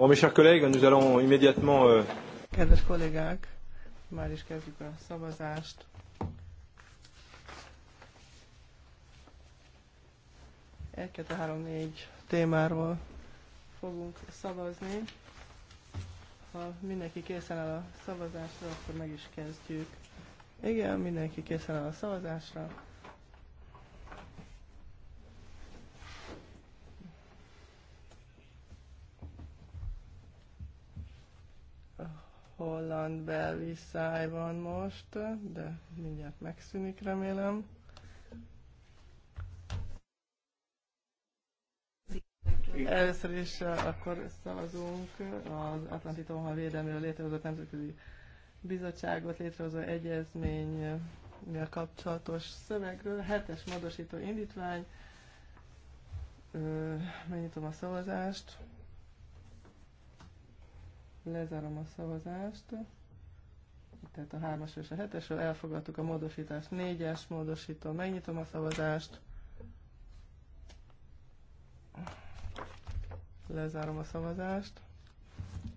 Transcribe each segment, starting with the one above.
Bon, mes chers collègues, nous allons immédiatement... Euh, Kedves kollégák, már is kezdjük a szavazást. Egy, kettő, három, négy témáról fogunk szavazni. Ha mindenki készen áll a szavazásra, akkor meg is kezdjük. Igen, mindenki készen áll a szavazásra. Holland belli száj van most, de mindjárt megszűnik, remélem. Először is eh, akkor szavazunk az Atlanti Tonha Védelméről létrehozott nemzetközi bizottságot létrehozó egyezmény a kapcsolatos szövegről. Hetes modosító indítvány. Megnyitom a szavazást. Lezárom a szavazást tehát a 3-as és a 7-esről elfogadtuk a módosítást 4-es módosító, megnyitom a szavazást, lezárom a szavazást,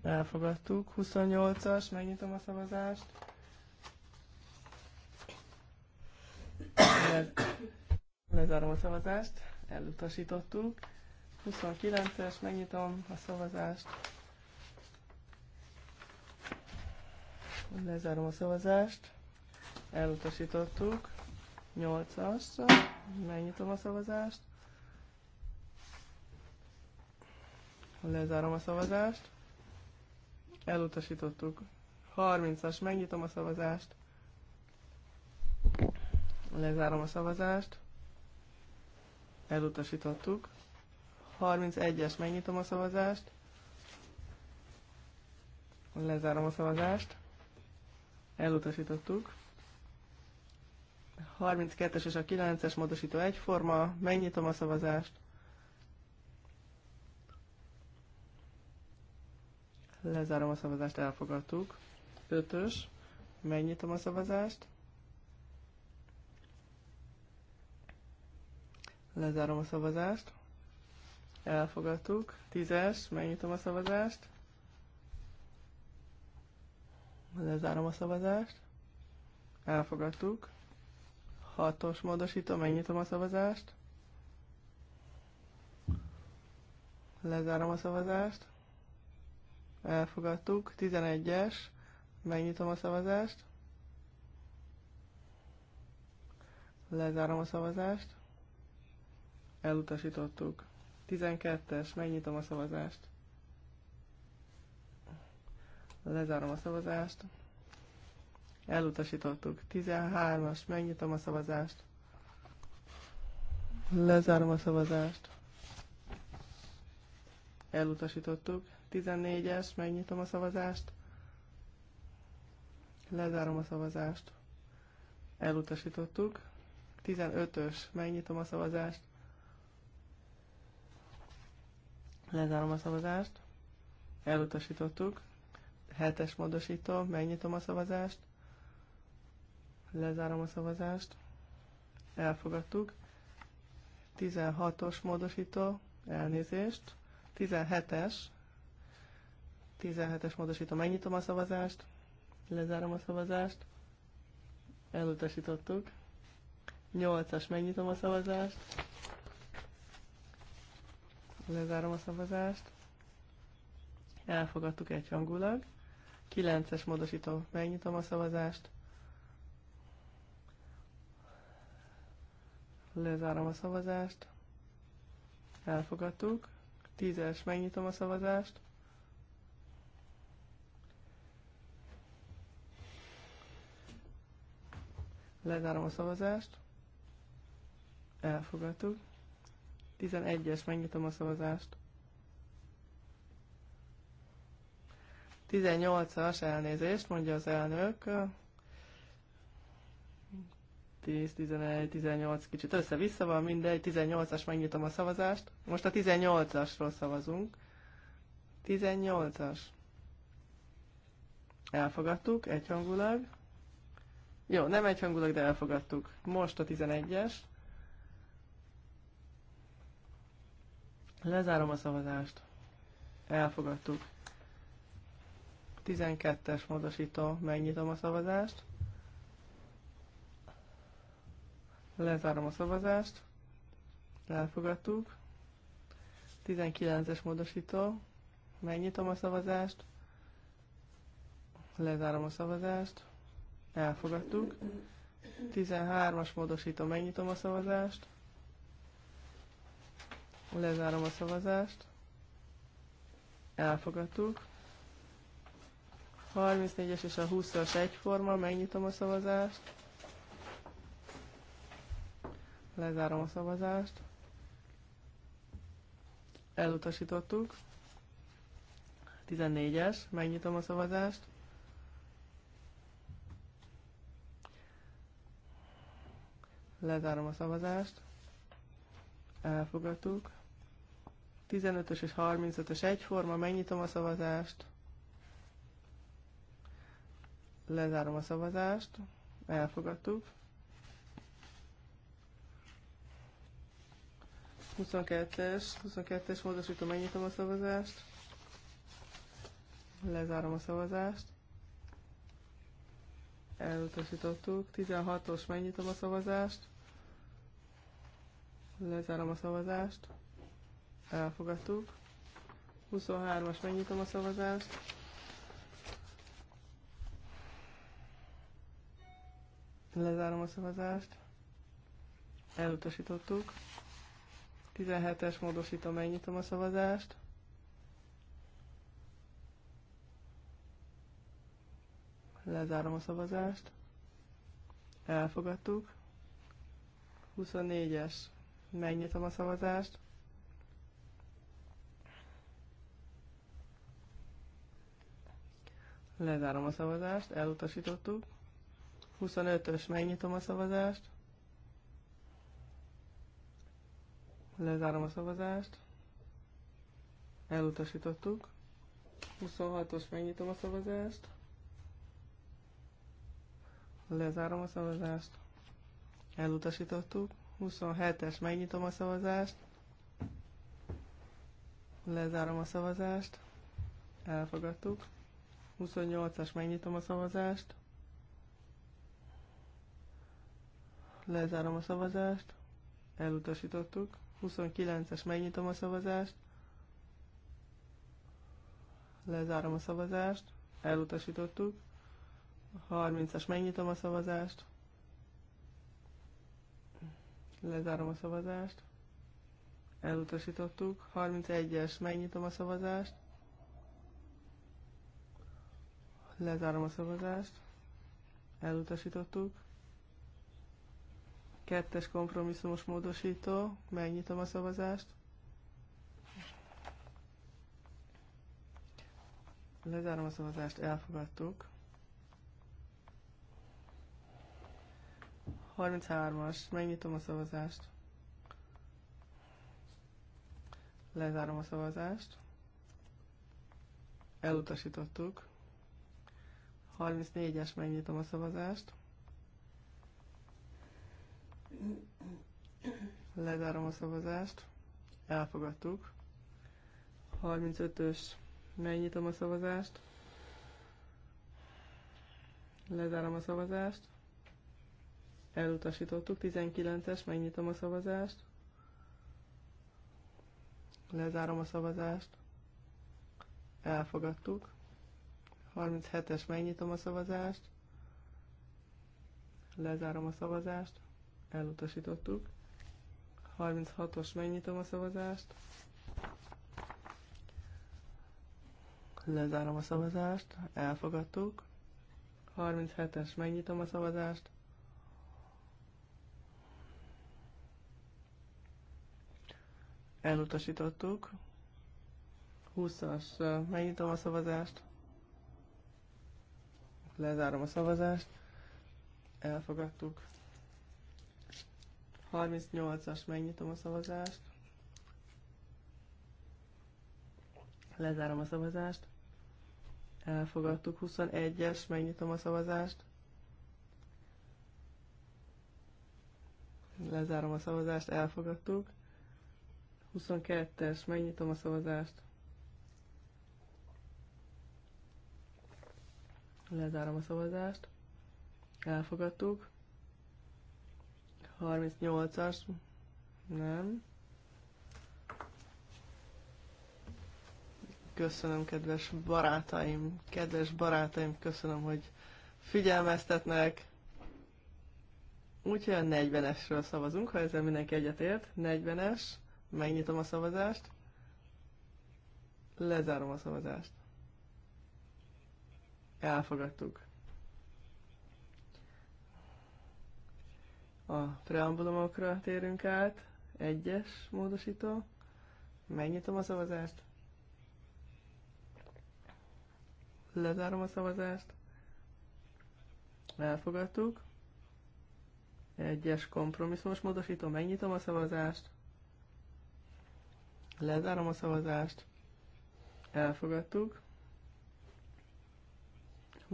elfogadtuk, 28-as, megnyitom a szavazást, lezárom a szavazást, elutasítottuk, 29-es, megnyitom a szavazást, Lezárom a szavazást. Elutasítottuk. 8-as. Megnyitom a szavazást. Lezárom a szavazást. Elutasítottuk. 30-as. Megnyitom a szavazást. Lezárom a szavazást. Elutasítottuk. 31-es. Megnyitom a szavazást. Lezárom a szavazást elutasítottuk. 32-es és a 9-es módosító egyforma, megnyitom a szavazást. Lezárom a szavazást, elfogadtuk. 5-ös, megnyitom a szavazást. Lezárom a szavazást. Elfogadtuk. 10-es, megnyitom a szavazást. Lezárom a szavazást. Elfogadtuk. Hatos módosítom, megnyitom a szavazást. Lezárom a szavazást. Elfogadtuk. 11-es. Megnyitom a szavazást. Lezárom a szavazást. Elutasítottuk. 12-es. Megnyitom a szavazást. Lezárom a szavazást. Elutasítottuk. 13-as, megnyitom a szavazást. Lezárom a szavazást. Elutasítottuk. 14-es, megnyitom a szavazást. Lezárom a szavazást. Elutasítottuk. 15-ös, megnyitom a szavazást. Lezárom a szavazást. Elutasítottuk. Hetes módosító, megnyitom a szavazást, lezárom a szavazást, elfogadtuk. 16-os módosító, elnézést, 17-es, 17-es módosító, megnyitom a szavazást, lezárom a szavazást, elutasítottuk. 8-as, megnyitom a szavazást, lezárom a szavazást, elfogadtuk egyhangulag. 9-es módosító. Megnyitom a szavazást. Lezárom a szavazást. Elfogadtuk. 10-es. Megnyitom a szavazást. Lezárom a szavazást. Elfogadtuk. 11-es. Megnyitom a szavazást. 18-as elnézést, mondja az elnök. 10, 11, 18, kicsit össze-vissza van, mindegy, 18-as megnyitom a szavazást. Most a 18-asról szavazunk. 18-as. Elfogadtuk egyhangulag. Jó, nem egyhangulag, de elfogadtuk. Most a 11-es. Lezárom a szavazást. Elfogadtuk. 12-es módosító, megnyitom a szavazást. Lezárom a szavazást. Elfogadtuk. 19-es módosító. Megnyitom a szavazást. Lezárom a szavazást. Elfogadtuk. 13-as módosító. Megnyitom a szavazást. Lezárom a szavazást. Elfogadtuk. 34-es és a 20-as egyforma, megnyitom a szavazást. Lezárom a szavazást. Elutasítottuk. 14-es, megnyitom a szavazást. Lezárom a szavazást. Elfogadtuk. 15-ös és 35-ös egyforma, megnyitom a szavazást. Lezárom a szavazást. Elfogadtuk. 22-es, 22-es módosítom, megnyitom a szavazást. Lezárom a szavazást. Elutasítottuk. 16-os, megnyitom a szavazást. Lezárom a szavazást. Elfogadtuk. 23-as, megnyitom a szavazást. Lezárom a szavazást. Elutasítottuk. 17-es módosítom, megnyitom a szavazást. Lezárom a szavazást. Elfogadtuk. 24-es. Megnyitom a szavazást. Lezárom a szavazást, elutasítottuk. 25-ös, megnyitom a szavazást. Lezárom a szavazást. Elutasítottuk. 26-os, megnyitom a szavazást. Lezárom a szavazást. Elutasítottuk. 27-es, megnyitom a szavazást. Lezárom a szavazást. Elfogadtuk. 28-as, megnyitom a szavazást. Lezárom a szavazást. Elutasítottuk. 29-es megnyitom a szavazást. Lezárom a szavazást. Elutasítottuk. 30-as megnyitom a szavazást. Lezárom a szavazást. Elutasítottuk. 31-es megnyitom a szavazást. Lezárom a szavazást. Elutasítottuk. Kettes kompromisszumos módosító. Megnyitom a szavazást. Lezárom a szavazást, elfogadtuk. 33-as, megnyitom a szavazást. Lezárom a szavazást. Elutasítottuk. 34-es, megnyitom a szavazást. Lezárom a szavazást. Elfogadtuk. 35-ös. Megnyitom a szavazást. Lezárom a szavazást. Elutasítottuk. 19-es. Megnyitom a szavazást. Lezárom a szavazást. Elfogadtuk. 37-es. Megnyitom a szavazást. Lezárom a szavazást elutasítottuk. 36-os megnyitom a szavazást. Lezárom a szavazást, elfogadtuk. 37-es megnyitom a szavazást. Elutasítottuk. 20-as megnyitom a szavazást. Lezárom a szavazást. Elfogadtuk. 38-as, megnyitom a szavazást. Lezárom a szavazást. Elfogadtuk. 21-es, megnyitom a szavazást. Lezárom a szavazást, elfogadtuk. 22-es, megnyitom a szavazást. Lezárom a szavazást. Elfogadtuk. 38-as, nem. Köszönöm, kedves barátaim, kedves barátaim, köszönöm, hogy figyelmeztetnek. Úgyhogy a 40-esről szavazunk, ha ezzel mindenki egyetért. 40-es, megnyitom a szavazást, lezárom a szavazást. Elfogadtuk. A preambulumokra térünk át. Egyes módosító. Megnyitom a szavazást. Lezárom a szavazást. Elfogadtuk. Egyes kompromisszumos módosító. Megnyitom a szavazást. Lezárom a szavazást. Elfogadtuk.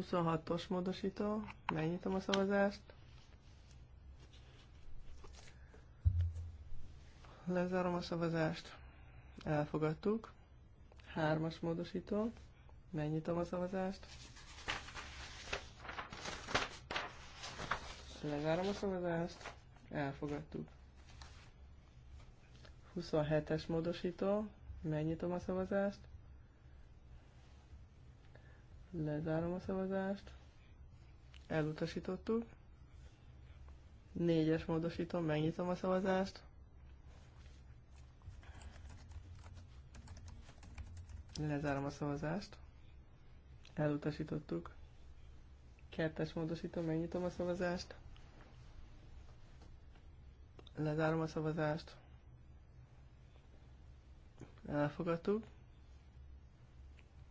26-os módosító. Megnyitom a szavazást. Lezárom a szavazást. Elfogadtuk. Hármas módosító. Megnyitom a szavazást. Lezárom a szavazást. Elfogadtuk. 27-es módosító. Megnyitom a szavazást. Lezárom a szavazást. Elutasítottuk. 4-es módosító. Megnyitom a szavazást. Lezárom a szavazást. Elutasítottuk. Kettes módosítom, megnyitom a szavazást. Lezárom a szavazást. Elfogadtuk.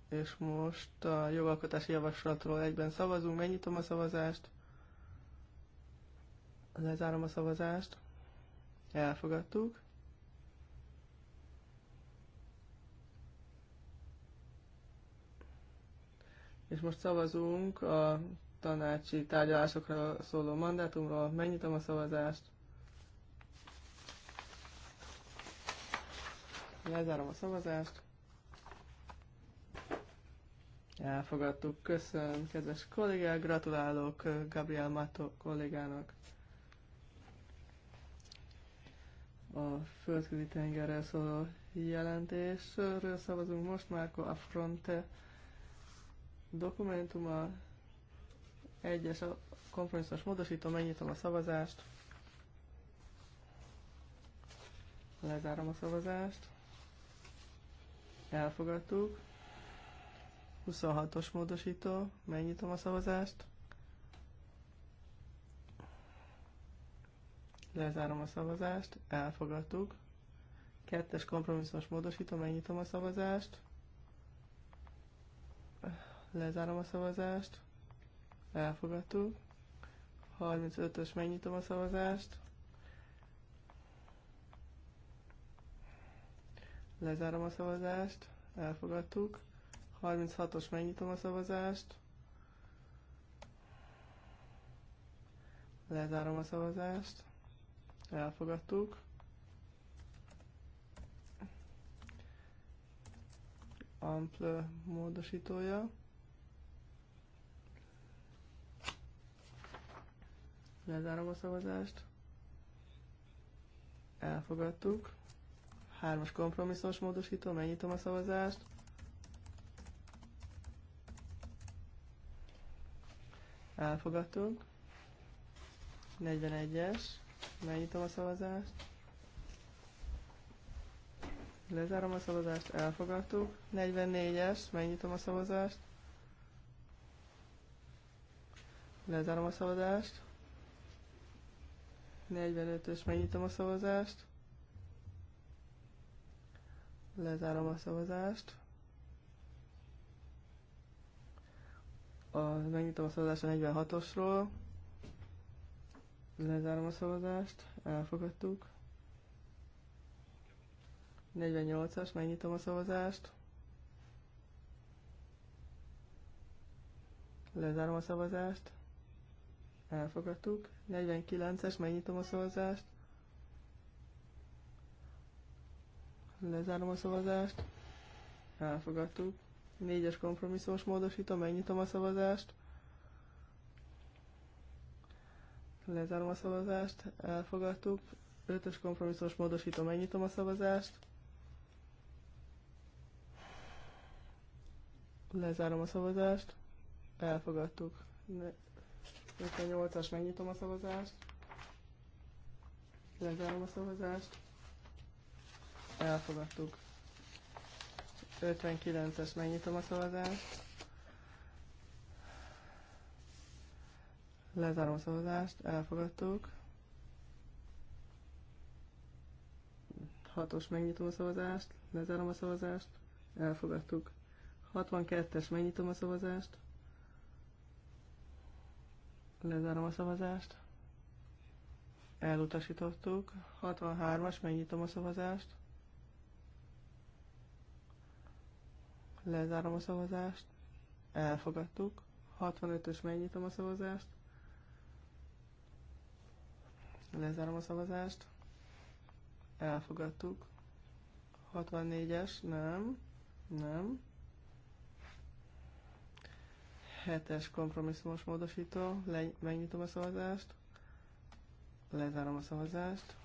És most a jogalkotási javaslatról egyben szavazunk, megnyitom a szavazást. Lezárom a szavazást. Elfogadtuk. és most szavazunk a tanácsi tárgyalásokra szóló mandátumról. Megnyitom a szavazást. Lezárom a szavazást. Elfogadtuk. Köszönöm, kedves kollégák. Gratulálok eh, Gabriel Mato kollégának. A földközi tengerrel szóló jelentésről szavazunk most. Márko Affronte dokumentuma, egyes a kompromisszumos módosító, megnyitom a szavazást, lezárom a szavazást, elfogadtuk, 26-os módosító, megnyitom a szavazást, lezárom a szavazást, elfogadtuk, kettes kompromisszumos módosító, megnyitom a szavazást, Lezárom a szavazást. Elfogadtuk. 35-ös megnyitom a szavazást. Lezárom a szavazást. Elfogadtuk. 36-os megnyitom a szavazást. Lezárom a szavazást. Elfogadtuk. Ample módosítója. Lezárom a szavazást. Elfogadtuk. Hármas kompromisszos módosító, megnyitom a szavazást. Elfogadtuk. 41-es, megnyitom a szavazást. Lezárom a szavazást, elfogadtuk. 44-es, megnyitom a szavazást. Lezárom a szavazást. 45-ös, megnyitom a szavazást. Lezárom a szavazást. A, megnyitom a szavazást a 46-osról. Lezárom a szavazást, elfogadtuk. 48-as, megnyitom a szavazást. Lezárom a szavazást. Elfogadtuk. 49-es, megnyitom a szavazást. Lezárom a szavazást. Elfogadtuk. 4-es kompromisszós módosítom, megnyitom a szavazást. Lezárom a szavazást. Elfogadtuk. 5-ös kompromisszós módosítom, megnyitom a szavazást. Lezárom a szavazást. Elfogadtuk. 58-as, megnyitom a szavazást. Lezárom a szavazást. Elfogadtuk. 59-es, megnyitom a szavazást. Lezárom a szavazást, elfogadtuk. 6-os, megnyitom a szavazást, lezárom a szavazást, elfogadtuk. 62-es, megnyitom a szavazást, Lezárom a szavazást. Elutasítottuk. 63-as, megnyitom a szavazást. Lezárom a szavazást. Elfogadtuk. 65-ös, megnyitom a szavazást. Lezárom a szavazást. Elfogadtuk. 64-es, nem, nem. Hetes kompromisszumos módosító. Le, megnyitom a szavazást. Lezárom a szavazást.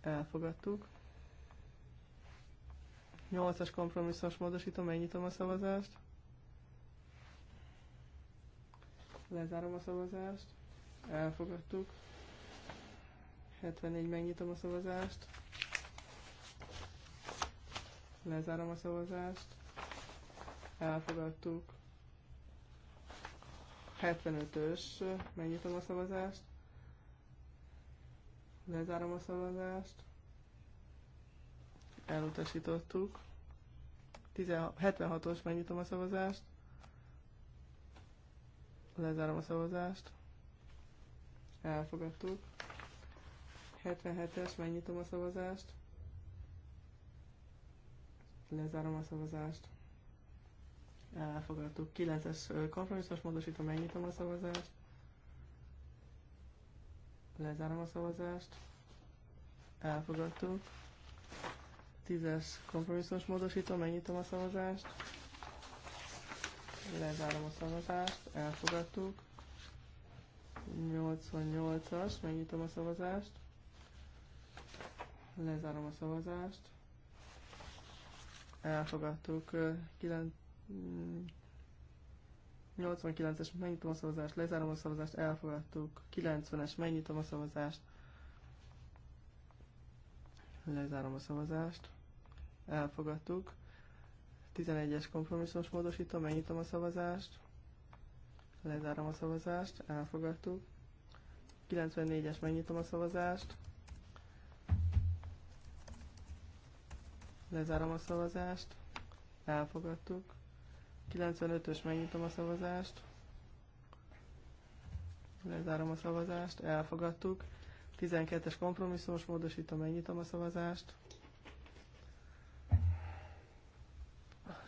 Elfogadtuk. Nyolcas kompromisszumos módosító. Megnyitom a szavazást. Lezárom a szavazást. Elfogadtuk. 74 megnyitom a szavazást. Lezárom a szavazást. Elfogadtuk. 75-ös, megnyitom a szavazást, lezárom a szavazást, elutasítottuk. 76-os, megnyitom a szavazást, lezárom a szavazást, elfogadtuk. 77-es, megnyitom a szavazást, lezárom a szavazást, elfogadtuk. 9-es kompromisszos módosító, megnyitom a szavazást. Lezárom a szavazást. Elfogadtuk. 10-es kompromisszos módosító, megnyitom a szavazást. Lezárom a szavazást, elfogadtuk. 88-as, megnyitom a szavazást. Lezárom a szavazást. Elfogadtuk. 9 89-es, megnyitom a szavazást, lezárom a szavazást, elfogadtuk. 90-es, megnyitom a szavazást, lezárom a szavazást, elfogadtuk. 11-es kompromisszumos módosítom, megnyitom a szavazást, lezárom a szavazást, elfogadtuk. 94-es, megnyitom a szavazást, lezárom a szavazást, elfogadtuk. 95-ös megnyitom a szavazást. Lezárom a szavazást, elfogadtuk. 12-es kompromisszumos módosítom, megnyitom a szavazást.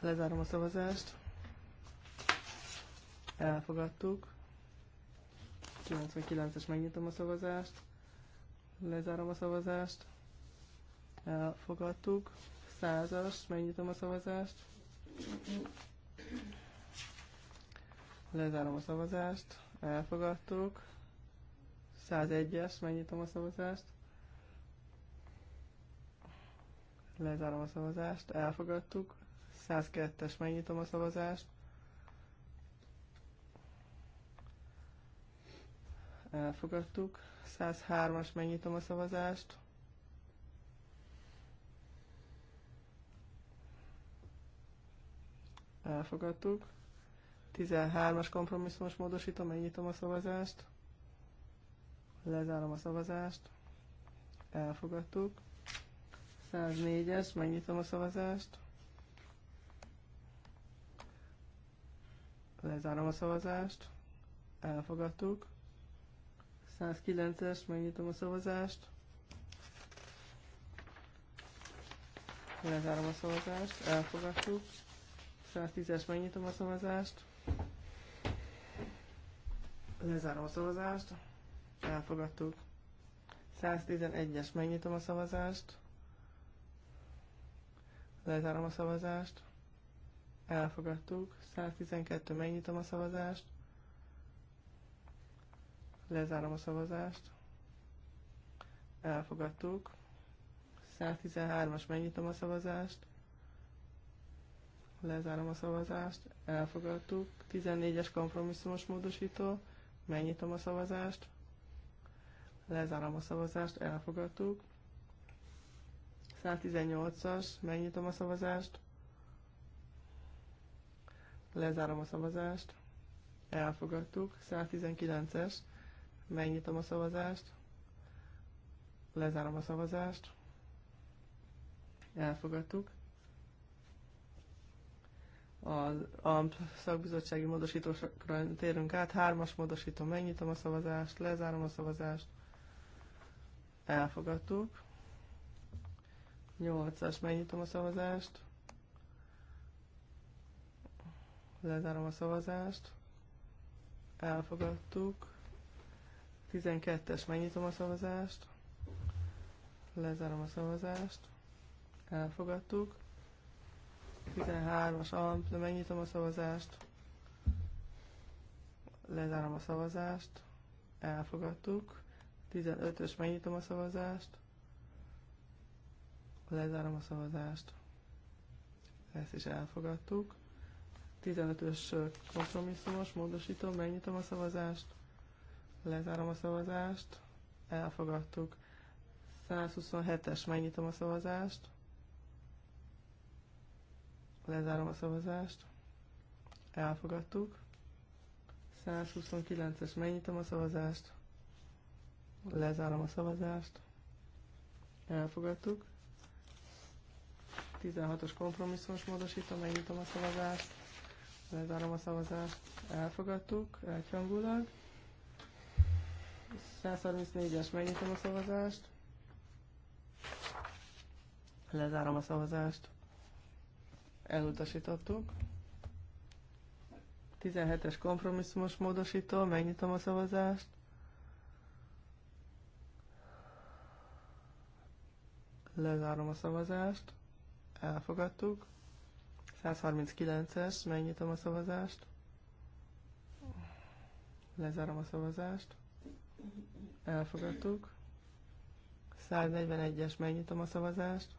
Lezárom a szavazást. Elfogadtuk. 99-es megnyitom a szavazást. Lezárom a szavazást. Elfogadtuk. 100-as, megnyitom a szavazást. Lezárom a szavazást. Elfogadtuk. 101-es, megnyitom a szavazást. Lezárom a szavazást. Elfogadtuk. 102-es, megnyitom a szavazást. Elfogadtuk. 103-as, megnyitom a szavazást. Elfogadtuk. 13-as kompromisszumos módosítom, megnyitom a szavazást. Lezárom a szavazást. Elfogadtuk. 104-es, megnyitom a szavazást. Lezárom a szavazást. Elfogadtuk. 109-es, megnyitom a szavazást. Lezárom a szavazást. Elfogadtuk. 110-es, megnyitom a szavazást. Lezárom a szavazást. Elfogadtuk. 111-es, megnyitom a szavazást. Lezárom a szavazást. Elfogadtuk. 112, megnyitom a szavazást. Lezárom a szavazást. Elfogadtuk. 113-as, megnyitom a szavazást. Lezárom a szavazást. Elfogadtuk. 14-es kompromisszumos módosító. Megnyitom a szavazást. Lezárom a szavazást. Elfogadtuk. 118-as. Megnyitom a szavazást. Lezárom a szavazást. Elfogadtuk. 119-es. Megnyitom a szavazást. Lezárom a szavazást. Elfogadtuk az AMP szakbizottsági módosítósokra térünk át. Hármas módosítom, megnyitom a szavazást, lezárom a szavazást. Elfogadtuk. Nyolcas, megnyitom a szavazást. Lezárom a szavazást. Elfogadtuk. 12-es, megnyitom a szavazást. Lezárom a szavazást. Elfogadtuk. 13-as alap, de megnyitom a szavazást. Lezárom a szavazást. Elfogadtuk. 15-ös megnyitom a szavazást. Lezárom a szavazást. Ezt is elfogadtuk. 15-ös kompromisszumos módosítom, megnyitom a szavazást. Lezárom a szavazást. Elfogadtuk. 127-es, megnyitom a szavazást. Lezárom a szavazást. Elfogadtuk. 129-es megnyitom a szavazást. Lezárom a szavazást. Elfogadtuk. 16-os kompromisszumos módosítom, megnyitom a szavazást. Lezárom a szavazást. Elfogadtuk egyhangulag. 134-es megnyitom a szavazást. Lezárom a szavazást elutasítottuk. 17-es kompromisszumos módosító, megnyitom a szavazást. Lezárom a szavazást. Elfogadtuk. 139-es, megnyitom a szavazást. Lezárom a szavazást. Elfogadtuk. 141-es, megnyitom a szavazást.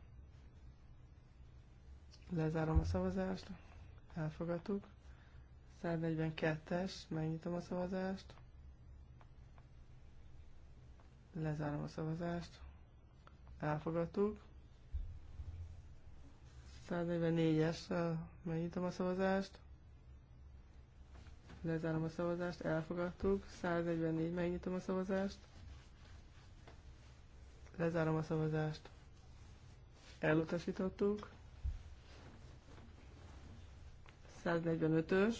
Lezárom a szavazást. Elfogadtuk. 142-es, megnyitom a szavazást. Lezárom a szavazást. Elfogadtuk. 144-es, megnyitom a szavazást. Lezárom a szavazást, elfogadtuk. 144, megnyitom a szavazást. Lezárom a szavazást. Elutasítottuk. 145-ös,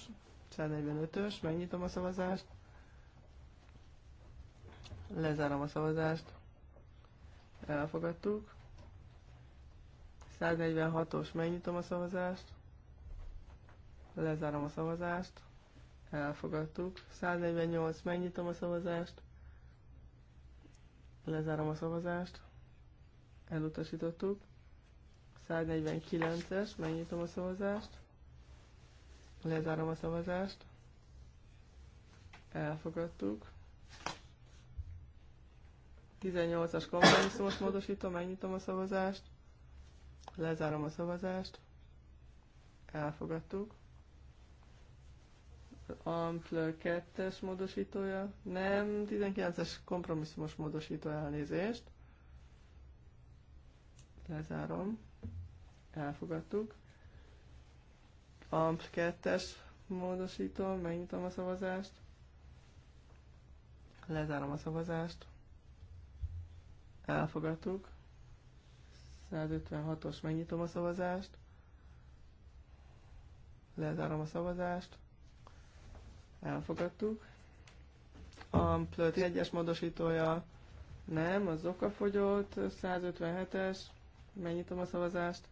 145-ös, megnyitom a szavazást, lezárom a szavazást, elfogadtuk. 146-os, megnyitom a szavazást, lezárom a szavazást, elfogadtuk. 148, megnyitom a szavazást, lezárom a szavazást, elutasítottuk. 149-es, megnyitom a szavazást, Lezárom a szavazást. Elfogadtuk. 18-as kompromisszumos módosítom, megnyitom a szavazást. Lezárom a szavazást. Elfogadtuk. Ampl 2-es módosítója. Nem, 19-es kompromisszumos módosító elnézést. Lezárom. Elfogadtuk. Amp 2-es módosító, megnyitom a szavazást. Lezárom a szavazást. Elfogadtuk. 156-os, megnyitom a szavazást. Lezárom a szavazást. Elfogadtuk. Amp 1-es módosítója nem, az okafogyott. 157-es, megnyitom a szavazást.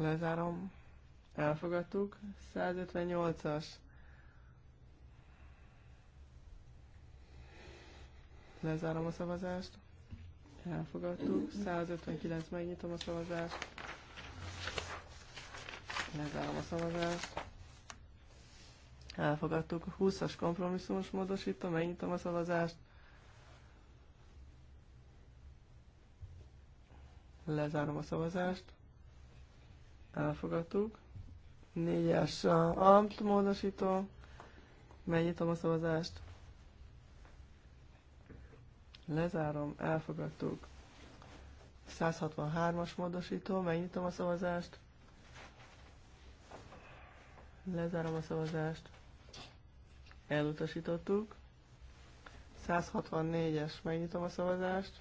Lezárom. Elfogadtuk. 158-as. Lezárom a szavazást. Elfogadtuk. 159 megnyitom a szavazást. Lezárom a szavazást. Elfogadtuk. 20-as kompromisszumos módosító, megnyitom a szavazást. Lezárom a szavazást elfogadtuk. Négyes amt módosító, megnyitom a szavazást. Lezárom, elfogadtuk. 163-as módosító, megnyitom a szavazást. Lezárom a szavazást. Elutasítottuk. 164-es, megnyitom a szavazást.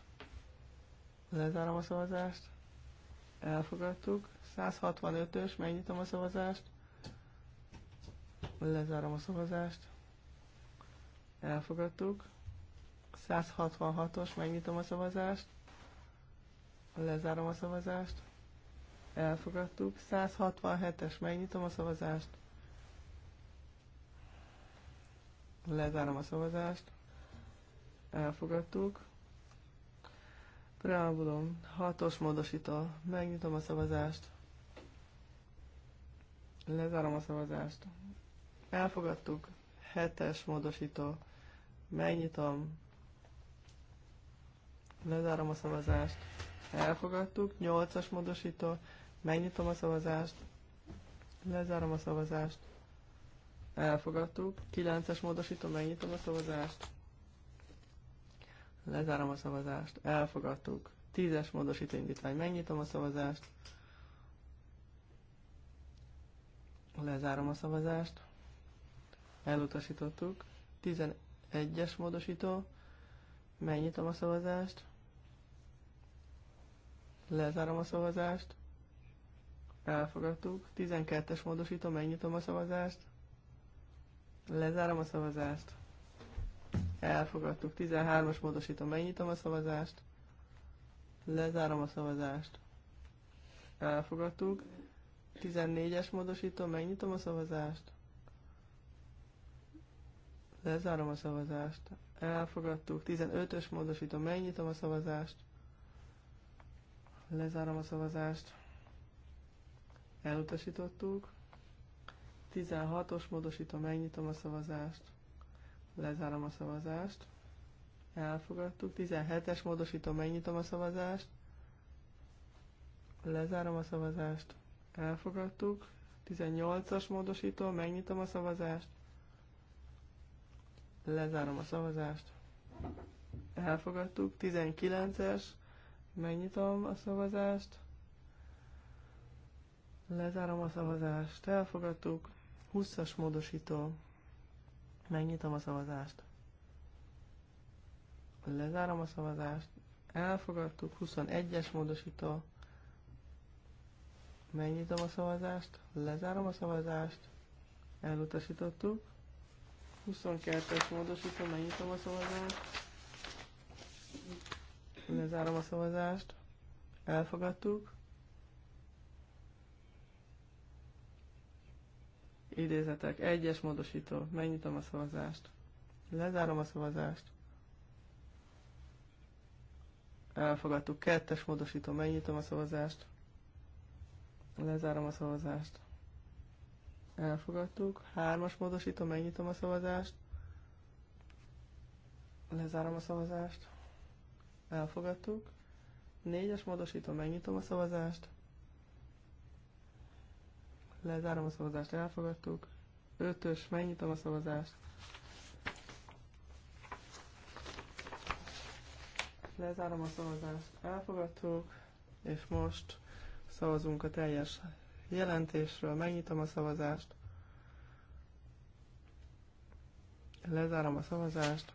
Lezárom a szavazást elfogadtuk. 165-ös, megnyitom a szavazást, lezárom a szavazást, elfogadtuk. 166-os, megnyitom a szavazást, lezárom a szavazást, elfogadtuk. 167-es, megnyitom a szavazást, lezárom a szavazást, elfogadtuk. Preambulum, hatos módosító. Megnyitom a szavazást. Lezárom a szavazást. Elfogadtuk. Hetes módosító. Megnyitom. Lezárom a szavazást. Elfogadtuk. Nyolcas módosító. Megnyitom a szavazást. Lezárom a szavazást. Elfogadtuk. Kilences módosító. Megnyitom a szavazást. Lezárom a szavazást. Elfogadtuk. Tízes módosító indítvány. Megnyitom a szavazást. Lezárom a szavazást. Elutasítottuk. 11-es módosító. Megnyitom a szavazást. Lezárom a szavazást. Elfogadtuk. 12-es módosító. Megnyitom a szavazást. Lezárom a szavazást. Elfogadtuk. 13-as módosítom, Megnyitom a szavazást. Lezárom a szavazást. Elfogadtuk. 14-es módosítom, Megnyitom a szavazást. Lezárom a szavazást. Elfogadtuk. 15-ös módosítom, Megnyitom a szavazást. Lezárom a szavazást. Elutasítottuk. 16-os módosítom, Megnyitom a szavazást. Lezárom a szavazást. Elfogadtuk. 17-es módosítom, megnyitom a szavazást. Lezárom a szavazást. Elfogadtuk. 18-as módosító, megnyitom a szavazást. Lezárom a szavazást. Elfogadtuk. 19-es, megnyitom a szavazást. Lezárom a szavazást. Elfogadtuk. 20-as módosító. Megnyitom a szavazást. Lezárom a szavazást. Elfogadtuk. 21-es módosító. Megnyitom a szavazást. Lezárom a szavazást. Elutasítottuk. 22-es módosító. Megnyitom a szavazást. Lezárom a szavazást. Elfogadtuk. idézetek. Egyes módosító. Megnyitom a szavazást. Lezárom a szavazást. Elfogadtuk. Kettes módosító. Megnyitom a szavazást. Lezárom a szavazást. Elfogadtuk. Hármas módosító. Megnyitom a szavazást. Lezárom a szavazást. Elfogadtuk. Négyes módosító. Megnyitom a szavazást. Lezárom a szavazást, elfogadtuk. Ötös, megnyitom a szavazást. Lezárom a szavazást, elfogadtuk. És most szavazunk a teljes jelentésről. Megnyitom a szavazást. Lezárom a szavazást.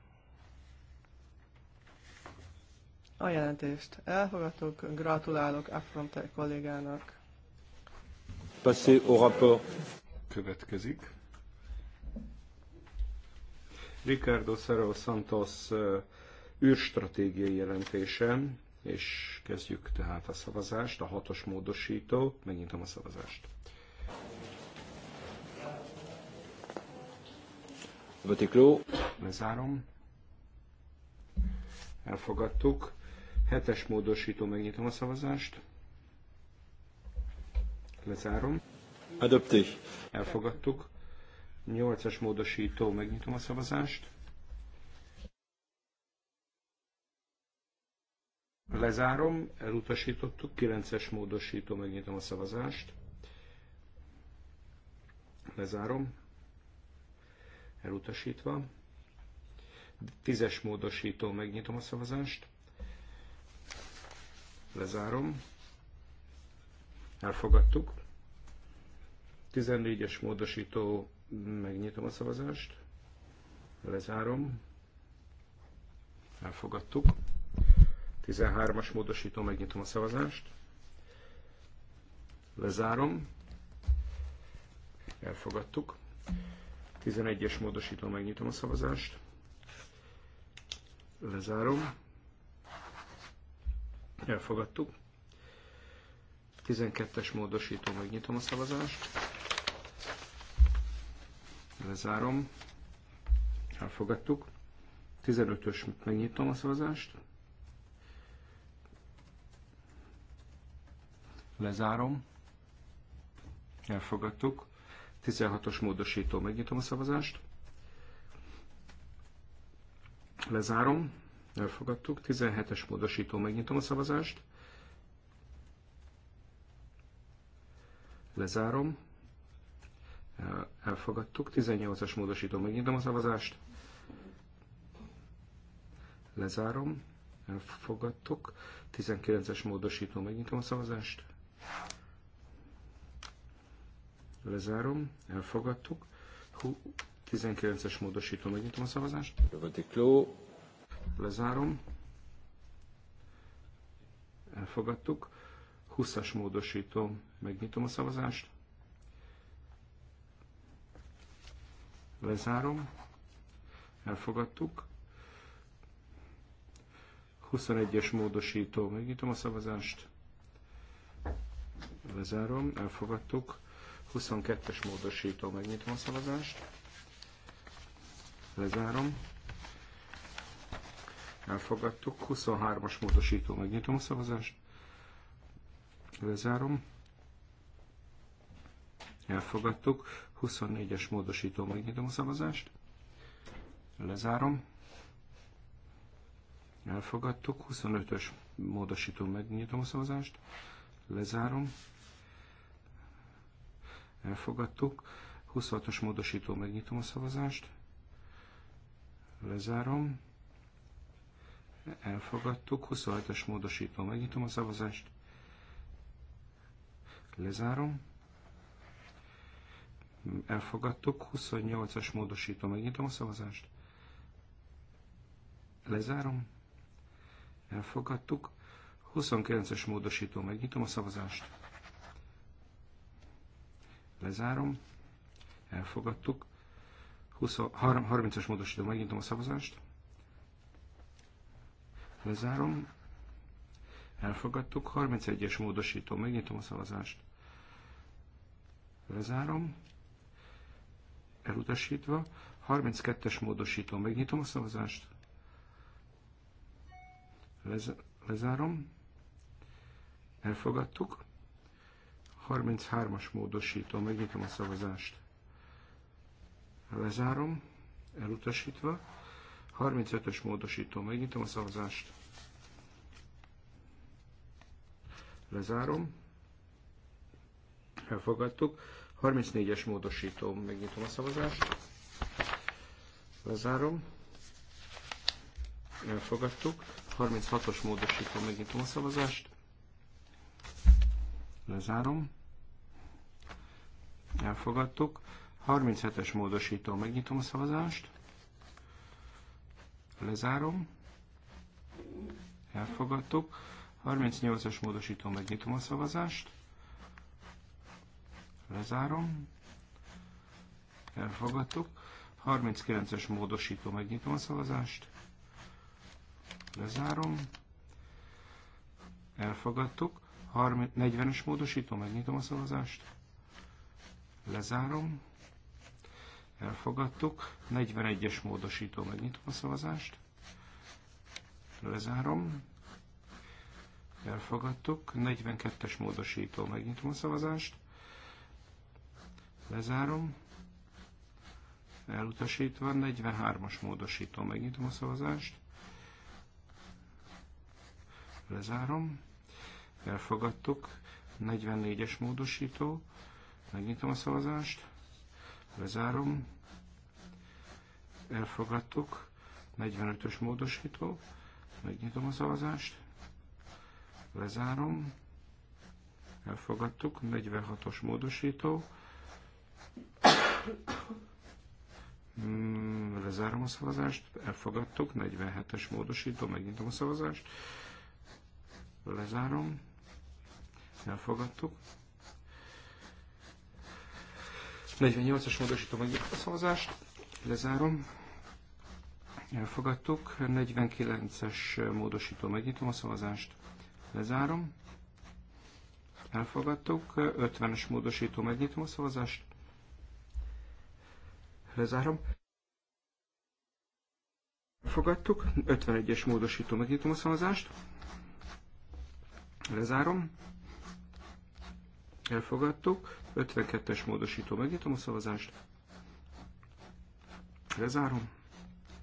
A jelentést elfogadtuk. Gratulálok Afronte kollégának passer au rapport. Következik. Ricardo Saro Santos űrstratégiai jelentése, és kezdjük tehát a szavazást, a hatos módosító, megnyitom a szavazást. Vatikló. Lezárom. Elfogadtuk. Hetes módosító, megnyitom a szavazást. Lezárom. Adopték. Elfogadtuk. 8-as módosító, megnyitom a szavazást. Lezárom, elutasítottuk, 9-es módosító, megnyitom a szavazást. Lezárom, elutasítva. 10-es módosító, megnyitom a szavazást. Lezárom, Elfogadtuk. 14-es módosító, megnyitom a szavazást, lezárom, elfogadtuk. 13-as módosító, megnyitom a szavazást, lezárom, elfogadtuk. 11-es módosító, megnyitom a szavazást, lezárom, elfogadtuk. 12-es módosító, megnyitom a szavazást. Lezárom. Elfogadtuk. 15-ös, megnyitom a szavazást. Lezárom. Elfogadtuk. 16-os módosító, megnyitom a szavazást. Lezárom. Elfogadtuk. 17-es módosító, megnyitom a szavazást. Lezárom. Elfogadtuk. 18-as módosító. Megnyitom a szavazást. Lezárom. Elfogadtuk. 19-es módosító. Megnyitom a szavazást. Lezárom. Elfogadtuk. 19-es módosító. Megnyitom a szavazást. Lezárom. Elfogadtuk. 20-as módosító. Megnyitom a szavazást. Lezárom. Elfogadtuk. 21-es módosító. Megnyitom a szavazást. Lezárom. Elfogadtuk. 22-es módosító. Megnyitom a szavazást. Lezárom. Elfogadtuk. 23-as módosító. Megnyitom a szavazást. Lezárom. Elfogadtuk. 24-es módosító, megnyitom a szavazást. Lezárom. Elfogadtuk. 25-ös módosító, megnyitom a szavazást. Lezárom. Elfogadtuk. 26-os módosító, megnyitom a szavazást. Lezárom. Elfogadtuk. 27-es módosító, megnyitom a szavazást. Lezárom. Elfogadtuk. 28-as módosító. Megnyitom a szavazást. Lezárom. Elfogadtuk. 29-es módosító. Megnyitom a szavazást. Lezárom. Elfogadtuk. 30-as módosító. Megnyitom a szavazást. Lezárom. Elfogadtuk. 31-es módosító. Megnyitom a szavazást. Lezárom. Elutasítva. 32-es módosító. Megnyitom a szavazást. Lez lezárom. Elfogadtuk. 33-as módosító. Megnyitom a szavazást. Lezárom. Elutasítva. 35-ös módosító. Megnyitom a szavazást. Lezárom. Elfogadtuk. 34-es módosító. Megnyitom a szavazást. Lezárom. Elfogadtuk. 36-os módosító. Megnyitom a szavazást. Lezárom. Elfogadtuk. 37-es módosító. Megnyitom a szavazást. Lezárom. Elfogadtuk. 38-as módosítom, megnyitom a szavazást. Lezárom. Elfogadtuk. 39-es módosító, megnyitom a szavazást. Lezárom. Elfogadtuk. 40-es módosító, megnyitom a szavazást. Lezárom. Elfogadtuk. 41-es módosító, megnyitom a szavazást. Lezárom. Elfogadtuk. 42-es módosító. Megnyitom a szavazást. Lezárom. Elutasítva. 43-as módosító. Megnyitom a szavazást. Lezárom. Elfogadtuk. 44-es módosító. Megnyitom a szavazást. Lezárom. Elfogadtuk. 45-ös módosító. Megnyitom a szavazást. Lezárom. Elfogadtuk. 46-os módosító. Hmm, lezárom a szavazást. Elfogadtuk. 47-es módosító. Megnyitom a szavazást. Lezárom. Elfogadtuk. 48-as módosító megnyitom a szavazást. Lezárom. Elfogadtuk. 49-es módosító megnyitom a szavazást. Lezárom. Elfogadtuk. 50-es módosító, megnyitom a szavazást. Lezárom. Elfogadtuk. 51-es módosító, megnyitom a szavazást. Lezárom. Elfogadtuk. 52-es módosító, megnyitom a szavazást. Lezárom.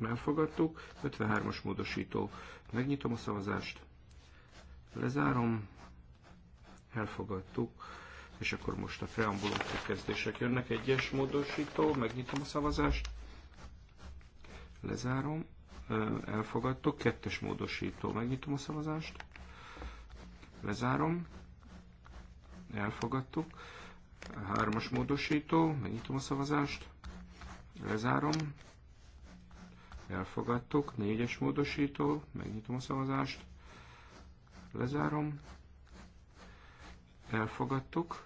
Elfogadtuk. 53-as módosító, megnyitom a szavazást. Lezárom. Elfogadtuk. És akkor most a preambulum kezdések jönnek. Egyes módosító. Megnyitom a szavazást. Lezárom. Elfogadtuk. Kettes módosító. Megnyitom a szavazást. Lezárom. Elfogadtuk. Hármas módosító. Megnyitom a szavazást. Lezárom. Elfogadtuk. Négyes módosító. Megnyitom a szavazást. Lezárom. Elfogadtuk.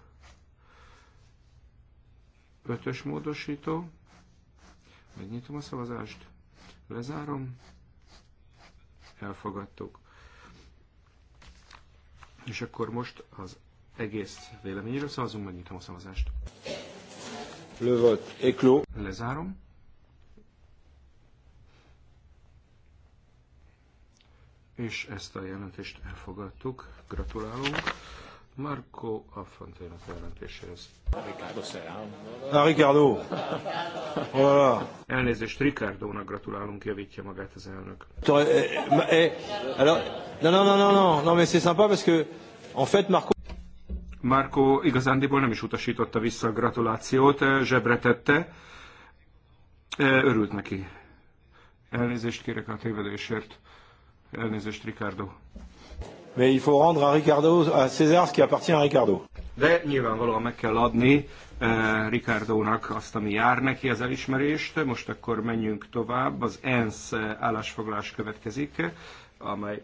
Ötös módosító. Megnyitom a szavazást. Lezárom. Elfogadtuk. És akkor most az egész véleményről szavazunk, megnyitom a szavazást. Le vote éclos. Lezárom. és ezt a jelentést elfogadtuk. Gratulálunk. Marco Affanténak jelentéséhez. Ricardo Serrano. Ah, Ricardo! Voilà. Elnézést, Ricardónak gratulálunk, javítja magát az elnök. Eh, eh, alors, non, non, No, no, mais c'est sympa parce que, en fait, Marco... Marco igazándiból nem is utasította vissza a gratulációt, eh, zsebre tette. Örült neki. Elnézést kérek a tévedésért. Elnézést, Ricardo. Mais il faut rendre à Ricardo, à César, ce qui appartient à Ricardo. De nyilvánvalóan meg kell adni eh, Ricardónak azt, ami jár neki, az elismerést. Most akkor menjünk tovább. Az ENSZ eh, állásfoglalás következik, eh, amely,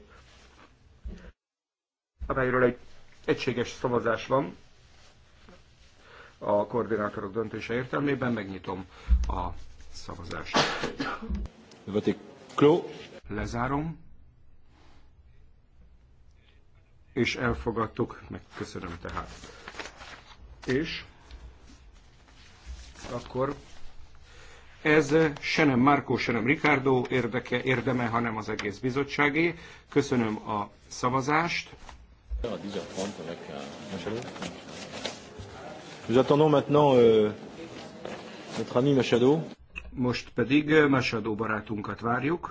amelyről egy egységes szavazás van a koordinátorok döntése értelmében. Megnyitom a szavazást. Lezárom és elfogadtuk, megköszönöm tehát. És akkor ez se nem Márkó, se nem Ricardo érdeke, érdeme, hanem az egész bizottságé. Köszönöm a szavazást. Euh, Most pedig euh, Machado barátunkat várjuk.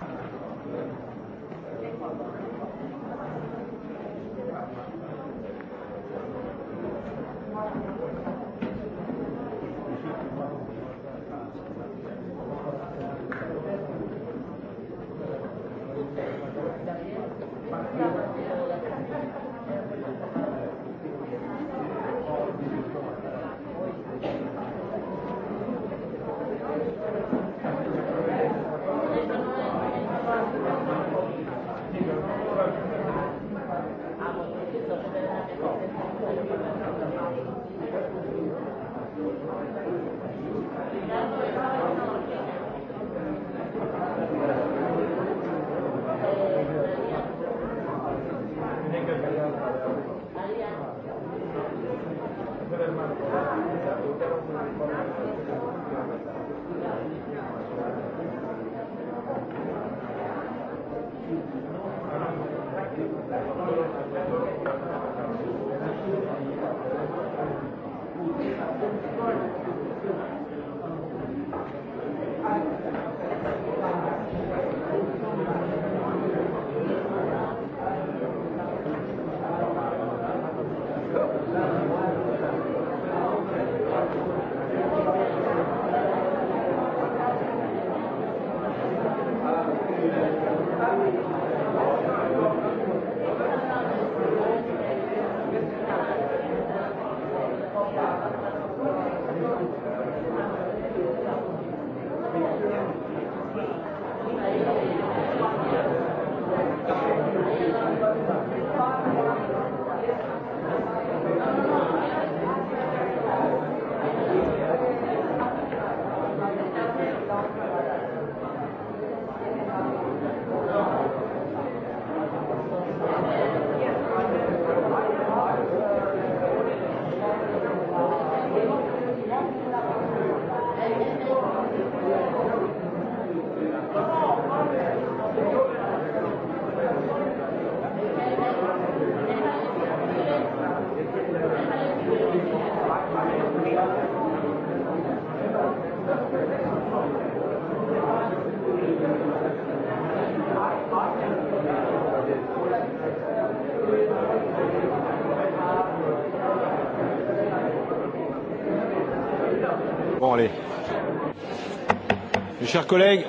collègues,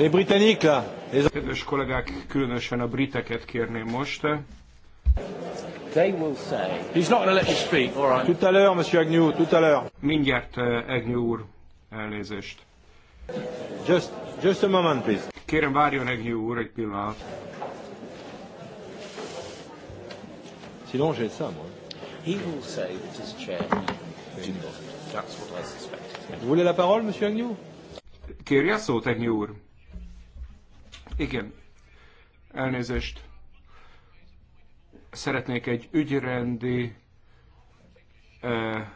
les Britanniques là. Les... Kedves kollégák, különösen a briteket kérném most. They will say. He's not going to let you speak, all right. Tout à l'heure, Monsieur Agnew, tout à l'heure. Mindjárt eh, Agnew úr, elnézést. Just, just a moment, please. Kérem, várjon Agnew úr egy pillanat. Sinon, j'ai ça, moi. He will say that his chair. That's what I suspect. Vous voulez la parole, Monsieur Agnew? Kérje a szót, Egnyi úr? Igen. Elnézést. Szeretnék egy ügyrendi eh,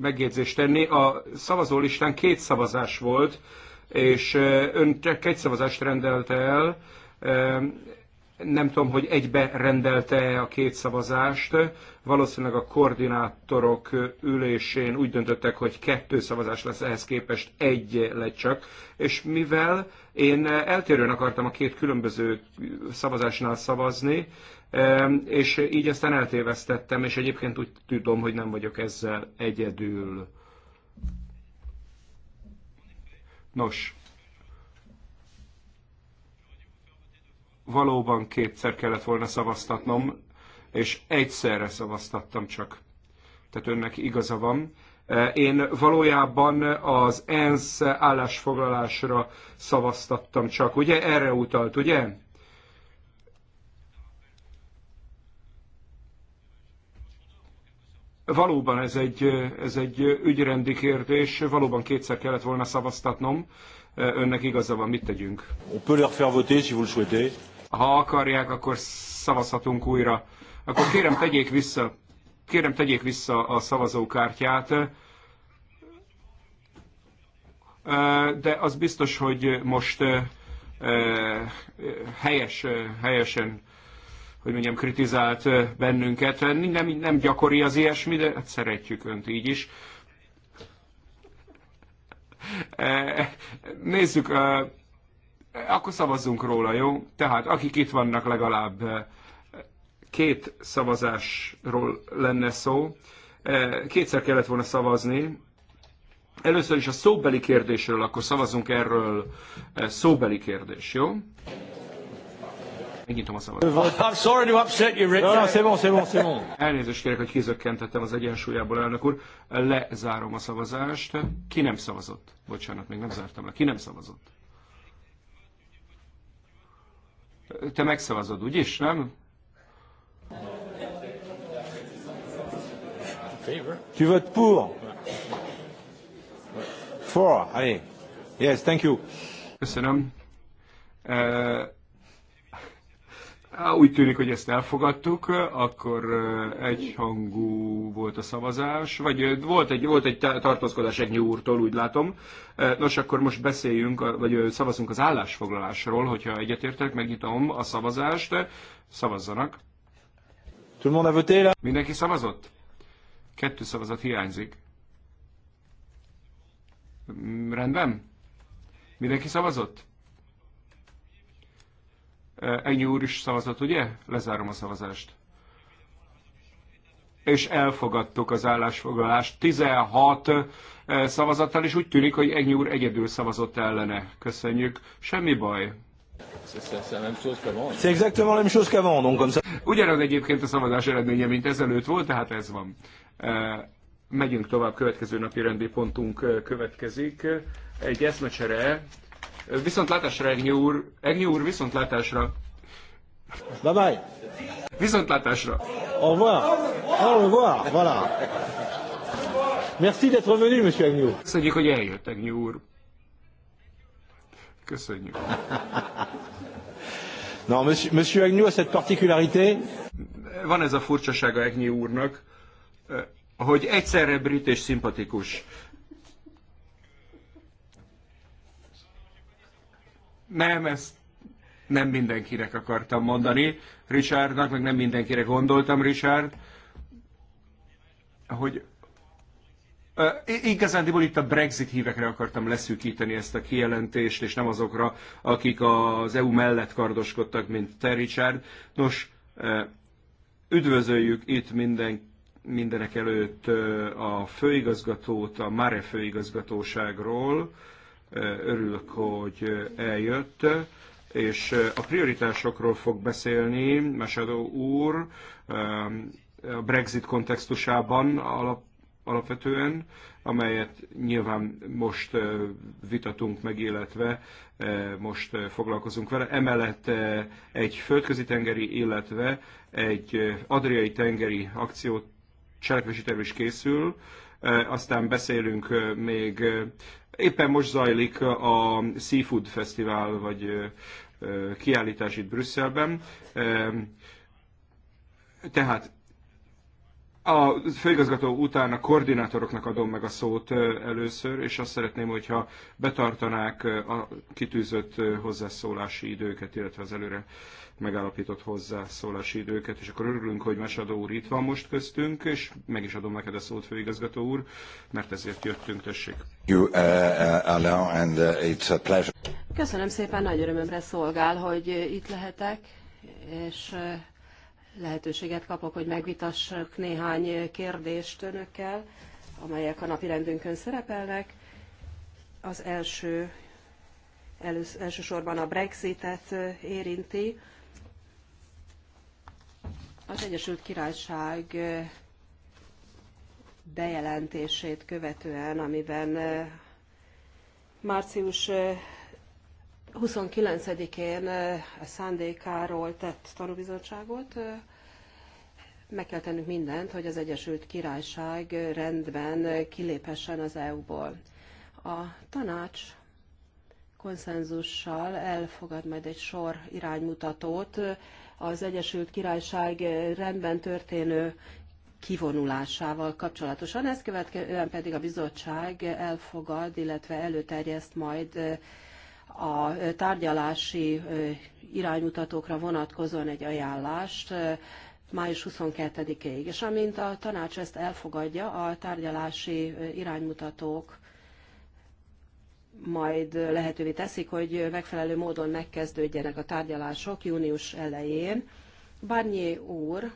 megjegyzést tenni. A szavazólistán két szavazás volt, és ön csak egy szavazást rendelte el nem tudom, hogy egybe rendelte a két szavazást. Valószínűleg a koordinátorok ülésén úgy döntöttek, hogy kettő szavazás lesz ehhez képest, egy lett csak. És mivel én eltérően akartam a két különböző szavazásnál szavazni, és így aztán eltévesztettem, és egyébként úgy tudom, hogy nem vagyok ezzel egyedül. Nos, valóban kétszer kellett volna szavaztatnom, és egyszerre szavaztattam csak. Tehát önnek igaza van. E, én valójában az ENSZ állásfoglalásra szavaztattam csak, ugye? Erre utalt, ugye? Valóban ez egy, ez egy ügyrendi kérdés, valóban kétszer kellett volna szavaztatnom. E, önnek igaza van, mit tegyünk? On peut leur faire voter si vous le souhaitez ha akarják, akkor szavazhatunk újra. Akkor kérem tegyék vissza, kérem tegyék vissza a szavazókártyát. De az biztos, hogy most helyes, helyesen hogy mondjam, kritizált bennünket. Nem, nem gyakori az ilyesmi, de hát szeretjük önt így is. Nézzük, akkor szavazzunk róla, jó? Tehát akik itt vannak legalább eh, két szavazásról lenne szó. Eh, kétszer kellett volna szavazni. Először is a szóbeli kérdésről, akkor szavazunk erről eh, szóbeli kérdés, jó? Megnyitom a szavazást. I'm sorry to upset you, Richard. No, no, c'est bon, c'est bon, c'est bon. Elnézést kérek, hogy kizökkentettem az egyensúlyából, elnök úr. Lezárom a szavazást. Ki nem szavazott? Bocsánat, még nem zártam le. Ki nem szavazott? Te megszavazod, úgyis, nem? Tu vote pour. For, allez. Yes, thank you. Köszönöm. Uh, úgy tűnik, hogy ezt elfogadtuk, akkor egyhangú volt a szavazás, vagy volt egy, volt egy tartózkodás egy úrtól, úgy látom. Nos, akkor most beszéljünk, vagy szavazunk az állásfoglalásról, hogyha egyetértek, megnyitom a szavazást, szavazzanak. Mindenki szavazott? Kettő szavazat hiányzik. Mm, rendben? Mindenki szavazott? Ennyi úr is szavazott, ugye? Lezárom a szavazást. És elfogadtuk az állásfoglalást 16 szavazattal, és úgy tűnik, hogy Ennyi úr egyedül szavazott ellene. Köszönjük. Semmi baj. C'est exactement la même chose qu'avant, donc comme ça. Ugyanaz egyébként a szavazás eredménye, mint ezelőtt volt, tehát ez van. Megyünk tovább, következő napi rendi pontunk következik. Egy eszmecsere Viszontlátásra, Egnyi úr. Egnyi úr, viszontlátásra. Bye bye. Viszontlátásra. Au revoir. Au revoir. Voilà. Merci d'être venu, monsieur úr. Köszönjük, hogy eljött, Egnyi úr. Köszönjük. non, monsieur, monsieur Agnew a cette particularité. Van ez a furcsasága Egnyi úrnak, eh, hogy egyszerre brit és szimpatikus. Nem, ezt nem mindenkinek akartam mondani Richardnak, meg nem mindenkire gondoltam Richard, hogy Uh, igazán itt a Brexit hívekre akartam leszűkíteni ezt a kijelentést, és nem azokra, akik az EU mellett kardoskodtak, mint te, Richard. Nos, uh, üdvözöljük itt minden, mindenek előtt uh, a főigazgatót, a Mare főigazgatóságról, Örülök, hogy eljött, és a prioritásokról fog beszélni Mesedó úr um, a Brexit kontextusában alap, alapvetően, amelyet nyilván most uh, vitatunk meg, illetve uh, most uh, foglalkozunk vele. Emellett egy földközi-tengeri, illetve egy adriai-tengeri akciót cselekvési terv is készül, aztán beszélünk még Éppen most zajlik a Seafood Festival vagy kiállítás itt Brüsszelben. Tehát a főigazgató után a koordinátoroknak adom meg a szót először, és azt szeretném, hogyha betartanák a kitűzött hozzászólási időket, illetve az előre megállapított hozzászólási időket, és akkor örülünk, hogy Mesadó úr itt van most köztünk, és meg is adom neked a szót, főigazgató úr, mert ezért jöttünk, tessék. Uh, uh, uh, Köszönöm szépen, nagy örömömre szolgál, hogy itt lehetek, és lehetőséget kapok, hogy megvitassak néhány kérdést önökkel, amelyek a napi rendünkön szerepelnek. Az első elősz, elsősorban a Brexitet érinti. Az Egyesült Királyság bejelentését követően, amiben március 29-én a szándékáról tett tanúbizottságot. Meg kell tennünk mindent, hogy az Egyesült Királyság rendben kiléphessen az EU-ból. A tanács konszenzussal elfogad majd egy sor iránymutatót az Egyesült Királyság rendben történő kivonulásával kapcsolatosan. Ezt követően pedig a bizottság elfogad, illetve előterjeszt majd a tárgyalási iránymutatókra vonatkozóan egy ajánlást május 22-ig. És amint a tanács ezt elfogadja, a tárgyalási iránymutatók majd lehetővé teszik, hogy megfelelő módon megkezdődjenek a tárgyalások június elején. Barnier úr,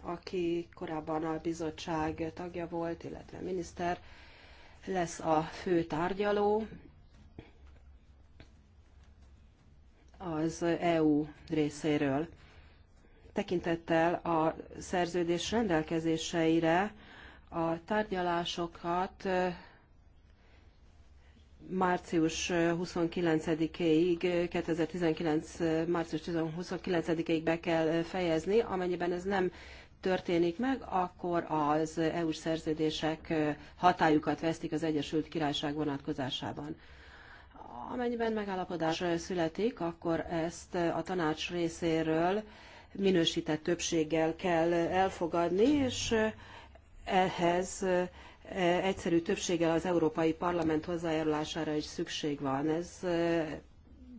aki korábban a bizottság tagja volt, illetve miniszter, lesz a fő tárgyaló, az EU részéről. Tekintettel a szerződés rendelkezéseire a tárgyalásokat március 29-éig, 2019. március 29-éig be kell fejezni, amennyiben ez nem történik meg, akkor az EU-s szerződések hatályukat vesztik az Egyesült Királyság vonatkozásában. Amennyiben megállapodás születik, akkor ezt a tanács részéről minősített többséggel kell elfogadni, és ehhez egyszerű többséggel az Európai Parlament hozzájárulására is szükség van. Ez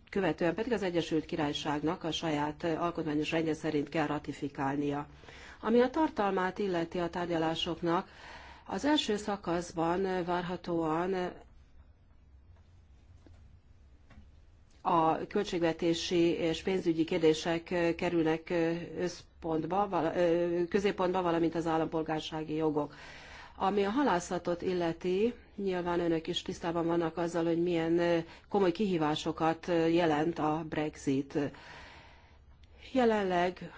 követően pedig az Egyesült Királyságnak a saját alkotmányos rendje szerint kell ratifikálnia. Ami a tartalmát illeti a tárgyalásoknak, az első szakaszban várhatóan a költségvetési és pénzügyi kérdések kerülnek összpontba, középpontba, valamint az állampolgársági jogok. Ami a halászatot illeti, nyilván önök is tisztában vannak azzal, hogy milyen komoly kihívásokat jelent a Brexit. Jelenleg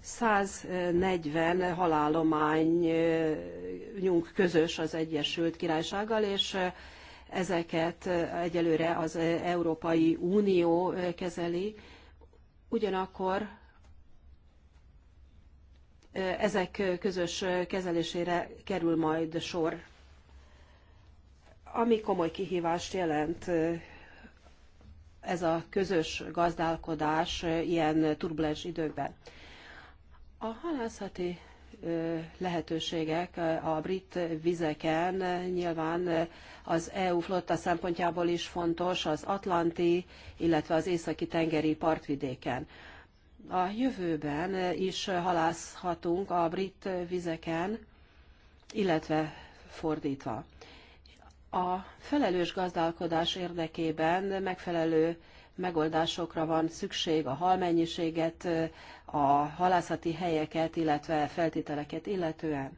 140 halálományunk közös az Egyesült Királysággal, és ezeket egyelőre az Európai Unió kezeli. Ugyanakkor ezek közös kezelésére kerül majd sor, ami komoly kihívást jelent ez a közös gazdálkodás ilyen turbulens időkben. A halászati lehetőségek a brit vizeken nyilván az EU flotta szempontjából is fontos az atlanti, illetve az északi tengeri partvidéken. A jövőben is halászhatunk a brit vizeken, illetve fordítva. A felelős gazdálkodás érdekében megfelelő megoldásokra van szükség, a halmennyiséget a halászati helyeket, illetve feltételeket illetően.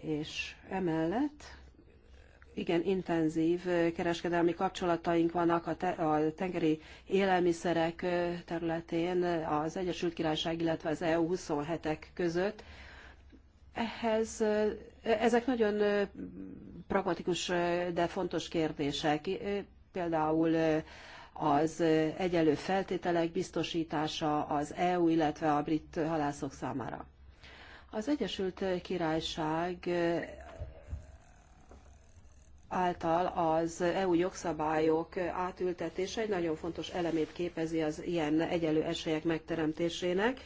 És emellett igen intenzív kereskedelmi kapcsolataink vannak a, te, a tengeri élelmiszerek területén az Egyesült Királyság, illetve az EU 27-ek között. Ehhez, ezek nagyon pragmatikus, de fontos kérdések. Például az egyenlő feltételek biztosítása az EU, illetve a brit halászok számára. Az Egyesült Királyság által az EU jogszabályok átültetése egy nagyon fontos elemét képezi az ilyen egyenlő esélyek megteremtésének,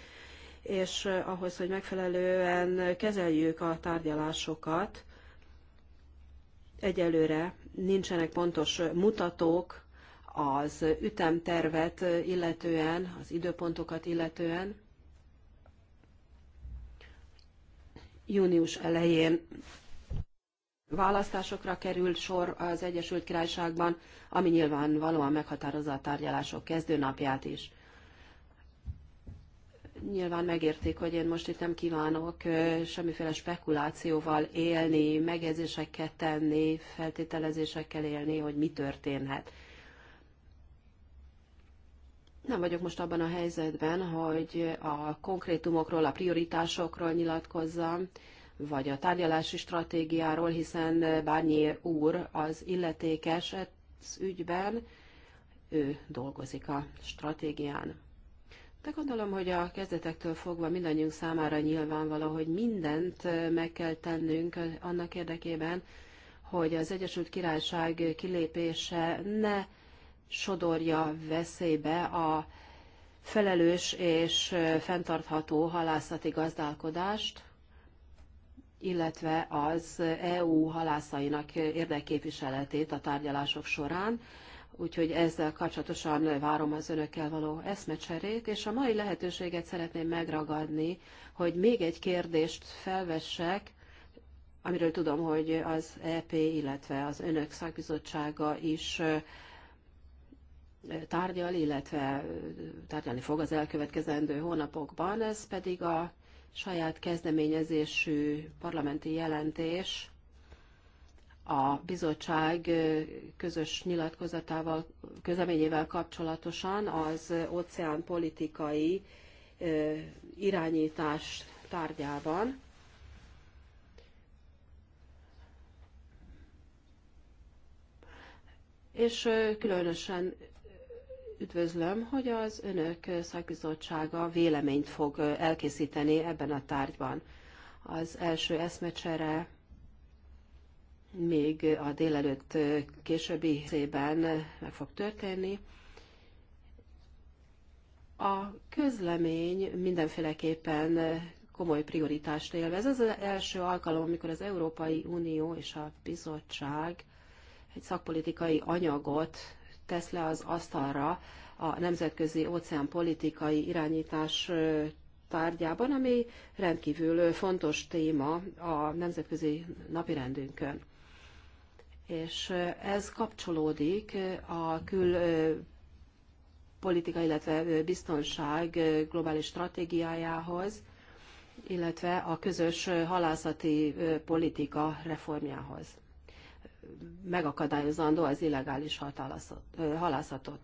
és ahhoz, hogy megfelelően kezeljük a tárgyalásokat, egyelőre nincsenek pontos mutatók, az ütemtervet illetően, az időpontokat illetően. Június elején választásokra került sor az Egyesült Királyságban, ami nyilván valóan meghatározza a tárgyalások kezdőnapját is. Nyilván megértik, hogy én most itt nem kívánok semmiféle spekulációval élni, megjegyzéseket tenni, feltételezésekkel élni, hogy mi történhet. Nem vagyok most abban a helyzetben, hogy a konkrétumokról, a prioritásokról nyilatkozzam, vagy a tárgyalási stratégiáról, hiszen Bárnyé úr az illetékes ez ügyben, ő dolgozik a stratégián. De gondolom, hogy a kezdetektől fogva mindannyiunk számára nyilvánvaló, hogy mindent meg kell tennünk annak érdekében, hogy az Egyesült Királyság kilépése ne sodorja veszélybe a felelős és fenntartható halászati gazdálkodást, illetve az EU halászainak érdekképviseletét a tárgyalások során. Úgyhogy ezzel kapcsolatosan várom az önökkel való eszmecserét, és a mai lehetőséget szeretném megragadni, hogy még egy kérdést felvessek, amiről tudom, hogy az EP, illetve az önök szakbizottsága is tárgyal, illetve tárgyalni fog az elkövetkezendő hónapokban, ez pedig a saját kezdeményezésű parlamenti jelentés a bizottság közös nyilatkozatával, közleményével kapcsolatosan az óceán politikai irányítás tárgyában. És különösen üdvözlöm, hogy az önök szakbizottsága véleményt fog elkészíteni ebben a tárgyban. Az első eszmecsere még a délelőtt későbbi szében meg fog történni. A közlemény mindenféleképpen komoly prioritást élvez. Ez az első alkalom, amikor az Európai Unió és a bizottság egy szakpolitikai anyagot tesz le az asztalra a nemzetközi óceánpolitikai irányítás tárgyában, ami rendkívül fontos téma a nemzetközi napirendünkön. És ez kapcsolódik a külpolitika, illetve biztonság globális stratégiájához, illetve a közös halászati politika reformjához megakadályozandó az illegális halászatot.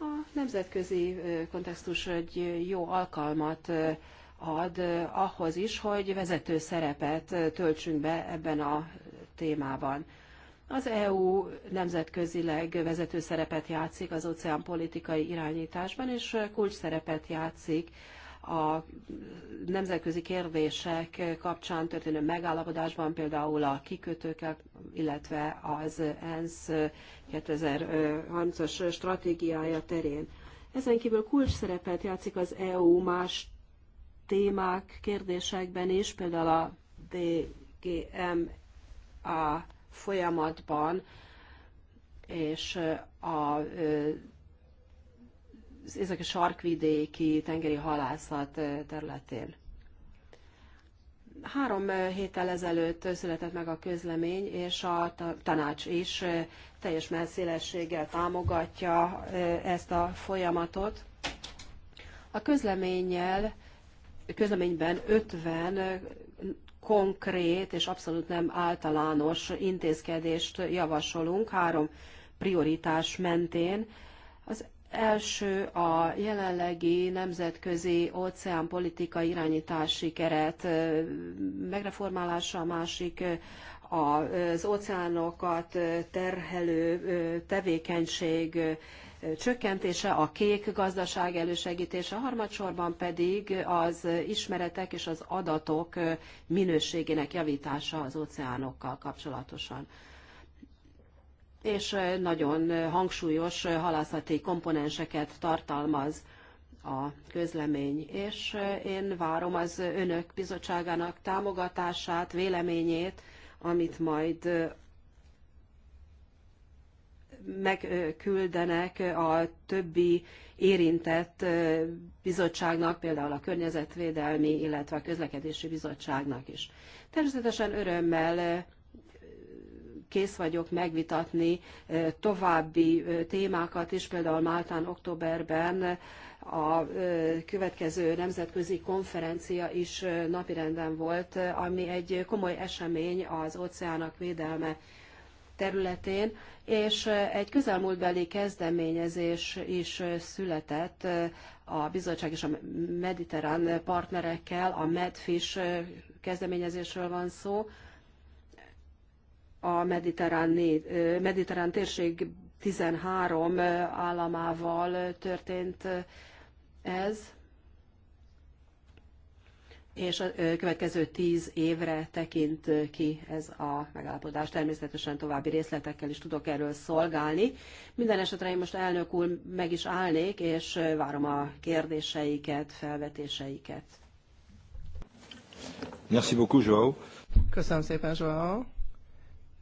A nemzetközi kontextus egy jó alkalmat ad ahhoz is, hogy vezető szerepet töltsünk be ebben a témában. Az EU nemzetközileg vezető szerepet játszik az óceánpolitikai irányításban, és kulcs szerepet játszik a nemzetközi kérdések kapcsán történő megállapodásban, például a kikötőkkel, illetve az ENSZ 2030-as stratégiája terén. Ezen kívül kulcs szerepet játszik az EU más témák, kérdésekben is, például a DGMA folyamatban, és a az északi sarkvidéki tengeri halászat területén. Három héttel ezelőtt született meg a közlemény, és a tanács is teljes messzélességgel támogatja ezt a folyamatot. A közleménnyel, közleményben 50 konkrét és abszolút nem általános intézkedést javasolunk három prioritás mentén első a jelenlegi nemzetközi óceánpolitika irányítási keret megreformálása, a másik az óceánokat terhelő tevékenység csökkentése, a kék gazdaság elősegítése, harmadsorban pedig az ismeretek és az adatok minőségének javítása az óceánokkal kapcsolatosan és nagyon hangsúlyos halászati komponenseket tartalmaz a közlemény, és én várom az önök bizottságának támogatását, véleményét, amit majd megküldenek a többi érintett bizottságnak, például a környezetvédelmi, illetve a közlekedési bizottságnak is. Természetesen örömmel kész vagyok megvitatni további témákat is, például Máltán októberben a következő nemzetközi konferencia is napirenden volt, ami egy komoly esemény az óceának védelme területén, és egy közelmúltbeli kezdeményezés is született a bizottság és a mediterrán partnerekkel, a Medfish kezdeményezésről van szó, a mediterrán, mediterrán térség 13 államával történt ez, és a következő tíz évre tekint ki ez a megállapodás. Természetesen további részletekkel is tudok erről szolgálni. Minden esetre én most elnök úr meg is állnék, és várom a kérdéseiket, felvetéseiket. Merci beaucoup, João. Köszönöm szépen, João.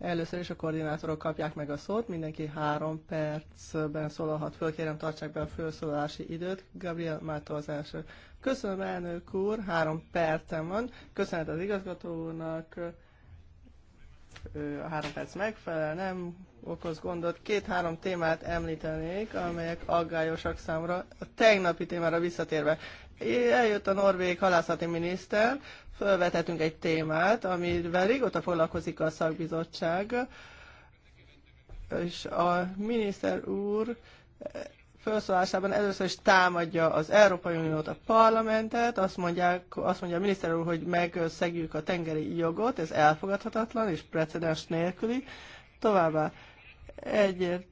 Először is a koordinátorok kapják meg a szót, mindenki három percben szólalhat föl, kérem tartsák be a felszólalási időt. Gabriel Mától az első. Köszönöm, elnök úr, három percem van. Köszönet az igazgató úrnak, a három perc megfelel, nem okoz gondot. Két-három témát említenék, amelyek aggályosak számra. A tegnapi témára visszatérve eljött a norvég halászati miniszter, felvetettünk egy témát, amivel régóta foglalkozik a szakbizottság, és a miniszter úr felszólásában először is támadja az Európai Uniót, a parlamentet, azt, mondják, azt mondja a miniszter úr, hogy megszegjük a tengeri jogot, ez elfogadhatatlan és precedens nélküli. Továbbá egyért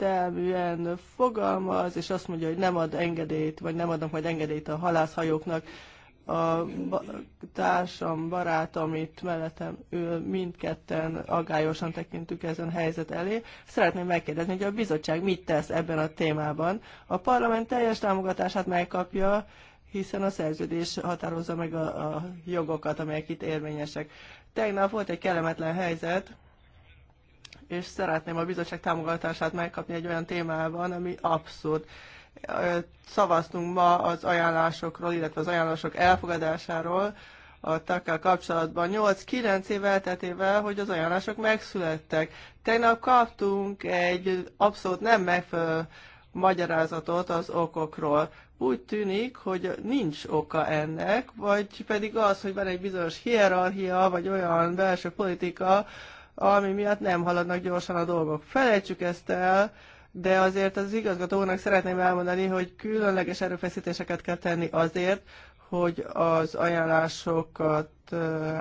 egyértelműen fogalmaz, és azt mondja, hogy nem ad engedélyt, vagy nem adnak majd engedélyt a halászhajóknak. A társam, barátom itt mellettem, ő mindketten agályosan tekintük ezen helyzet elé. Szeretném megkérdezni, hogy a bizottság mit tesz ebben a témában. A parlament teljes támogatását megkapja, hiszen a szerződés határozza meg a, a jogokat, amelyek itt érvényesek. Tegnap volt egy kellemetlen helyzet, és szeretném a bizottság támogatását megkapni egy olyan témában, ami abszurd. Szavaztunk ma az ajánlásokról, illetve az ajánlások elfogadásáról, a takkal kapcsolatban 8-9 év elteltével, hogy az ajánlások megszülettek. Tegnap kaptunk egy abszolút nem megfelelő magyarázatot az okokról. Úgy tűnik, hogy nincs oka ennek, vagy pedig az, hogy van egy bizonyos hierarchia, vagy olyan belső politika, ami miatt nem haladnak gyorsan a dolgok. Felejtsük ezt el, de azért az igazgatónak szeretném elmondani, hogy különleges erőfeszítéseket kell tenni azért, hogy az ajánlásokat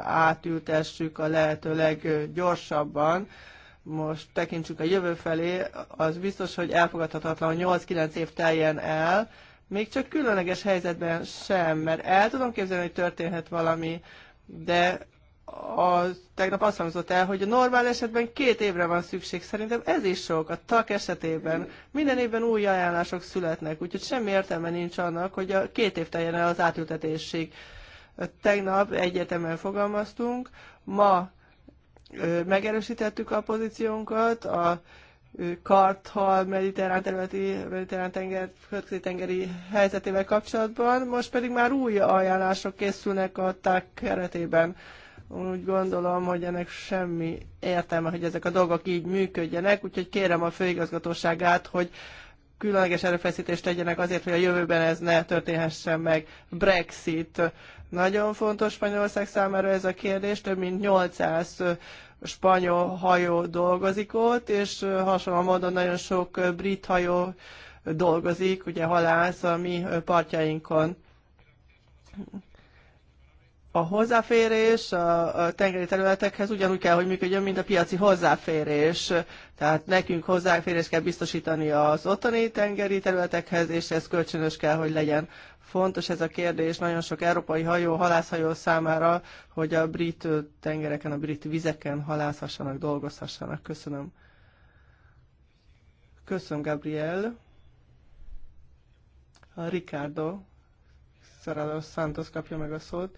átültessük a lehető leggyorsabban. Most tekintsük a jövő felé, az biztos, hogy elfogadhatatlan, hogy 8-9 év teljen el, még csak különleges helyzetben sem, mert el tudom képzelni, hogy történhet valami, de a, tegnap azt hangzott el, hogy a normál esetben két évre van szükség. Szerintem ez is sok. A TAK esetében minden évben új ajánlások születnek, úgyhogy semmi értelme nincs annak, hogy a két év teljen el az átültetésig. Tegnap egyetemen fogalmaztunk, ma ö, megerősítettük a pozíciónkat, a karthal mediterrán területi, mediterrán tenger, földközi tengeri helyzetével kapcsolatban, most pedig már új ajánlások készülnek a TAK keretében úgy gondolom, hogy ennek semmi értelme, hogy ezek a dolgok így működjenek, úgyhogy kérem a főigazgatóságát, hogy különleges erőfeszítést tegyenek azért, hogy a jövőben ez ne történhessen meg. Brexit. Nagyon fontos Spanyolország számára ez a kérdés, több mint 800 spanyol hajó dolgozik ott, és hasonló módon nagyon sok brit hajó dolgozik, ugye halász a mi partjainkon a hozzáférés a, tengeri területekhez ugyanúgy kell, hogy működjön, mint a piaci hozzáférés. Tehát nekünk hozzáférés kell biztosítani az ottani tengeri területekhez, és ez kölcsönös kell, hogy legyen. Fontos ez a kérdés nagyon sok európai hajó, halászhajó számára, hogy a brit tengereken, a brit vizeken halászhassanak, dolgozhassanak. Köszönöm. Köszönöm, Gabriel. A Ricardo Szarados Santos kapja meg a szót.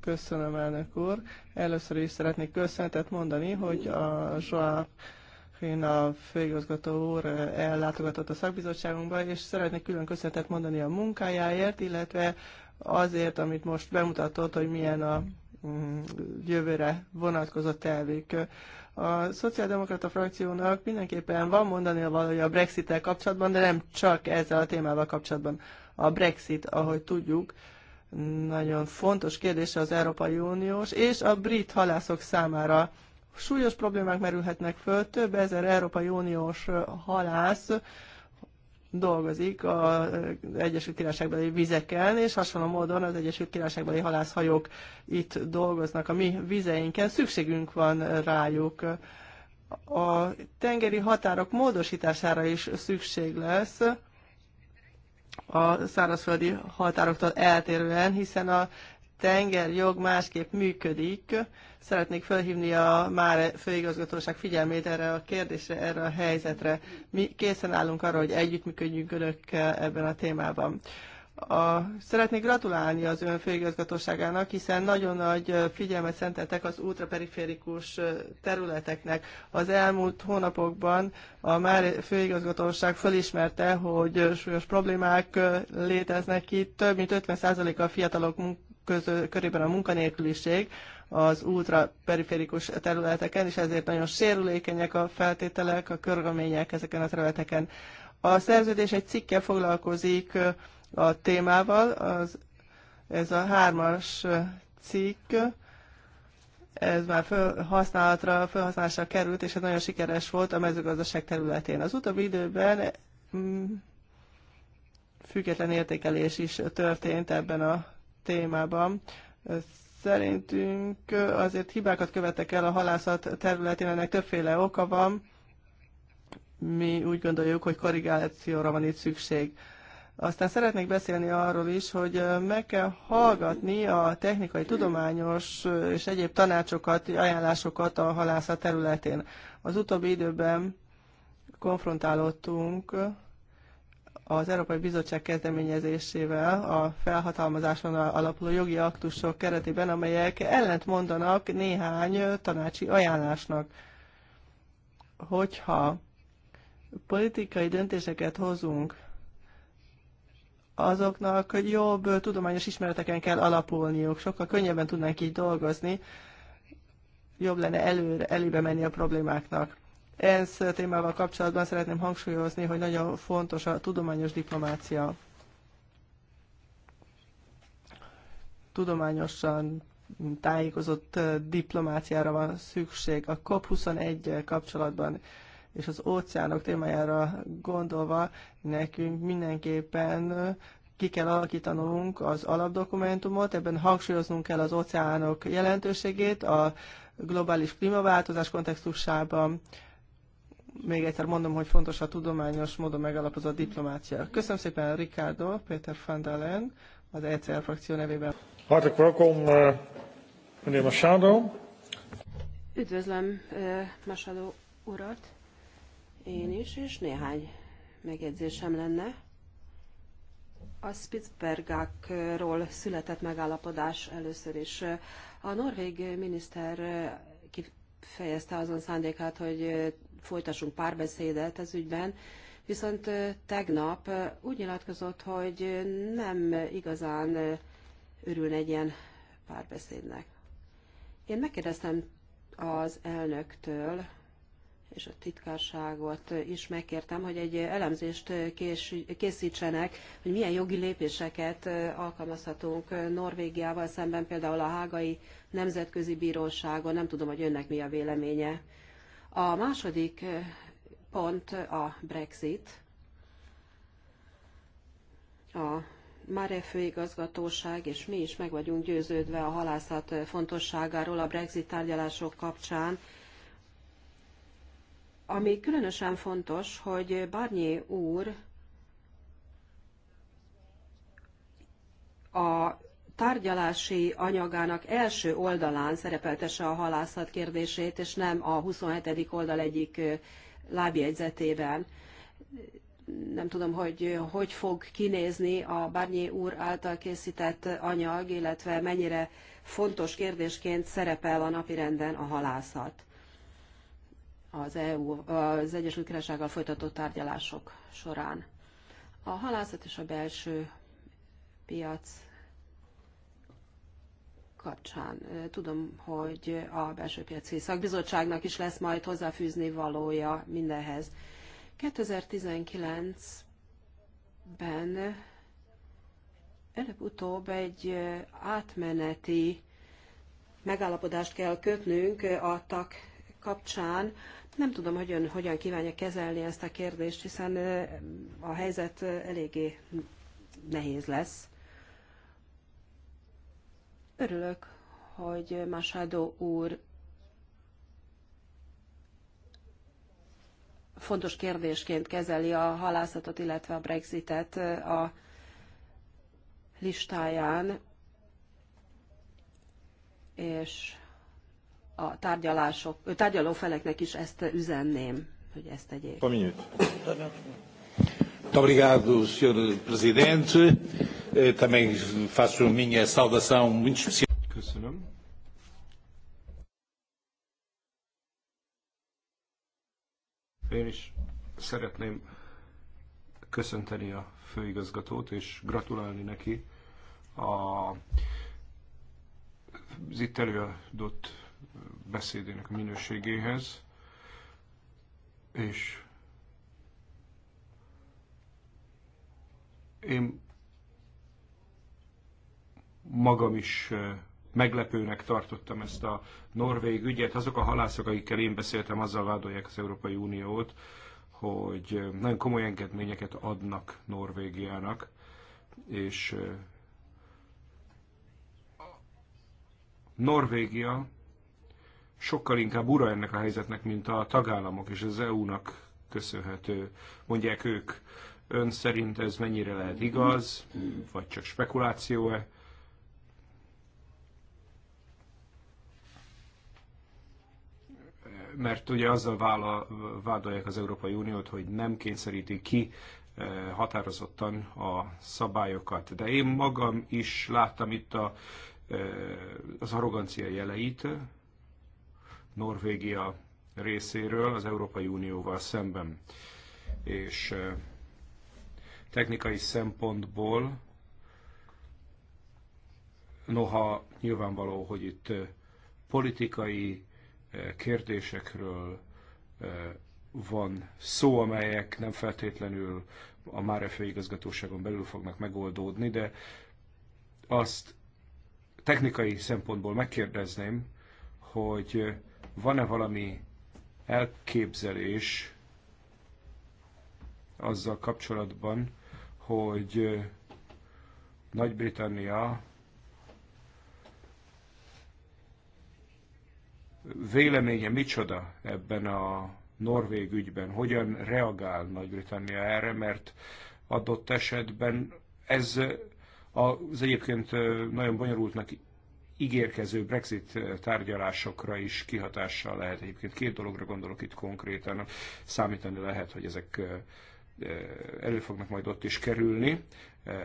Köszönöm, elnök úr. Először is szeretnék köszönetet mondani, hogy a Joab én a főigazgató úr ellátogatott a szakbizottságunkba, és szeretnék külön köszönetet mondani a munkájáért, illetve azért, amit most bemutatott, hogy milyen a mm, jövőre vonatkozó tervük. A szociáldemokrata frakciónak mindenképpen van mondani a valója a Brexit-tel kapcsolatban, de nem csak ezzel a témával kapcsolatban. A Brexit, ahogy tudjuk, nagyon fontos kérdése az Európai Uniós és a brit halászok számára. Súlyos problémák merülhetnek föl, több ezer Európai Uniós halász dolgozik az eh, Egyesült Királyságbeli vizeken, és hasonló módon az Egyesült Királyságbeli halászhajók itt dolgoznak a mi vizeinken, szükségünk van rájuk. A tengeri határok módosítására is szükség lesz, a szárazföldi határoktól eltérően, hiszen a tengerjog másképp működik. Szeretnék felhívni a már főigazgatóság figyelmét erre a kérdésre, erre a helyzetre. Mi készen állunk arra, hogy együttműködjünk önökkel ebben a témában. A, szeretnék gratulálni az ön főigazgatóságának, hiszen nagyon nagy figyelmet szenteltek az ultraperiférikus területeknek. Az elmúlt hónapokban a már főigazgatóság felismerte, hogy súlyos problémák léteznek itt. Több mint 50% a fiatalok közö, körében a munkanélküliség az ultraperiférikus területeken, és ezért nagyon sérülékenyek a feltételek, a körülmények ezeken a területeken. A szerződés egy cikke foglalkozik a témával. Az, ez a hármas cikk, ez már föl, használatra, felhasználásra került, és ez nagyon sikeres volt a mezőgazdaság területén. Az utóbbi időben mm, független értékelés is történt ebben a témában. Szerintünk azért hibákat követtek el a halászat területén, ennek többféle oka van. Mi úgy gondoljuk, hogy korrigációra van itt szükség. Aztán szeretnék beszélni arról is, hogy meg kell hallgatni a technikai, tudományos és egyéb tanácsokat, ajánlásokat a halászat területén. Az utóbbi időben konfrontálódtunk az Európai Bizottság kezdeményezésével a felhatalmazáson alapuló jogi aktusok keretében, amelyek ellent mondanak néhány tanácsi ajánlásnak. Hogyha politikai döntéseket hozunk azoknak jobb tudományos ismereteken kell alapulniuk, sokkal könnyebben tudnánk így dolgozni, jobb lenne előre, előbe menni a problémáknak. Ez témával kapcsolatban szeretném hangsúlyozni, hogy nagyon fontos a tudományos diplomácia. Tudományosan tájékozott diplomáciára van szükség. A COP21 kapcsolatban és az óceánok témájára gondolva nekünk mindenképpen ki kell alakítanunk az alapdokumentumot, ebben hangsúlyoznunk kell az óceánok jelentőségét a globális klímaváltozás kontextusában. Még egyszer mondom, hogy fontos a tudományos módon megalapozott diplomácia. Köszönöm szépen Ricardo, Peter van Dalen, az ECR frakció nevében. Hartelijk welkom, uh, meneer Machado. Üdvözlöm uh, Masado urat én is, és néhány megjegyzésem lenne. A Spitzbergákról született megállapodás először is. A norvég miniszter kifejezte azon szándékát, hogy folytassunk párbeszédet ez ügyben, viszont tegnap úgy nyilatkozott, hogy nem igazán örülne egy ilyen párbeszédnek. Én megkérdeztem az elnöktől, és a titkárságot is megkértem, hogy egy elemzést készítsenek, hogy milyen jogi lépéseket alkalmazhatunk Norvégiával szemben, például a Hágai Nemzetközi Bíróságon, nem tudom, hogy önnek mi a véleménye. A második pont a Brexit. A Mare főigazgatóság, és mi is meg vagyunk győződve a halászat fontosságáról a Brexit tárgyalások kapcsán ami különösen fontos, hogy Barnyé úr a tárgyalási anyagának első oldalán szerepeltesse a halászat kérdését, és nem a 27. oldal egyik lábjegyzetében. Nem tudom, hogy hogy fog kinézni a Barnyé úr által készített anyag, illetve mennyire fontos kérdésként szerepel a napirenden a halászat az EU, az Egyesült Királysággal folytatott tárgyalások során. A halászat és a belső piac kapcsán. Tudom, hogy a belső piaci szakbizottságnak is lesz majd hozzáfűzni valója mindenhez. 2019-ben előbb-utóbb egy átmeneti megállapodást kell kötnünk a TAK kapcsán, nem tudom, hogy ön hogyan kívánja kezelni ezt a kérdést, hiszen a helyzet eléggé nehéz lesz. Örülök, hogy Machado úr fontos kérdésként kezeli a halászatot, illetve a Brexitet a listáján, és a tárgyalások, tárgyaló feleknek is ezt üzenném, hogy ezt tegyék. Obrigado, Sr. Presidente. Eh, também faço a minha saudação muito especial. Köszönöm. Én is szeretném köszönteni a főigazgatót, és gratulálni neki a, az itt előadott beszédének minőségéhez, és én magam is eh, meglepőnek tartottam ezt a norvég ügyet. Azok a halászok, akikkel én beszéltem, azzal vádolják az Európai Uniót, hogy eh, nagyon komoly engedményeket adnak Norvégiának, és eh, Norvégia sokkal inkább ura ennek a helyzetnek, mint a tagállamok és az EU-nak köszönhető, mondják ők. Ön szerint ez mennyire lehet igaz, vagy csak spekuláció-e? Mert ugye azzal vála, vádolják az Európai Uniót, hogy nem kényszeríti ki eh, határozottan a szabályokat. De én magam is láttam itt a, eh, az arrogancia jeleit, Norvégia részéről az Európai Unióval szemben. És technikai szempontból, noha nyilvánvaló, hogy itt politikai kérdésekről van szó, amelyek nem feltétlenül a már főigazgatóságon belül fognak megoldódni, de azt technikai szempontból megkérdezném, hogy van-e valami elképzelés azzal kapcsolatban, hogy Nagy-Britannia véleménye micsoda ebben a norvég ügyben, hogyan reagál Nagy-Britannia erre, mert adott esetben ez az egyébként nagyon bonyolultnak ígérkező Brexit tárgyalásokra is kihatással lehet. Egyébként két dologra gondolok itt konkrétan. Számítani lehet, hogy ezek elő fognak majd ott is kerülni.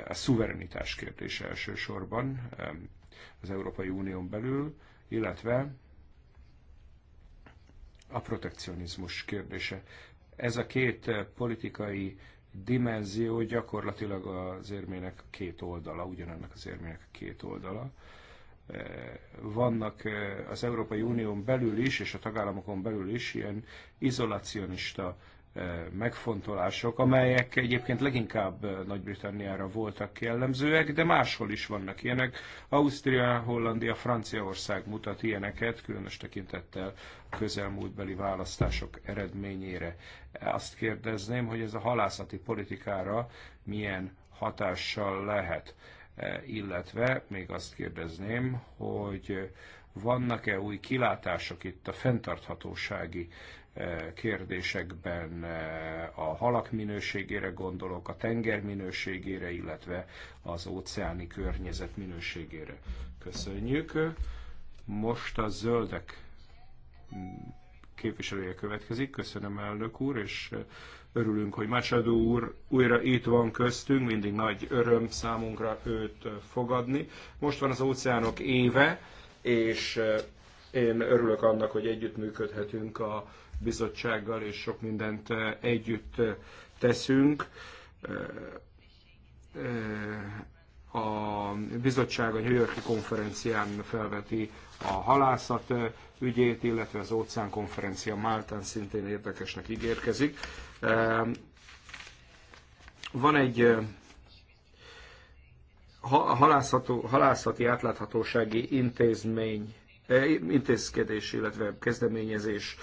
A szuverenitás kérdése elsősorban az Európai Unión belül, illetve a protekcionizmus kérdése. Ez a két politikai dimenzió gyakorlatilag az érmének két oldala, ugyanannak az érmének két oldala vannak eh, az Európai Unión belül is, és a tagállamokon belül is ilyen izolacionista eh, megfontolások, amelyek egyébként leginkább eh, Nagy-Britanniára voltak jellemzőek, de máshol is vannak ilyenek. Ausztria, Hollandia, Franciaország mutat ilyeneket, különös tekintettel a közelmúltbeli választások eredményére. Azt kérdezném, hogy ez a halászati politikára milyen hatással lehet. E, illetve még azt kérdezném, hogy vannak-e új kilátások itt a fenntarthatósági e, kérdésekben e, a halak minőségére gondolok, a tenger minőségére, illetve az óceáni környezet minőségére. Köszönjük. Most a zöldek képviselője következik. Köszönöm, elnök úr, és Örülünk, hogy Macsadó úr újra itt van köztünk, mindig nagy öröm számunkra őt fogadni. Most van az óceánok éve, és én örülök annak, hogy együttműködhetünk a bizottsággal, és sok mindent együtt teszünk a bizottság a New Yorki konferencián felveti a halászat ügyét, illetve az óceán konferencia Máltán szintén érdekesnek ígérkezik. Van egy halászati átláthatósági intézmény intézkedés, illetve kezdeményezés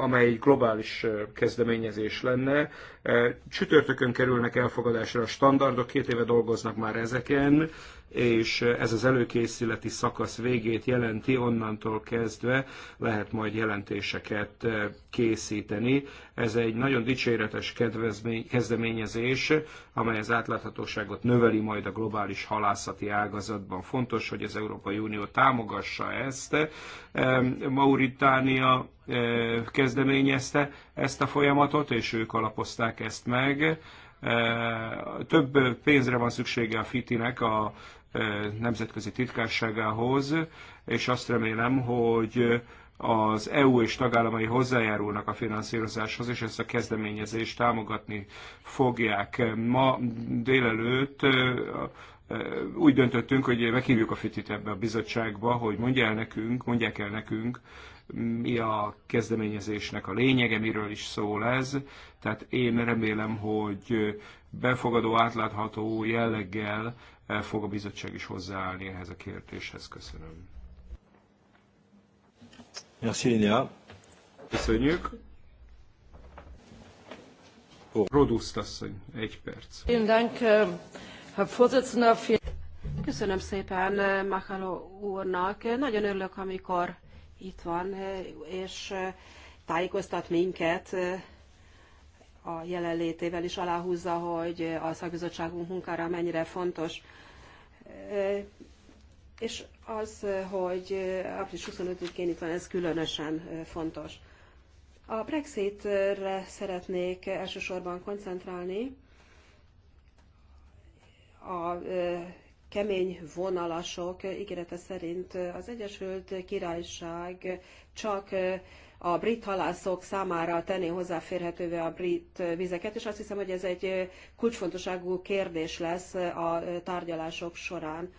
amely egy globális kezdeményezés lenne. Csütörtökön kerülnek elfogadásra a standardok, két éve dolgoznak már ezeken, és ez az előkészületi szakasz végét jelenti, onnantól kezdve lehet majd jelentéseket eh, készíteni. Ez egy nagyon dicséretes kezdeményezés, amely az átláthatóságot növeli majd a globális halászati ágazatban. Fontos, hogy az Európai Unió támogassa ezt. Mauritánia eh, kezdeményezte ezt a folyamatot, és ők alapozták ezt meg több pénzre van szüksége a FITI-nek a nemzetközi titkárságához, és azt remélem, hogy az EU és tagállamai hozzájárulnak a finanszírozáshoz, és ezt a kezdeményezést támogatni fogják. Ma délelőtt úgy döntöttünk, hogy meghívjuk a Fitit ebbe a bizottságba, hogy mondja el nekünk, mondják el nekünk, mi a kezdeményezésnek a lényege, miről is szól ez. Tehát én remélem, hogy befogadó, átlátható jelleggel fog a bizottság is hozzáállni ehhez a kérdéshez. Köszönöm. Merci, Linia. Köszönjük. Roduszt asszony, egy perc. Köszönöm szépen Makalo úrnak. Nagyon örülök, amikor itt van, és tájékoztat minket a jelenlétével is aláhúzza, hogy a szakbizottságunk munkára mennyire fontos. És az, hogy április 25-én itt van, ez különösen fontos. A Brexitre szeretnék elsősorban koncentrálni. A kemény vonalasok ígérete szerint az Egyesült Királyság csak a brit halászok számára tenni hozzáférhetővé a brit vizeket, és azt hiszem, hogy ez egy kulcsfontosságú kérdés lesz a tárgyalások során.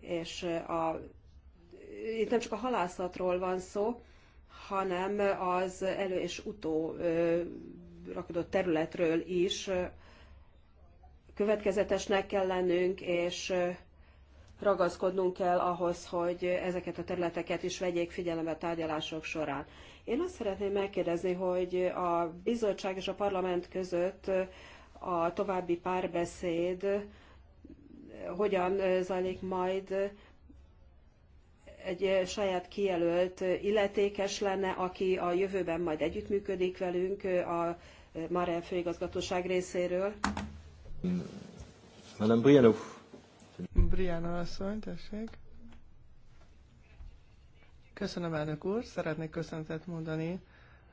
És a, itt nem csak a halászatról van szó, hanem az elő és utó rakodott területről is, következetesnek kell lennünk, és ragaszkodnunk kell ahhoz, hogy ezeket a területeket is vegyék figyelembe a tárgyalások során. Én azt szeretném megkérdezni, hogy a bizottság és a parlament között a további párbeszéd hogyan zajlik majd, egy saját kijelölt illetékes lenne, aki a jövőben majd együttműködik velünk a Mare főigazgatóság részéről. Madame Briano. Briano asszony, tessék. Köszönöm, elnök úr. Szeretnék köszönetet mondani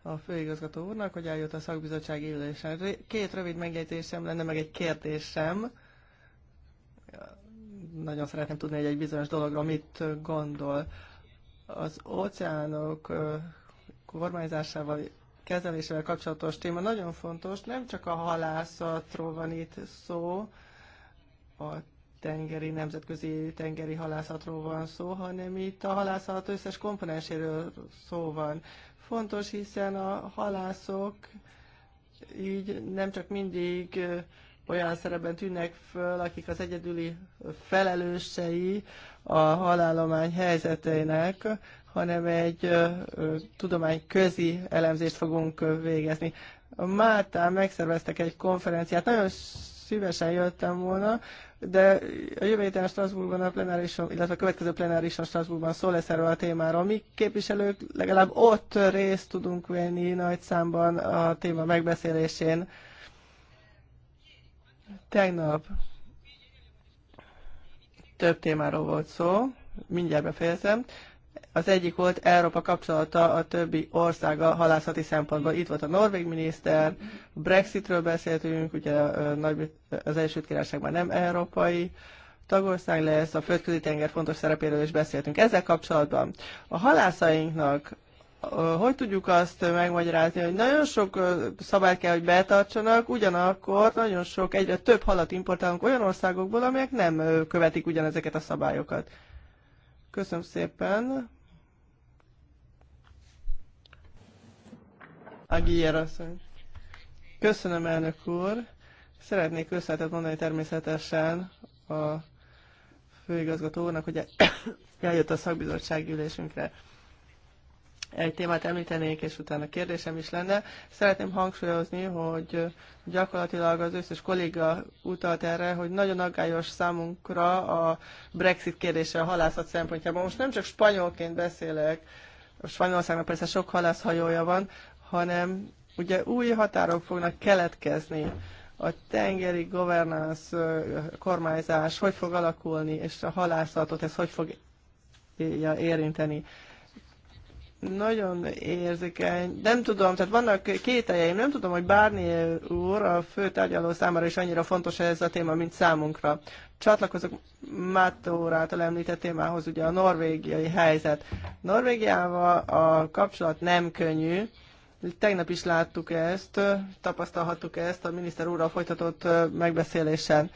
a főigazgató úrnak, hogy eljött a szakbizottság élésen. Két rövid megjegyzésem lenne, meg egy kérdésem. Nagyon szeretném tudni, hogy egy bizonyos dologról mit gondol. Az óceánok kormányzásával kezelésével kapcsolatos téma nagyon fontos. Nem csak a halászatról van itt szó, a tengeri, nemzetközi tengeri halászatról van szó, hanem itt a halászat összes komponenséről szó van. Fontos, hiszen a halászok így nem csak mindig olyan szerepben tűnnek föl, akik az egyedüli felelősei a halállomány helyzeteinek, hanem egy tudományközi elemzést fogunk végezni. Máltán megszerveztek egy konferenciát, nagyon szívesen jöttem volna, de a jövő héten Strasbourgban a plenárison, illetve a következő plenárison Strasbourgban szó lesz erről a témáról. Mi képviselők legalább ott részt tudunk venni nagy számban a téma megbeszélésén. Tegnap több témáról volt szó, mindjárt befejezem. Az egyik volt Európa kapcsolata a többi országa halászati szempontból. Itt volt a norvég miniszter, Brexitről beszéltünk, ugye nagy, az első Királyság már nem európai tagország lesz, a földközi tenger fontos szerepéről is beszéltünk. Ezzel kapcsolatban a halászainknak hogy tudjuk azt megmagyarázni, hogy nagyon sok szabályt kell, hogy betartsanak, ugyanakkor nagyon sok, egyre több halat importálunk olyan országokból, amelyek nem követik ugyanezeket a szabályokat. Köszönöm szépen. Aguilera asszony. Köszönöm, elnök úr. Szeretnék köszönetet mondani természetesen a főigazgató úrnak, hogy eljött a szakbizottság ülésünkre. Egy témát említenék, és utána kérdésem is lenne. Szeretném hangsúlyozni, hogy gyakorlatilag az összes kolléga utalt erre, hogy nagyon aggályos számunkra a Brexit kérdése a halászat szempontjából. Most nem csak spanyolként beszélek, Spanyolországnak persze sok halászhajója van, hanem ugye új határok fognak keletkezni. A tengeri governance, kormányzás hogy fog alakulni, és a halászatot ez hogy fog érinteni nagyon érzékeny. Nem tudom, tehát vannak kételjeim, nem tudom, hogy bárni úr a fő tárgyaló számára is annyira fontos ez a téma, mint számunkra. Csatlakozok Mátó úr által említett témához, ugye a norvégiai helyzet. Norvégiával a kapcsolat nem könnyű, Tegnap is láttuk ezt, tapasztalhattuk ezt a miniszter úrral folytatott megbeszélésen.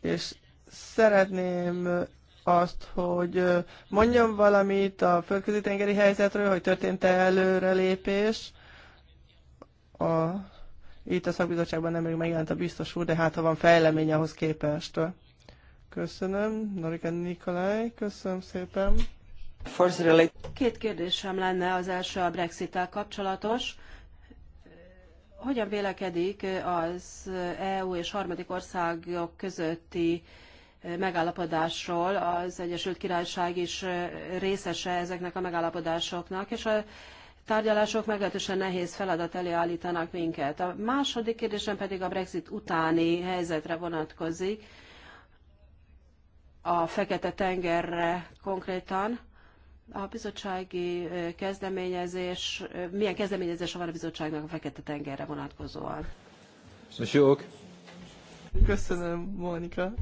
És szeretném azt, hogy mondjon valamit a földközi tengeri helyzetről, hogy történt-e előrelépés. A, itt a szakbizottságban nem még megjelent a biztos úr, de hát ha van fejlemény ahhoz képest. Köszönöm, Norika Nikolaj, köszönöm szépen. Két kérdésem lenne, az első a Brexit-tel kapcsolatos. Hogyan vélekedik az EU és harmadik országok közötti megállapodásról, az Egyesült Királyság is részese ezeknek a megállapodásoknak, és a tárgyalások meglehetősen nehéz feladat elé állítanak minket. A második kérdésem pedig a Brexit utáni helyzetre vonatkozik, a Fekete-tengerre konkrétan a bizottsági kezdeményezés, milyen kezdeményezés van a bizottságnak a Fekete-tengerre vonatkozóan? Sok. Köszönöm, Mónika.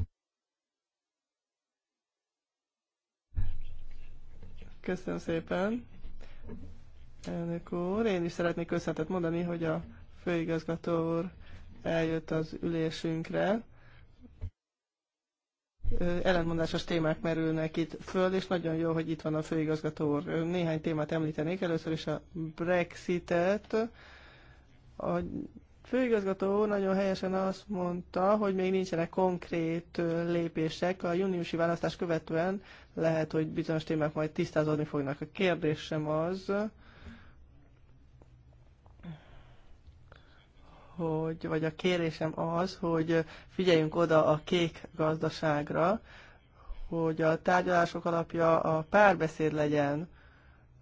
Köszönöm szépen. Elnök úr, én is szeretnék köszönetet mondani, hogy a főigazgató úr eljött az ülésünkre ellentmondásos témák merülnek itt föl, és nagyon jó, hogy itt van a főigazgató úr. Néhány témát említenék, először is a Brexitet. A főigazgató úr nagyon helyesen azt mondta, hogy még nincsenek konkrét lépések. A júniusi választás követően lehet, hogy bizonyos témák majd tisztázódni fognak. A kérdésem az, hogy, vagy a kérésem az, hogy figyeljünk oda a kék gazdaságra, hogy a tárgyalások alapja a párbeszéd legyen,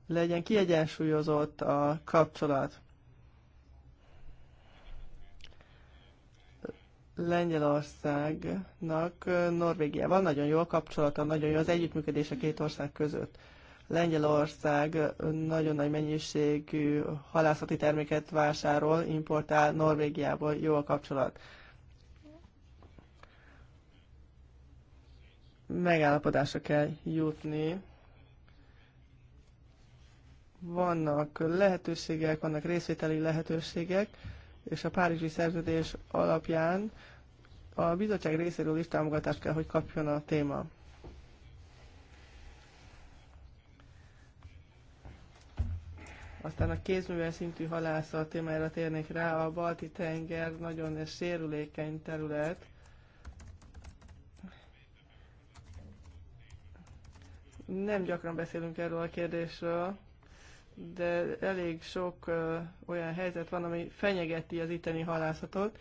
legyen kiegyensúlyozott a kapcsolat. Lengyelországnak Norvégiával nagyon jó a kapcsolata, nagyon jó az együttműködés a két ország között. Lengyelország nagyon nagy mennyiségű halászati terméket vásárol, importál Norvégiából, jó a kapcsolat. Megállapodásra kell jutni. Vannak lehetőségek, vannak részvételi lehetőségek, és a Párizsi szerződés alapján a bizottság részéről is támogatást kell, hogy kapjon a téma. Aztán a kézművel szintű halászat témára térnék rá. A balti tenger nagyon sérülékeny terület. Nem gyakran beszélünk erről a kérdésről, de elég sok ö, olyan helyzet van, ami fenyegeti az itteni halászatot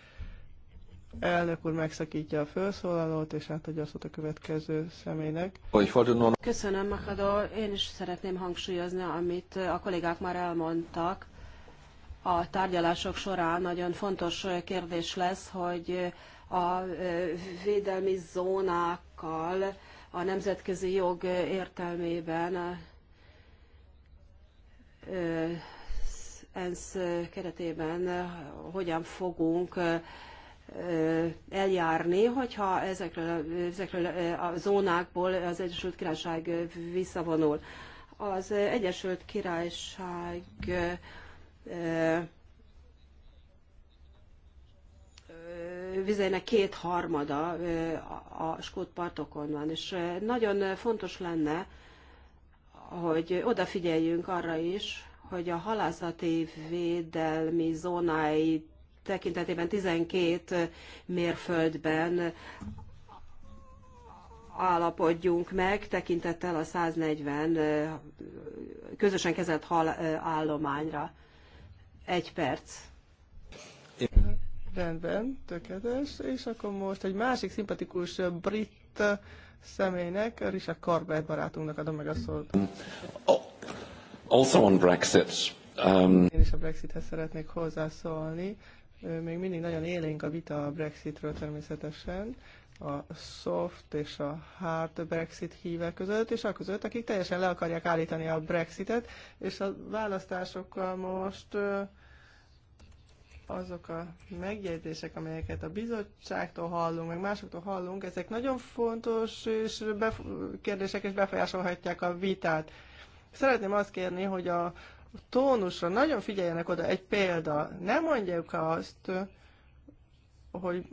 Elnök úr megszakítja a felszólalót, és átadja a szót a következő személynek. Köszönöm, Makado. Én is szeretném hangsúlyozni, amit a kollégák már elmondtak. A tárgyalások során nagyon fontos kérdés lesz, hogy a e, védelmi zónákkal a nemzetközi jog értelmében e, e, ENSZ keretében hogyan fogunk eljárni, hogyha ezekről, ezekről a zónákból az Egyesült Királyság visszavonul. Az Egyesült Királyság vizeinek kétharmada a skót partokon van, és nagyon fontos lenne, hogy odafigyeljünk arra is, hogy a halászati védelmi zónáit tekintetében 12 mérföldben állapodjunk meg, tekintettel a 140 közösen kezelt hal állományra. Egy perc. Rendben, tökéletes. És akkor most egy másik szimpatikus brit személynek, Richard Corbett barátunknak adom meg a szót. Oh, also on Brexit. Um... Én is a Brexithez szeretnék hozzászólni. Még mindig nagyon élénk a vita a Brexitről természetesen, a soft és a hard Brexit hívek között, és a között, akik teljesen le akarják állítani a Brexitet, és a választásokkal most azok a megjegyzések, amelyeket a bizottságtól hallunk, meg másoktól hallunk, ezek nagyon fontos és kérdések, és befolyásolhatják a vitát. Szeretném azt kérni, hogy a tónusra nagyon figyeljenek oda. Egy példa, nem mondjuk azt, hogy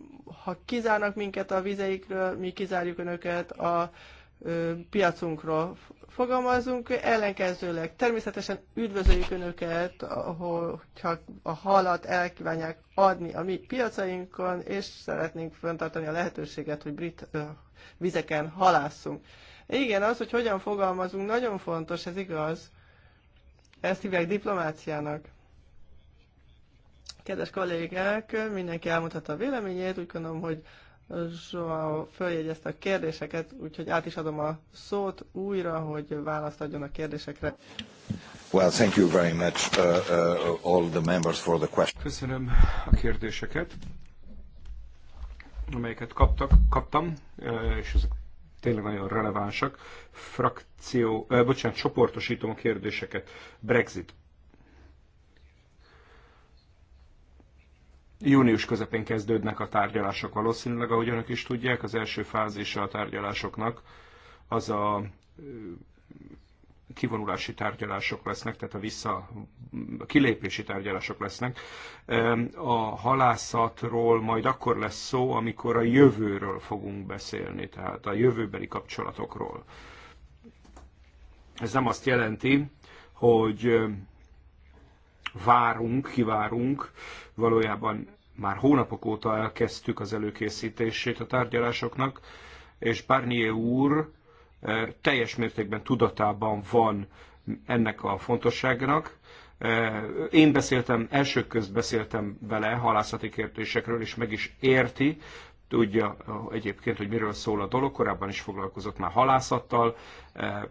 ha kizárnak minket a vizeikről, mi kizárjuk önöket a ö, piacunkról. Fogalmazunk ellenkezőleg. Természetesen üdvözöljük önöket, hogyha a halat elkívánják adni a mi piacainkon, és szeretnénk fenntartani a lehetőséget, hogy brit ö, vizeken halászunk. Igen, az, hogy hogyan fogalmazunk, nagyon fontos, ez igaz. Ezt hívják diplomáciának. Kedves kollégák, mindenki elmondhatta a véleményét, úgy gondolom, hogy Zsoa följegyezte a kérdéseket, úgyhogy át is adom a szót újra, hogy választ adjon a kérdésekre. Well, thank you very much uh, uh, all the members for the question. Köszönöm a kérdéseket, amelyeket kaptak, kaptam, uh, és ezek tényleg nagyon relevánsak. Frakció, ö, bocsánat, csoportosítom a kérdéseket. Brexit. Június közepén kezdődnek a tárgyalások valószínűleg, ahogy önök is tudják, az első fázisa a tárgyalásoknak az a kivonulási tárgyalások lesznek, tehát a vissza a kilépési tárgyalások lesznek. A halászatról majd akkor lesz szó, amikor a jövőről fogunk beszélni, tehát a jövőbeli kapcsolatokról. Ez nem azt jelenti, hogy várunk, kivárunk, valójában már hónapok óta elkezdtük az előkészítését a tárgyalásoknak, és Barnier úr teljes mértékben tudatában van ennek a fontosságnak. Én beszéltem, elsők közt beszéltem vele halászati kérdésekről, és meg is érti, tudja egyébként, hogy miről szól a dolog, korábban is foglalkozott már halászattal,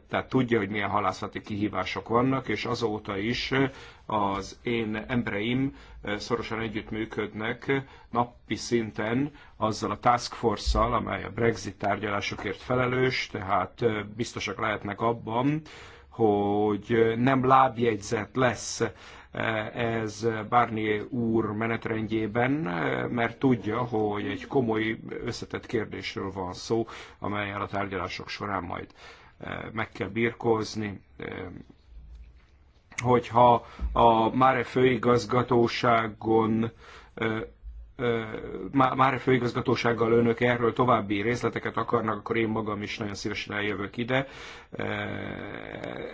tehát tudja, hogy milyen halászati kihívások vannak, és azóta is az én embereim szorosan együttműködnek napi szinten azzal a task force-szal, amely a Brexit tárgyalásokért felelős, tehát biztosak lehetnek abban, hogy nem lábjegyzet lesz ez Barnier úr menetrendjében, mert tudja, hogy egy komoly összetett kérdésről van szó, amelyen a tárgyalások során majd eh, meg kell birkózni, hogyha a Máre főigazgatóságon eh, már a főigazgatósággal önök erről további részleteket akarnak, akkor én magam is nagyon szívesen eljövök ide.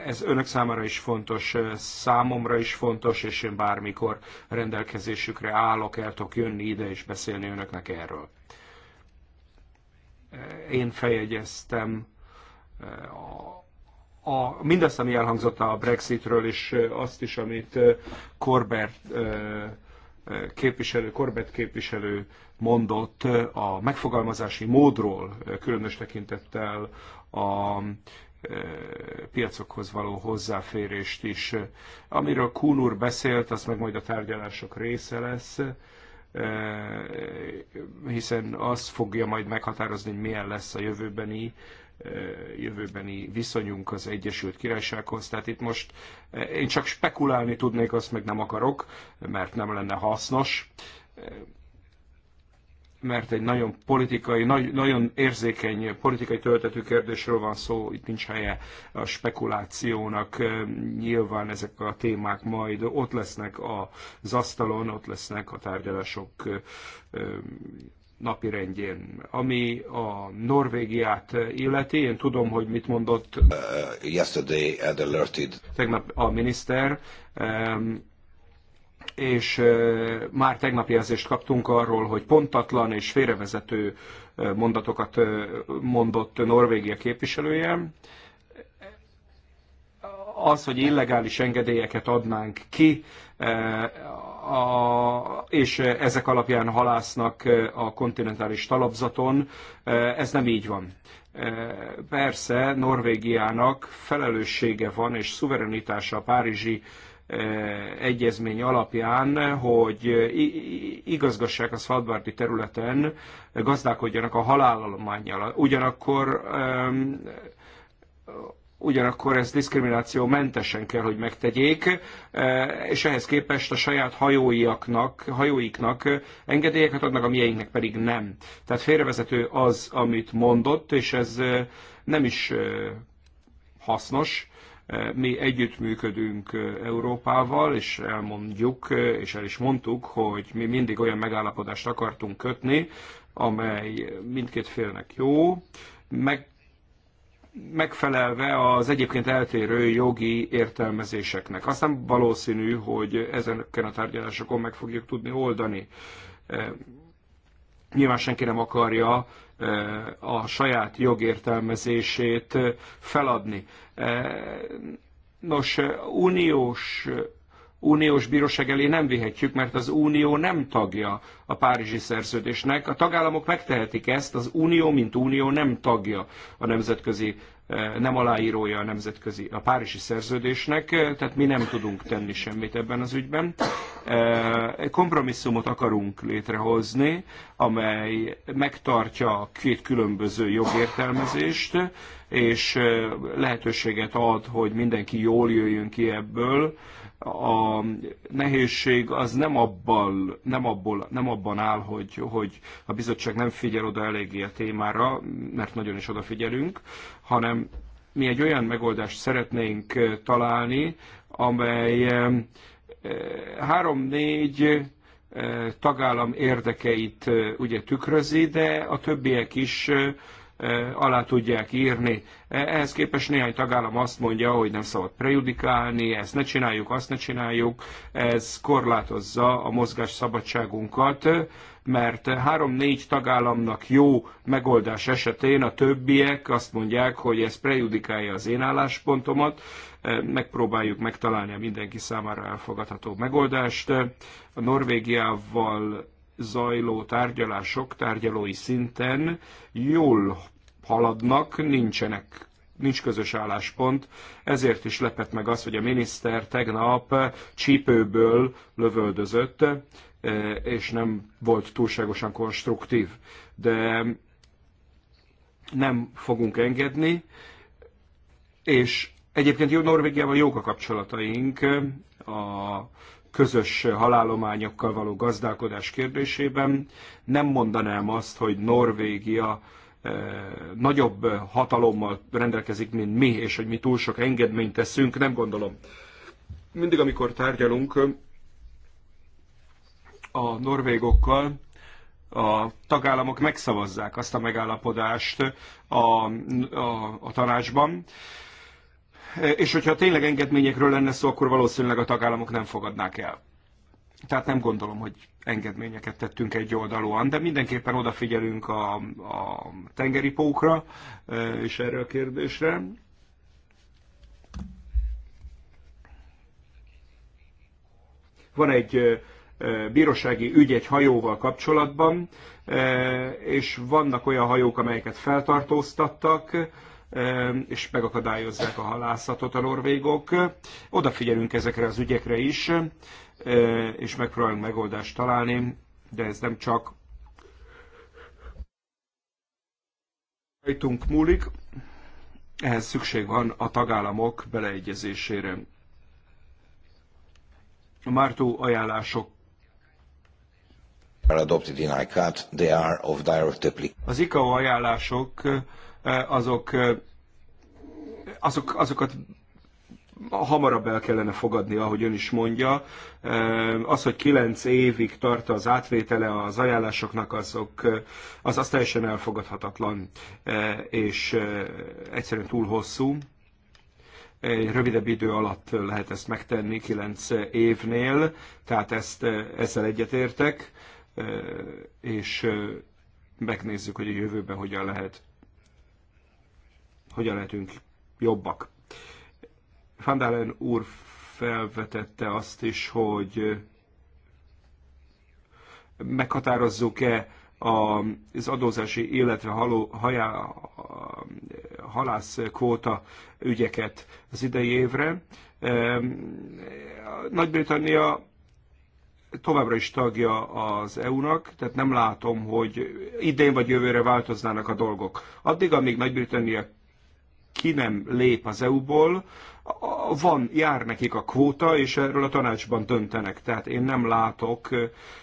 Ez önök számára is fontos, számomra is fontos, és én bármikor rendelkezésükre állok, el tudok jönni ide és beszélni önöknek erről. Én feljegyeztem a, mindazt, ami elhangzott a Brexitről, és azt is, amit Corbett képviselő, Korbett képviselő mondott a megfogalmazási módról, különös tekintettel a e, piacokhoz való hozzáférést is. Amiről Kuhn úr beszélt, az meg majd a tárgyalások része lesz, e, hiszen az fogja majd meghatározni, hogy milyen lesz a jövőbeni jövőbeni viszonyunk az Egyesült Királysághoz. Tehát itt most én csak spekulálni tudnék, azt meg nem akarok, mert nem lenne hasznos mert egy nagyon politikai, nagyon érzékeny politikai töltetű kérdésről van szó, itt nincs helye a spekulációnak. Nyilván ezek a témák majd ott lesznek az asztalon, ott lesznek a tárgyalások napi rendjén. Ami a Norvégiát illeti, én tudom, hogy mit mondott uh, yesterday and alerted. tegnap a miniszter, um, és uh, már tegnap jelzést kaptunk arról, hogy pontatlan és félrevezető uh, mondatokat uh, mondott Norvégia képviselője az, hogy illegális engedélyeket adnánk ki, e, a, és ezek alapján halásznak e, a kontinentális talapzaton, e, ez nem így van. Persze Norvégiának felelőssége van és szuverenitása a Párizsi egyezmény alapján, hogy igazgassák a Svalbardi területen, gazdálkodjanak a halálalományjal. Ugyanakkor ugyanakkor ezt diszkrimináció mentesen kell, hogy megtegyék, e, és ehhez képest a saját hajóiaknak, hajóiknak engedélyeket adnak, a mieinknek pedig nem. Tehát félrevezető az, amit mondott, és ez e, nem is e, hasznos. Mi együttműködünk Európával, és elmondjuk, és el is mondtuk, hogy mi mindig olyan megállapodást akartunk kötni, amely mindkét félnek jó, meg megfelelve az egyébként eltérő jogi értelmezéseknek. Aztán valószínű, hogy ezeken a tárgyalásokon meg fogjuk tudni oldani. E, nyilván senki nem akarja e, a saját jogértelmezését feladni. E, nos, uniós uniós bíróság elé nem vihetjük, mert az unió nem tagja a Párizsi szerződésnek. A tagállamok megtehetik ezt, az unió, mint unió nem tagja a nemzetközi eh, nem aláírója a nemzetközi, a Párizsi szerződésnek, eh, tehát mi nem tudunk tenni semmit ebben az ügyben. Eh, kompromisszumot akarunk létrehozni, amely megtartja a két különböző jogértelmezést, és lehetőséget ad, hogy mindenki jól jöjjön ki ebből, a nehézség az nem, abban, nem, abból, nem abban áll, hogy, hogy a bizottság nem figyel oda eléggé a témára, mert nagyon is odafigyelünk, hanem mi egy olyan megoldást szeretnénk találni, amely három-négy tagállam érdekeit ugye tükrözi, de a többiek is alá tudják írni. E, ehhez képest néhány tagállam azt mondja, hogy nem szabad prejudikálni, ezt ne csináljuk, azt ne csináljuk, ez korlátozza a mozgás szabadságunkat, mert három-négy tagállamnak jó megoldás esetén a többiek azt mondják, hogy ez prejudikálja az én álláspontomat, e, megpróbáljuk megtalálni a mindenki számára elfogadható megoldást. A Norvégiával zajló tárgyalások tárgyalói szinten jól haladnak, nincsenek nincs közös álláspont, ezért is lepett meg az, hogy a miniszter tegnap csípőből lövöldözött, eh, és nem volt túlságosan konstruktív. De nem fogunk engedni, és egyébként jó Norvégiával jók a kapcsolataink, eh, a közös halálományokkal való gazdálkodás kérdésében. Nem mondanám azt, hogy Norvégia eh, nagyobb hatalommal rendelkezik, mint mi, és hogy mi túl sok engedményt teszünk, nem gondolom. Mindig, amikor tárgyalunk a norvégokkal, a tagállamok megszavazzák azt a megállapodást a, a, a tanácsban, és hogyha tényleg engedményekről lenne szó, akkor valószínűleg a tagállamok nem fogadnák el. Tehát nem gondolom, hogy engedményeket tettünk egy oldalúan, de mindenképpen odafigyelünk a, a tengeri pókra és erre a kérdésre. Van egy bírósági ügy egy hajóval kapcsolatban, és vannak olyan hajók, amelyeket feltartóztattak, és megakadályozzák a halászatot a norvégok. Odafigyelünk ezekre az ügyekre is, és megpróbálunk megoldást találni, de ez nem csak rajtunk múlik, ehhez szükség van a tagállamok beleegyezésére. A Mártó ajánlások adopted in ICAT, they are of direct Az ICAO ajánlások azok, azok, azokat hamarabb el kellene fogadni, ahogy ön is mondja. Az, hogy kilenc évig tart az átvétele az ajánlásoknak, azok, az, az teljesen elfogadhatatlan, és egyszerűen túl hosszú. Egy rövidebb idő alatt lehet ezt megtenni, kilenc évnél, tehát ezt, ezzel egyetértek, és megnézzük, hogy a jövőben hogyan lehet hogyan lehetünk jobbak. Fandalen úr felvetette azt is, hogy meghatározzuk-e az adózási, illetve haló, hajá, halász ügyeket az idei évre. Ehm, Nagy-Britannia továbbra is tagja az EU-nak, tehát nem látom, hogy idén vagy jövőre változnának a dolgok. Addig, amíg Nagy-Britannia ki nem lép az EU-ból, van, jár nekik a kvóta, és erről a tanácsban döntenek. Tehát én nem látok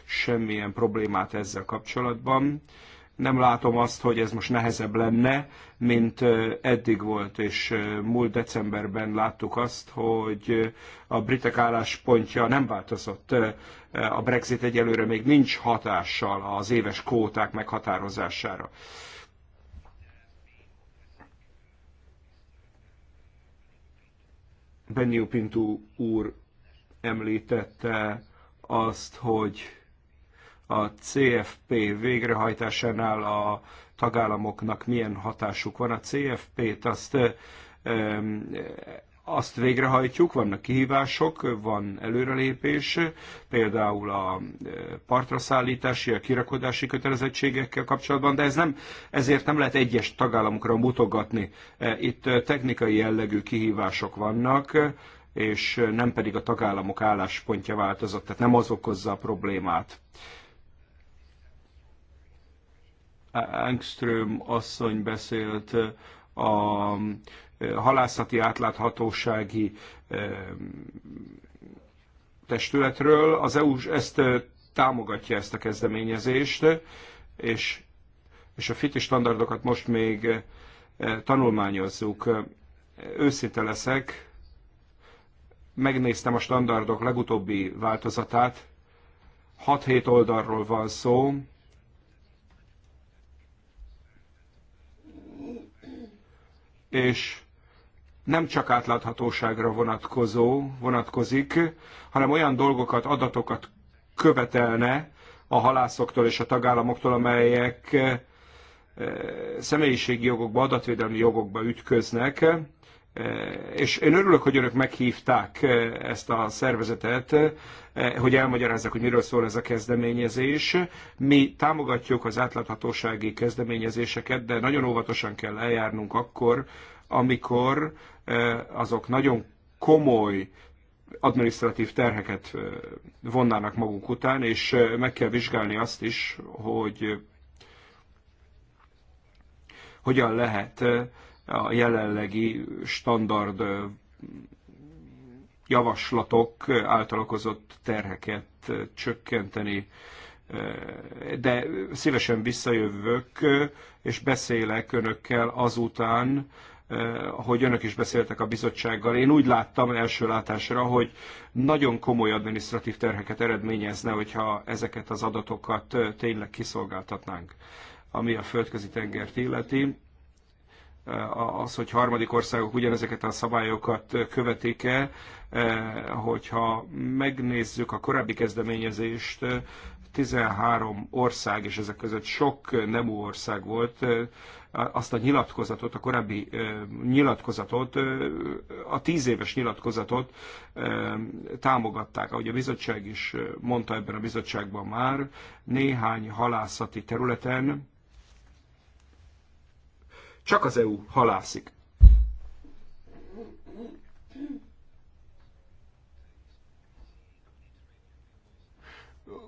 semmilyen problémát ezzel kapcsolatban. Nem látom azt, hogy ez most nehezebb lenne, mint eddig volt, és múlt decemberben láttuk azt, hogy a britek álláspontja nem változott. A Brexit egyelőre még nincs hatással az éves kvóták meghatározására. Benio Pintu úr említette azt, hogy a CFP végrehajtásánál a tagállamoknak milyen hatásuk van. A CFP-t azt azt végrehajtjuk, vannak kihívások, van előrelépés, például a e, partraszállítási, a kirakodási kötelezettségekkel kapcsolatban, de ez nem, ezért nem lehet egyes tagállamokra mutogatni. E, itt e, technikai jellegű kihívások vannak, és nem pedig a tagállamok álláspontja változott, tehát nem az okozza a problémát. Engström asszony beszélt a halászati átláthatósági testületről. Az EU ezt támogatja ezt a kezdeményezést, és, és a FITI standardokat most még tanulmányozzuk. Őszinte leszek, megnéztem a standardok legutóbbi változatát, 6-7 oldalról van szó, és nem csak átláthatóságra vonatkozó, vonatkozik, hanem olyan dolgokat, adatokat követelne a halászoktól és a tagállamoktól, amelyek eh, személyiségi jogokba, adatvédelmi jogokba ütköznek. Eh, és én örülök, hogy önök meghívták eh, ezt a szervezetet, eh, hogy elmagyarázzák, hogy miről szól ez a kezdeményezés. Mi támogatjuk az átláthatósági kezdeményezéseket, de nagyon óvatosan kell eljárnunk akkor, amikor azok nagyon komoly administratív terheket vonnának maguk után, és meg kell vizsgálni azt is, hogy hogyan lehet a jelenlegi standard javaslatok által okozott terheket csökkenteni. De szívesen visszajövök, és beszélek önökkel azután, hogy önök is beszéltek a bizottsággal. Én úgy láttam első látásra, hogy nagyon komoly adminisztratív terheket eredményezne, hogyha ezeket az adatokat tényleg kiszolgáltatnánk, ami a földközi tengert illeti. Eh, az, hogy harmadik országok ugyanezeket a szabályokat eh, követik-e, eh, hogyha megnézzük a korábbi kezdeményezést, 13 ország, és ezek között sok nemú ország volt, azt a nyilatkozatot, a korábbi nyilatkozatot, a tíz éves nyilatkozatot támogatták. Ahogy a bizottság is mondta ebben a bizottságban már, néhány halászati területen csak az EU halászik.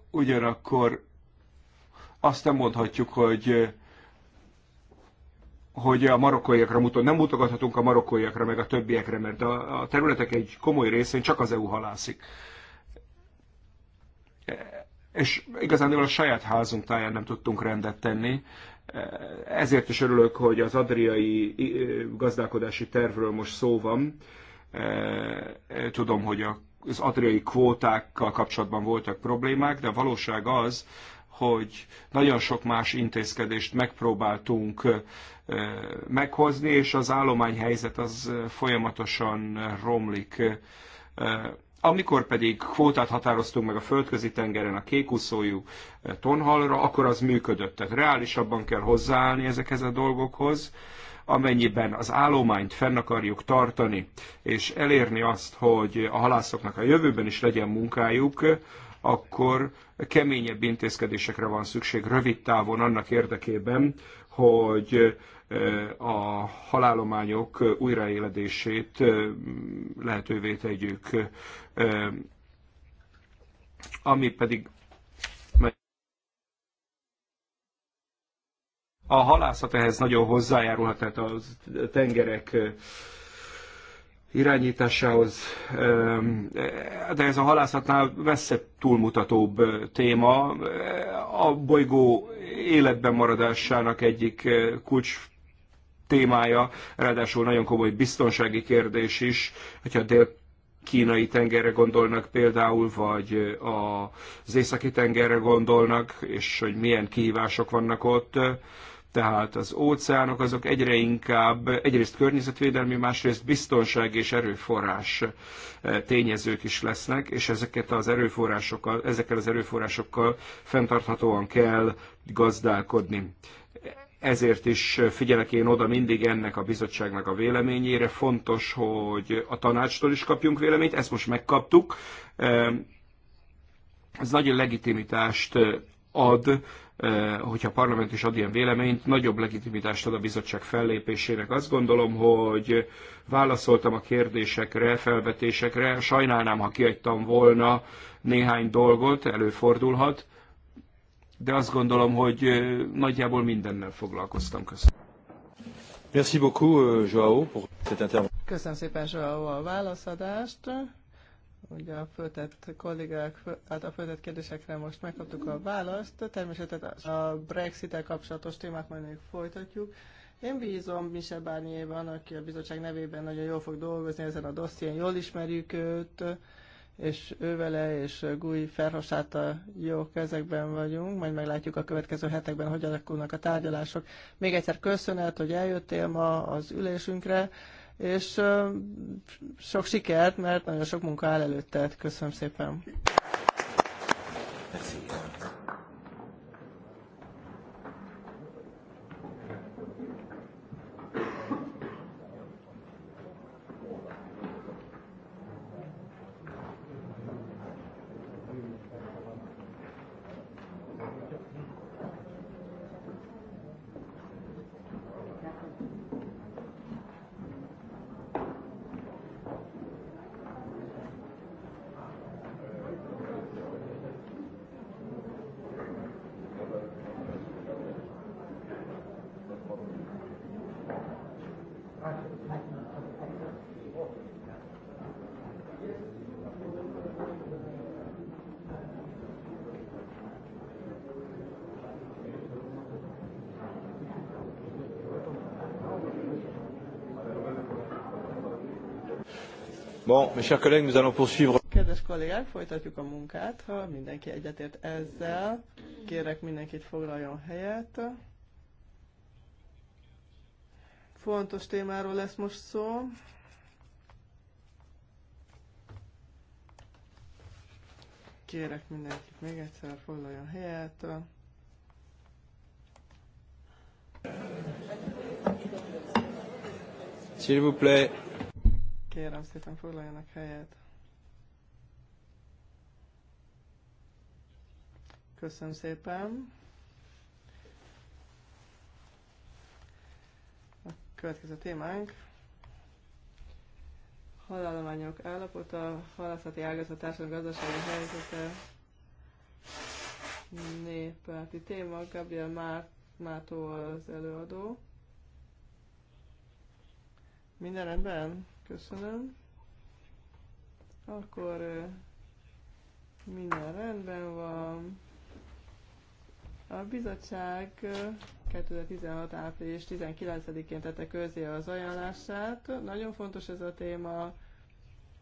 Ugyanakkor azt nem mondhatjuk, hogy hogy a marokkóiakra mutat, nem mutogathatunk a marokkóiakra, meg a többiekre, mert a, a területek egy komoly részén csak az EU halászik. És igazán a saját házunk táján nem tudtunk rendet tenni. Ezért is örülök, hogy az adriai gazdálkodási tervről most szó van. Tudom, hogy az adriai kvótákkal kapcsolatban voltak problémák, de a valóság az, hogy nagyon sok más intézkedést megpróbáltunk meghozni, és az állomány helyzet az folyamatosan romlik. Amikor pedig kvótát határoztunk meg a földközi tengeren a kékuszójú eh, tonhalra, akkor az működött. Tehát reálisabban kell hozzáállni ezekhez a dolgokhoz, amennyiben az állományt fenn akarjuk tartani, és elérni azt, hogy a halászoknak a jövőben is legyen munkájuk, akkor keményebb intézkedésekre van szükség rövid távon annak érdekében, hogy a halálományok újraéledését lehetővé tegyük. Ami pedig a halászat ehhez nagyon hozzájárulhat, tehát a tengerek irányításához, de ez a halászatnál messze túlmutatóbb téma. A bolygó életben maradásának egyik kulcs témája, ráadásul nagyon komoly biztonsági kérdés is, hogyha a dél kínai tengerre gondolnak például, vagy az északi tengerre gondolnak, és hogy milyen kihívások vannak ott. Tehát az óceánok azok egyre inkább egyrészt környezetvédelmi, másrészt biztonság és erőforrás eh, tényezők is lesznek, és ezeket az erőforrásokkal, ezekkel az erőforrásokkal fenntarthatóan kell gazdálkodni ezért is figyelek én oda mindig ennek a bizottságnak a véleményére. Fontos, hogy a tanácstól is kapjunk véleményt, ezt most megkaptuk. Eh, ez nagy legitimitást eh, ad, eh, hogyha a parlament is ad ilyen véleményt, nagyobb legitimitást ad a bizottság fellépésének. Azt gondolom, hogy válaszoltam a kérdésekre, felvetésekre, sajnálnám, ha kiadtam volna néhány dolgot, előfordulhat, de azt gondolom, hogy nagyjából mindennel foglalkoztam. Köszönöm. Merci beaucoup, euh, Joao, pour cette intervention. Köszönöm szépen, Joao, a válaszadást. Ugye a föltett kollégák hát a föltett kérdésekre most megkaptuk a választ. Természetesen a Brexit-tel kapcsolatos témát majd még folytatjuk. Én bízom barnier van, aki a bizottság nevében nagyon jól fog dolgozni ezen a dosszién, jól ismerjük őt és vele, és Gúj Ferhosáta jó kezekben vagyunk, majd meglátjuk a következő hetekben, hogy alakulnak a tárgyalások. Még egyszer köszönet, hogy eljöttél ma az ülésünkre, és sok sikert, mert nagyon sok munka áll előtted. Köszönöm szépen. Köszönöm. Mes chers collègues, nous allons poursuivre. Kedves kollégák, folytatjuk a munkát. Ha mindenki egyetért ezzel, kérek mindenkit foglaljon helyet. Fontos témáról lesz most szó. Kérek mindenkit még egyszer foglaljon helyet. S'il vous plaît. Kérem szépen foglaljanak helyet. Köszönöm szépen. A következő témánk halállományok állapota, halászati ágazat, társadalmi gazdasági helyzete, néppárti téma, Gabriel Mától az előadó. Minden rendben? Köszönöm. Akkor minden rendben van. A bizottság 2016. április 19-én tette közé az ajánlását. Nagyon fontos ez a téma,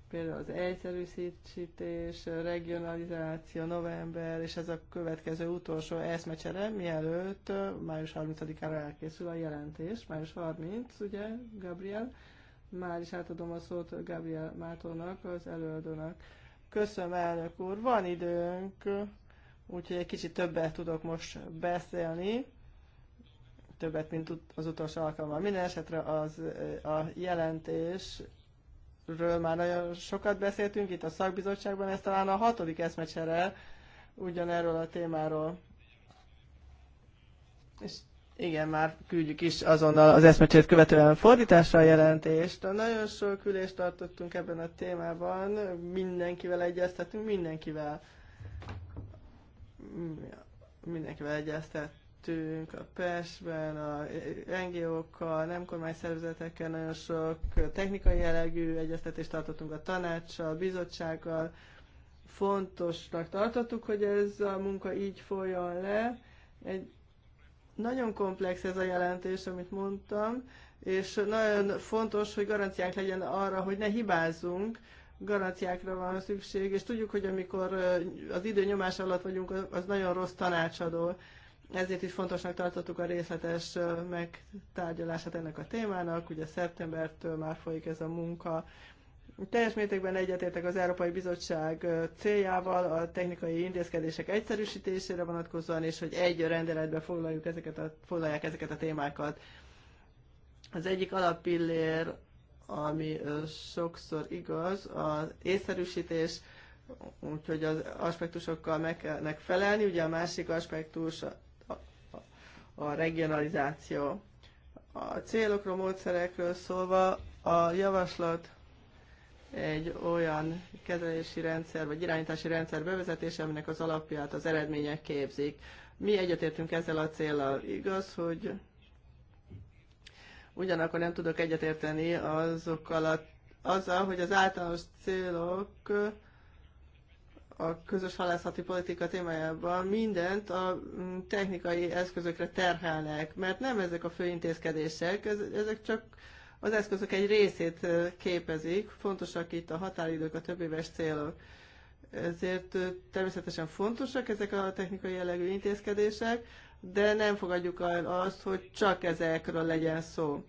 például az egyszerűsítés, regionalizáció, november, és ez a következő utolsó eszmecsere, mielőtt május 30-ára elkészül a jelentés, május 30, ugye, Gabriel? Már is átadom a szót Gabriel Mátornak, az előadónak. Köszönöm, elnök úr, van időnk, úgyhogy egy kicsit többet tudok most beszélni, többet, mint az utolsó alkalommal. Minden esetre az, eh, a jelentés ről már nagyon sokat beszéltünk itt a szakbizottságban, ez talán a hatodik eszmecsere ugyanerről a témáról. És igen, már küldjük is azonnal az eszmecsét követően fordításra a jelentést. Nagyon sok ülést tartottunk ebben a témában, mindenkivel egyeztetünk, mindenkivel mindenkivel egyeztettünk a PES-ben, a NGO-kkal, nem kormányszervezetekkel, nagyon sok technikai jellegű egyeztetést tartottunk a tanácssal, a bizottsággal. Fontosnak tartottuk, hogy ez a munka így folyjon le. Egy nagyon komplex ez a jelentés, amit mondtam, és nagyon fontos, hogy garanciánk legyen arra, hogy ne hibázzunk, garanciákra van szükség, és tudjuk, hogy amikor az idő nyomás alatt vagyunk, az nagyon rossz tanácsadó. Ezért is fontosnak tartottuk a részletes megtárgyalását ennek a témának. Ugye szeptembertől már folyik ez a munka, teljes mértékben egyetértek az Európai Bizottság céljával a technikai intézkedések egyszerűsítésére vonatkozóan, és hogy egy rendeletbe foglaljuk ezeket a, foglalják ezeket a témákat. Az egyik alappillér, ami sokszor igaz, az észszerűsítés, úgyhogy az aspektusokkal meg kellnek felelni, ugye a másik aspektus a, a, a regionalizáció. A célokról, módszerekről szólva a javaslat egy olyan kezelési rendszer vagy irányítási rendszer bevezetése, aminek az alapját az eredmények képzik. Mi egyetértünk ezzel a célral. Igaz, hogy ugyanakkor nem tudok egyetérteni azokkal a, azzal, hogy az általános célok a közös halászati politika témájában mindent a technikai eszközökre terhelnek, mert nem ezek a fő intézkedések, ezek csak az eszközök egy részét képezik, fontosak itt a határidők, a többéves célok. Ezért természetesen fontosak ezek a technikai jellegű intézkedések, de nem fogadjuk el azt, hogy csak ezekről legyen szó.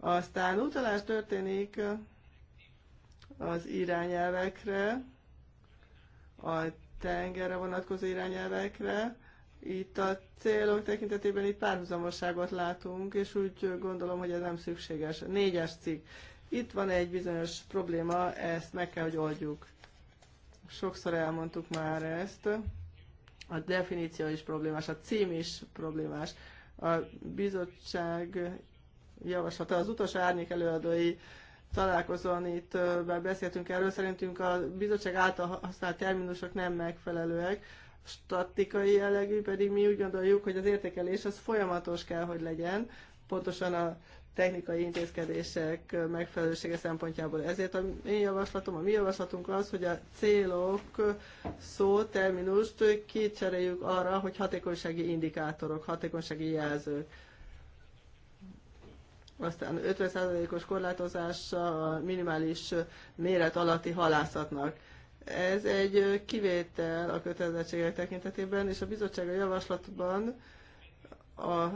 Aztán utalás történik az irányelvekre, a tengerre vonatkozó irányelvekre, itt a célok tekintetében itt párhuzamosságot látunk, és úgy gondolom, hogy ez nem szükséges. Négyes cikk. Itt van egy bizonyos probléma, ezt meg kell, hogy oldjuk. Sokszor elmondtuk már ezt. A definíció is problémás, a cím is problémás. A bizottság javaslata az utolsó árnyék előadói találkozón itt beszéltünk erről, szerintünk a bizottság által használt terminusok nem megfelelőek statikai jellegű, pedig mi úgy gondoljuk, hogy az értékelés az folyamatos kell, hogy legyen, pontosan a technikai intézkedések megfelelősége szempontjából. Ezért a én javaslatom, a mi javaslatunk az, hogy a célok szó, terminust kicseréljük arra, hogy hatékonysági indikátorok, hatékonysági jelzők. Aztán 50%-os korlátozás a minimális méret alatti halászatnak. Ez egy kivétel a kötelezettségek tekintetében, és a bizottság a javaslatban a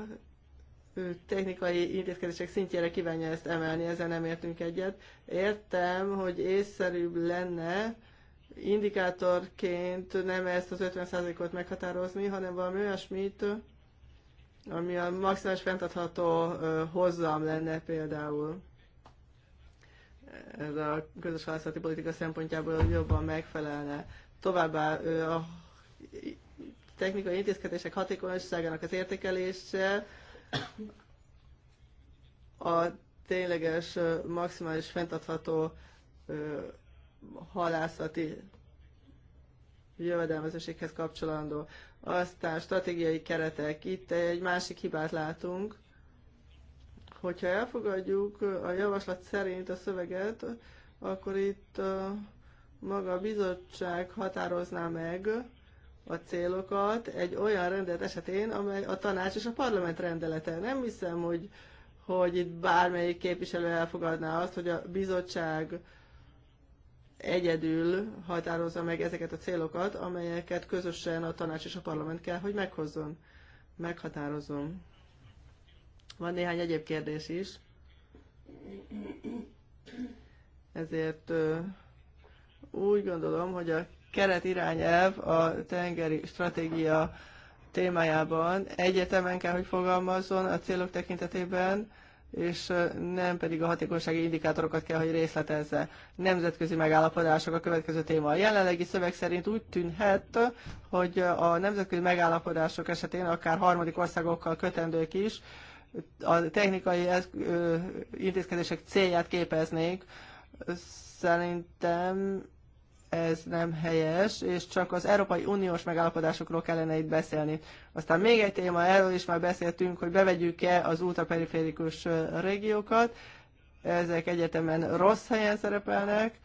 technikai intézkedések szintjére kívánja ezt emelni, ezzel nem értünk egyet. Értem, hogy észszerűbb lenne indikátorként nem ezt az 50%-ot meghatározni, hanem valami olyasmit, ami a maximális fenntartható hozzám lenne például ez a közös halászati politika szempontjából jobban megfelelne. Továbbá a technikai intézkedések hatékonyságának az értékelése a tényleges, maximális fenntartható halászati jövedelmezőséghez kapcsolandó. Aztán stratégiai keretek. Itt egy másik hibát látunk, Hogyha elfogadjuk a javaslat szerint a szöveget, akkor itt maga a bizottság határozná meg a célokat egy olyan rendelet esetén, amely a tanács és a parlament rendelete. Nem hiszem, hogy, hogy itt bármelyik képviselő elfogadná azt, hogy a bizottság egyedül határozza meg ezeket a célokat, amelyeket közösen a tanács és a parlament kell, hogy meghozzon. Meghatározom. Van néhány egyéb kérdés is. Ezért úgy gondolom, hogy a irányelv a tengeri stratégia témájában egyetemen kell, hogy fogalmazzon a célok tekintetében, és nem pedig a hatékonysági indikátorokat kell, hogy részletezze. Nemzetközi megállapodások a következő téma. A jelenlegi szöveg szerint úgy tűnhet, hogy a nemzetközi megállapodások esetén akár harmadik országokkal kötendők is, a technikai intézkedések célját képeznék, szerintem ez nem helyes, és csak az Európai Uniós megállapodásokról kellene itt beszélni. Aztán még egy téma, erről is már beszéltünk, hogy bevegyük-e az ultraperiférikus régiókat. Ezek egyetemen rossz helyen szerepelnek,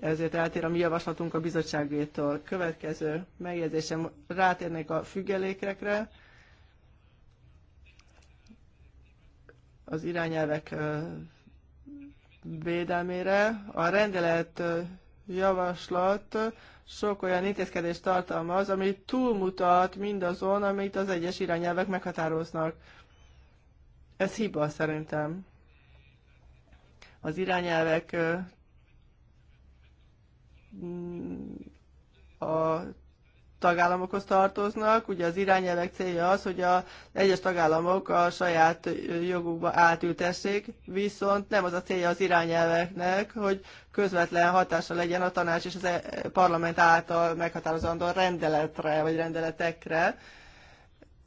ezért eltér a mi javaslatunk a bizottságétól. Következő megjegyzésem, rátérnék a függelékekre. az irányelvek védelmére. A rendelet javaslat sok olyan intézkedést tartalmaz, ami túlmutat mindazon, amit az egyes irányelvek meghatároznak. Ez hiba szerintem. Az irányelvek a tagállamokhoz tartoznak. Ugye az irányelvek célja az, hogy az egyes tagállamok a saját jogukba átültessék, viszont nem az a célja az irányelveknek, hogy közvetlen hatása legyen a tanács és az e- parlament által meghatározandó rendeletre vagy rendeletekre.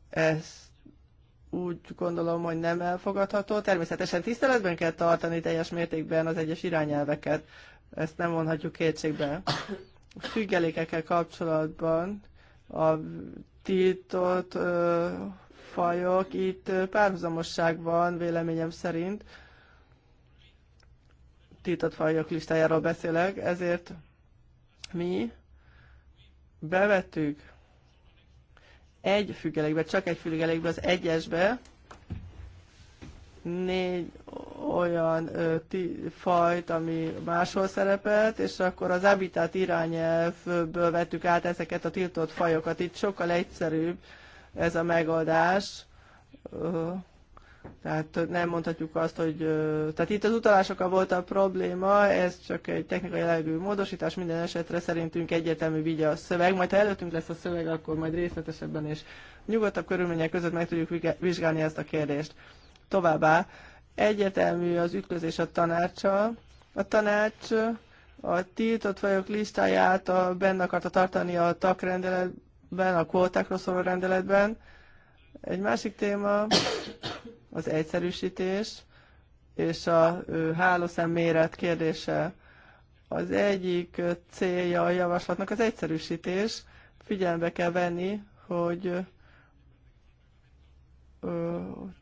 Ez úgy gondolom, hogy nem elfogadható. Természetesen tiszteletben kell tartani teljes mértékben az egyes irányelveket. Ezt nem vonhatjuk kétségbe függelékekkel kapcsolatban a tiltott ö, fajok, itt párhuzamosság van véleményem szerint, tiltott fajok listájáról beszélek, ezért mi bevettük egy függelékbe, csak egy függelékbe, az egyesbe, négy olyan ö, tí, fajt, ami máshol szerepelt, és akkor az habitat irányelvből vettük át ezeket a tiltott fajokat. Itt sokkal egyszerűbb ez a megoldás. Ö, tehát nem mondhatjuk azt, hogy... Ö, tehát itt az utalásokkal volt a probléma, ez csak egy technikai jellegű módosítás, minden esetre szerintünk egyetemű vigye a szöveg. Majd ha előttünk lesz a szöveg, akkor majd részletesebben és nyugodtabb körülmények között meg tudjuk vizsgálni ezt a kérdést. Továbbá egyetemű az ütközés a tanácssal. A tanács a tiltott fajok listáját a, benne akarta tartani a takrendeletben, a kvótákról szóló rendeletben. Egy másik téma az egyszerűsítés és a hálószem méret kérdése. Az egyik célja a javaslatnak az egyszerűsítés. Figyelembe kell venni, hogy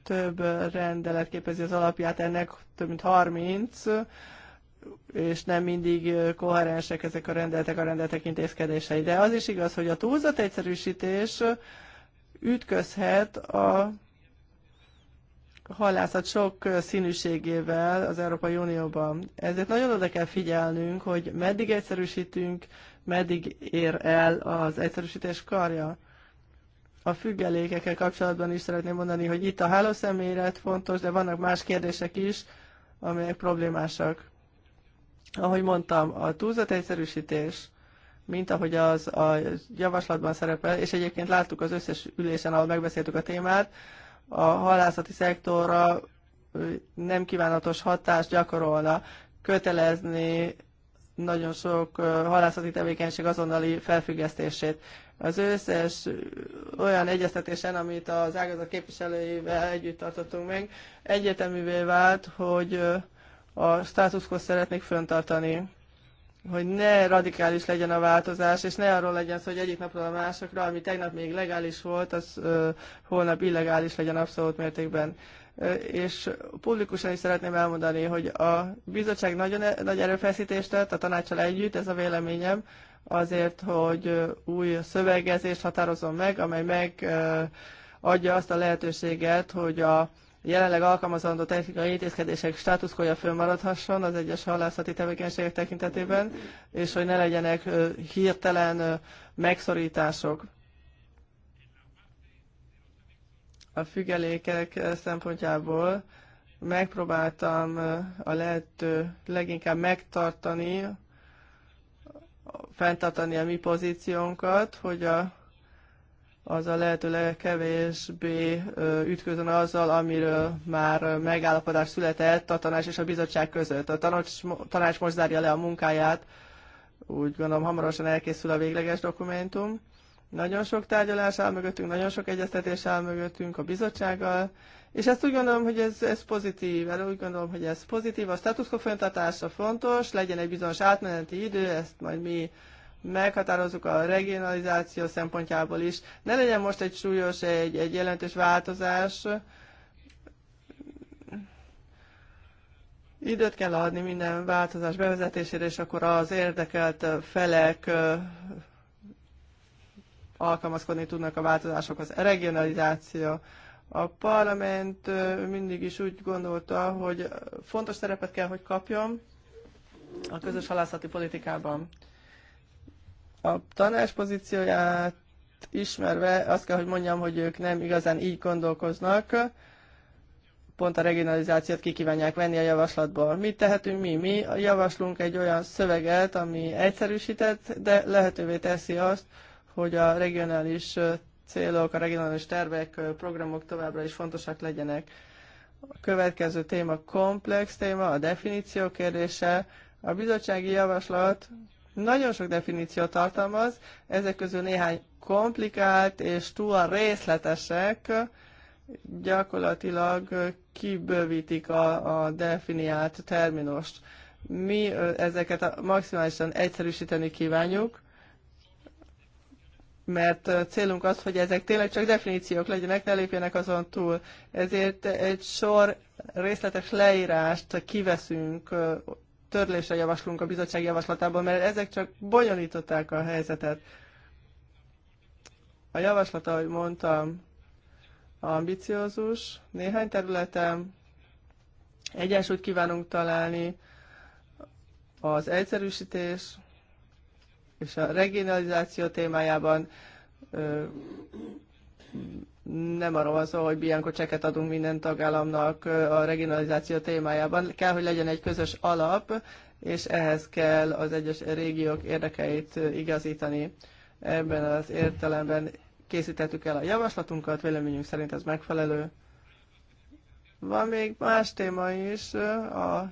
több rendelet képezi az alapját, ennek több mint 30, és nem mindig koherensek ezek a rendeletek, a rendeletek intézkedései. De az is igaz, hogy a túlzott egyszerűsítés ütközhet a halászat sok színűségével az Európai Unióban. Ezért nagyon oda kell figyelnünk, hogy meddig egyszerűsítünk, meddig ér el az egyszerűsítés karja. A függelékekkel kapcsolatban is szeretném mondani, hogy itt a hálószemélyret fontos, de vannak más kérdések is, amelyek problémásak. Ahogy mondtam, a túlzott egyszerűsítés, mint ahogy az a javaslatban szerepel, és egyébként láttuk az összes ülésen, ahol megbeszéltük a témát, a halászati szektorra nem kívánatos hatást gyakorolna, kötelezni nagyon sok halászati tevékenység azonnali felfüggesztését az összes olyan egyeztetésen, amit az ágazat képviselőivel együtt tartottunk meg, egyeteművé vált, hogy a státuszkot szeretnék föntartani hogy ne radikális legyen a változás, és ne arról legyen szó, hogy egyik napról a másokra, ami tegnap még legális volt, az ö, holnap illegális legyen abszolút mértékben. Ö, és publikusan is szeretném elmondani, hogy a bizottság nagyon e-, nagy erőfeszítést tett a tanácsal együtt, ez a véleményem, azért, hogy új szövegezést határozom meg, amely megadja azt a lehetőséget, hogy a jelenleg alkalmazandó technikai intézkedések státuszkolja fönnmaradhasson az egyes hallászati tevékenységek tekintetében, és hogy ne legyenek hirtelen megszorítások. A függelékek szempontjából megpróbáltam a lehető leginkább megtartani fenntartani a mi pozíciónkat, hogy a, az a lehető legkevésbé ütközön azzal, amiről már megállapodás született a tanács és a bizottság között. A tanács, tanács most zárja le a munkáját, úgy gondolom hamarosan elkészül a végleges dokumentum. Nagyon sok tárgyalás áll mögöttünk, nagyon sok egyeztetés áll mögöttünk a bizottsággal, és ezt úgy gondolom, hogy ez, ez pozitív, el úgy gondolom, hogy ez pozitív. A status quo fontos, legyen egy bizonyos átmeneti idő, ezt majd mi meghatározzuk a regionalizáció szempontjából is. Ne legyen most egy súlyos, egy, egy jelentős változás. Időt kell adni minden változás bevezetésére, és akkor az érdekelt felek alkalmazkodni tudnak a változásokhoz. A regionalizáció a parlament mindig is úgy gondolta, hogy fontos szerepet kell, hogy kapjon a közös halászati politikában. A tanács pozícióját ismerve azt kell, hogy mondjam, hogy ők nem igazán így gondolkoznak, pont a regionalizációt kikívánják venni a javaslatból. Mit tehetünk mi? Mi javaslunk egy olyan szöveget, ami egyszerűsített, de lehetővé teszi azt, hogy a regionális célok, a regionális tervek, programok továbbra is fontosak legyenek. A következő téma komplex téma, a definíció kérdése. A bizottsági javaslat nagyon sok definíciót tartalmaz, ezek közül néhány komplikált és túl részletesek, gyakorlatilag kibővítik a, a definiált terminust. Mi ezeket maximálisan egyszerűsíteni kívánjuk, mert célunk az, hogy ezek tényleg csak definíciók legyenek, ne lépjenek azon túl. Ezért egy sor részletes leírást kiveszünk, törlésre javaslunk a bizottság javaslatából, mert ezek csak bonyolították a helyzetet. A javaslat, ahogy mondtam, ambiciózus, néhány területen egyensúlyt kívánunk találni, az egyszerűsítés, és a regionalizáció témájában ö, nem arról van szó, hogy Bianco cseket adunk minden tagállamnak a regionalizáció témájában. Kell, hogy legyen egy közös alap, és ehhez kell az egyes régiók érdekeit igazítani. Ebben az értelemben készítettük el a javaslatunkat, véleményünk szerint ez megfelelő. Van még más téma is, a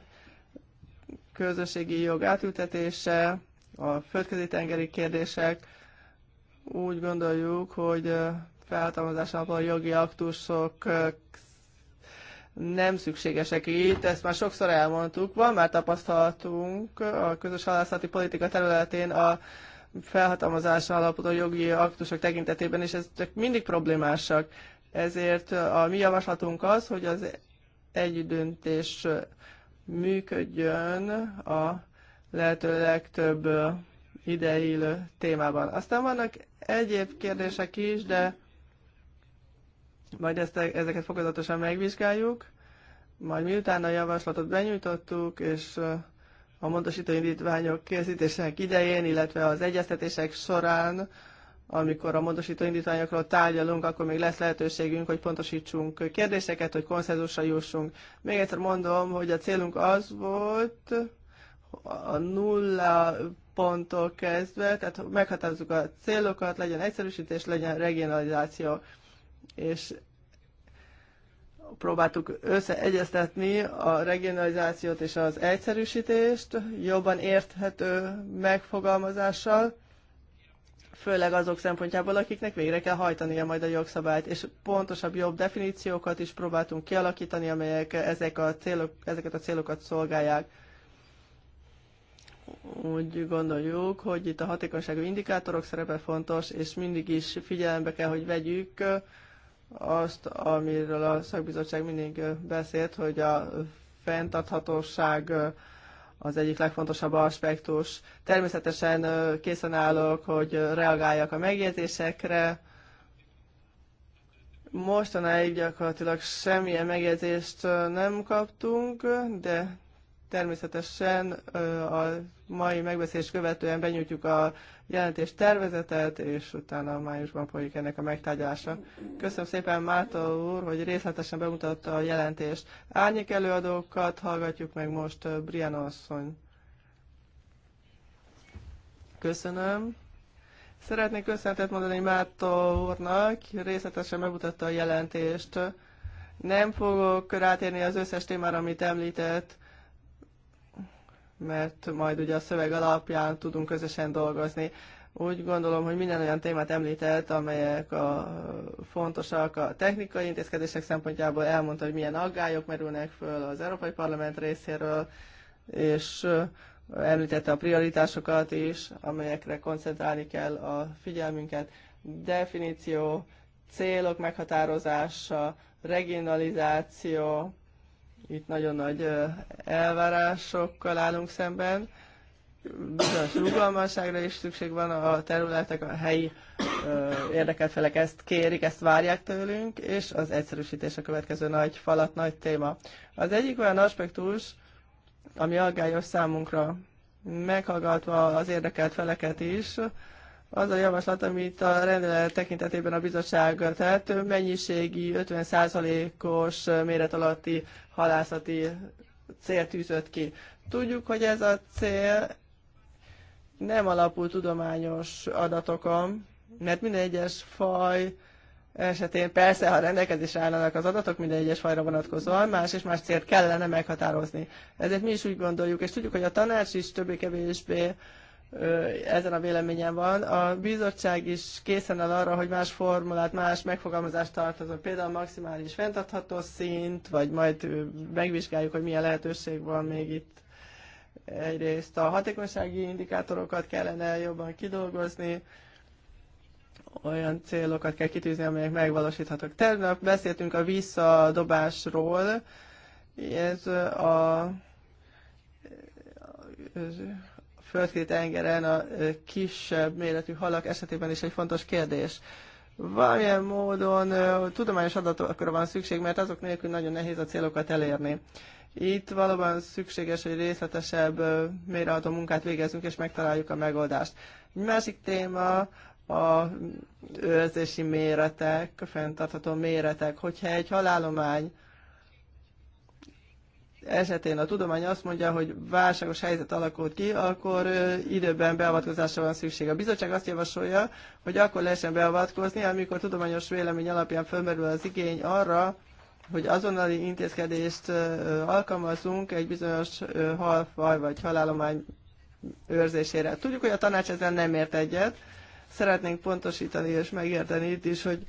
közösségi jog átültetése, a földközi tengeri kérdések. Úgy gondoljuk, hogy felhatalmazás a jogi aktusok nem szükségesek itt, ezt már sokszor elmondtuk, van már tapasztalatunk a közös halászati politika területén a felhatalmazáson alapuló jogi aktusok tekintetében, és ezek mindig problémásak. Ezért a mi javaslatunk az, hogy az együttdöntés működjön a lehető legtöbb ideillő témában. Aztán vannak egyéb kérdések is, de majd ezt, ezeket fokozatosan megvizsgáljuk. Majd miután a javaslatot benyújtottuk, és a módosító indítványok készítésének idején, illetve az egyeztetések során, amikor a módosító indítványokról tárgyalunk, akkor még lesz lehetőségünk, hogy pontosítsunk kérdéseket, hogy konszenzusra jussunk. Még egyszer mondom, hogy a célunk az volt, a nulla ponttól kezdve, tehát meghatározzuk a célokat, legyen egyszerűsítés, legyen regionalizáció, és próbáltuk összeegyeztetni a regionalizációt és az egyszerűsítést jobban érthető megfogalmazással, főleg azok szempontjából, akiknek végre kell hajtania majd a jogszabályt, és pontosabb, jobb definíciókat is próbáltunk kialakítani, amelyek ezek a célok, ezeket a célokat szolgálják úgy gondoljuk, hogy itt a hatékonyságú indikátorok szerepe fontos, és mindig is figyelembe kell, hogy vegyük azt, amiről a szakbizottság mindig beszélt, hogy a fenntarthatóság az egyik legfontosabb aspektus. Természetesen készen állok, hogy reagáljak a megjegyzésekre. Mostanáig gyakorlatilag semmilyen megjegyzést nem kaptunk, de Természetesen a mai megbeszélés követően benyújtjuk a jelentés tervezetet, és utána májusban folyik ennek a megtárgyalása. Köszönöm szépen Márta úr, hogy részletesen bemutatta a jelentést. Árnyék előadókat hallgatjuk meg most Brian asszony. Köszönöm. Szeretnék köszönetet mondani Márta úrnak, részletesen bemutatta a jelentést. Nem fogok rátérni az összes témára, amit említett, mert majd ugye a szöveg alapján tudunk közösen dolgozni. Úgy gondolom, hogy minden olyan témát említett, amelyek a fontosak a technikai intézkedések szempontjából, elmondta, hogy milyen aggályok merülnek föl az Európai Parlament részéről, és említette a prioritásokat is, amelyekre koncentrálni kell a figyelmünket. Definíció, célok meghatározása, regionalizáció, itt nagyon nagy elvárásokkal állunk szemben. Bizonyos rugalmasságra is szükség van a területek, a helyi érdekelt felek ezt kérik, ezt várják tőlünk, és az egyszerűsítés a következő nagy falat, nagy téma. Az egyik olyan aspektus, ami aggályos számunkra, meghallgatva az érdekelt feleket is, az a javaslat, amit a rendelet tekintetében a bizottság tehát mennyiségi 50%-os méret alatti halászati cél tűzött ki. Tudjuk, hogy ez a cél nem alapul tudományos adatokon, mert minden egyes faj esetén persze, ha rendelkezés állnak az adatok minden egyes fajra vonatkozóan, más és más célt kellene meghatározni. Ezért mi is úgy gondoljuk, és tudjuk, hogy a tanács is többé-kevésbé ezen a véleményen van. A bizottság is készen áll arra, hogy más formulát, más megfogalmazást tartozom, például maximális fenntartható szint, vagy majd megvizsgáljuk, hogy milyen lehetőség van még itt. Egyrészt a hatékonysági indikátorokat kellene jobban kidolgozni, olyan célokat kell kitűzni, amelyek megvalósíthatók. Tegnap beszéltünk a visszadobásról, ez a földkéri tengeren a kisebb méretű halak esetében is egy fontos kérdés. Valamilyen módon tudományos adatokra van szükség, mert azok nélkül nagyon nehéz a célokat elérni. Itt valóban szükséges, hogy részletesebb, mélyreható munkát végezzünk, és megtaláljuk a megoldást. Egy másik téma a őrzési méretek, a fenntartható méretek. Hogyha egy halállomány esetén a tudomány azt mondja, hogy válságos helyzet alakult ki, akkor időben beavatkozásra van szükség. A bizottság azt javasolja, hogy akkor lehessen beavatkozni, amikor tudományos vélemény alapján fölmerül az igény arra, hogy azonnali intézkedést alkalmazunk egy bizonyos halfaj vagy halállomány őrzésére. Tudjuk, hogy a tanács ezzel nem ért egyet. Szeretnénk pontosítani és megérteni itt is, hogy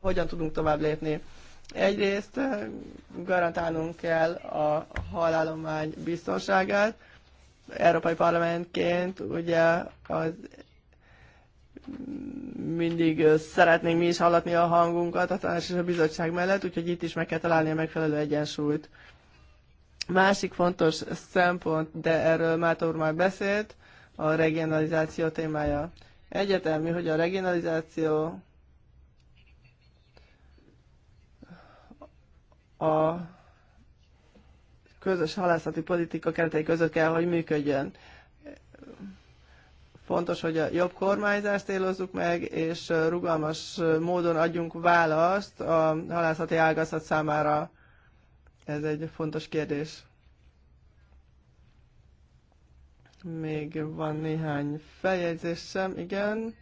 hogyan tudunk tovább lépni. Egyrészt eh, garantálnunk kell a halálomány biztonságát. Európai Parlamentként ugye az mindig eh, szeretnénk mi is hallatni a hangunkat a tanács és a bizottság mellett, úgyhogy itt is meg kell találni a megfelelő egyensúlyt. Másik fontos szempont, de erről Mátor már beszélt, a regionalizáció témája. Egyetemű, hogy a regionalizáció a közös halászati politika keretei között kell, hogy működjön. Fontos, hogy a jobb kormányzást célozzuk meg, és rugalmas módon adjunk választ a halászati ágazat számára. Ez egy fontos kérdés. Még van néhány feljegyzésem, igen.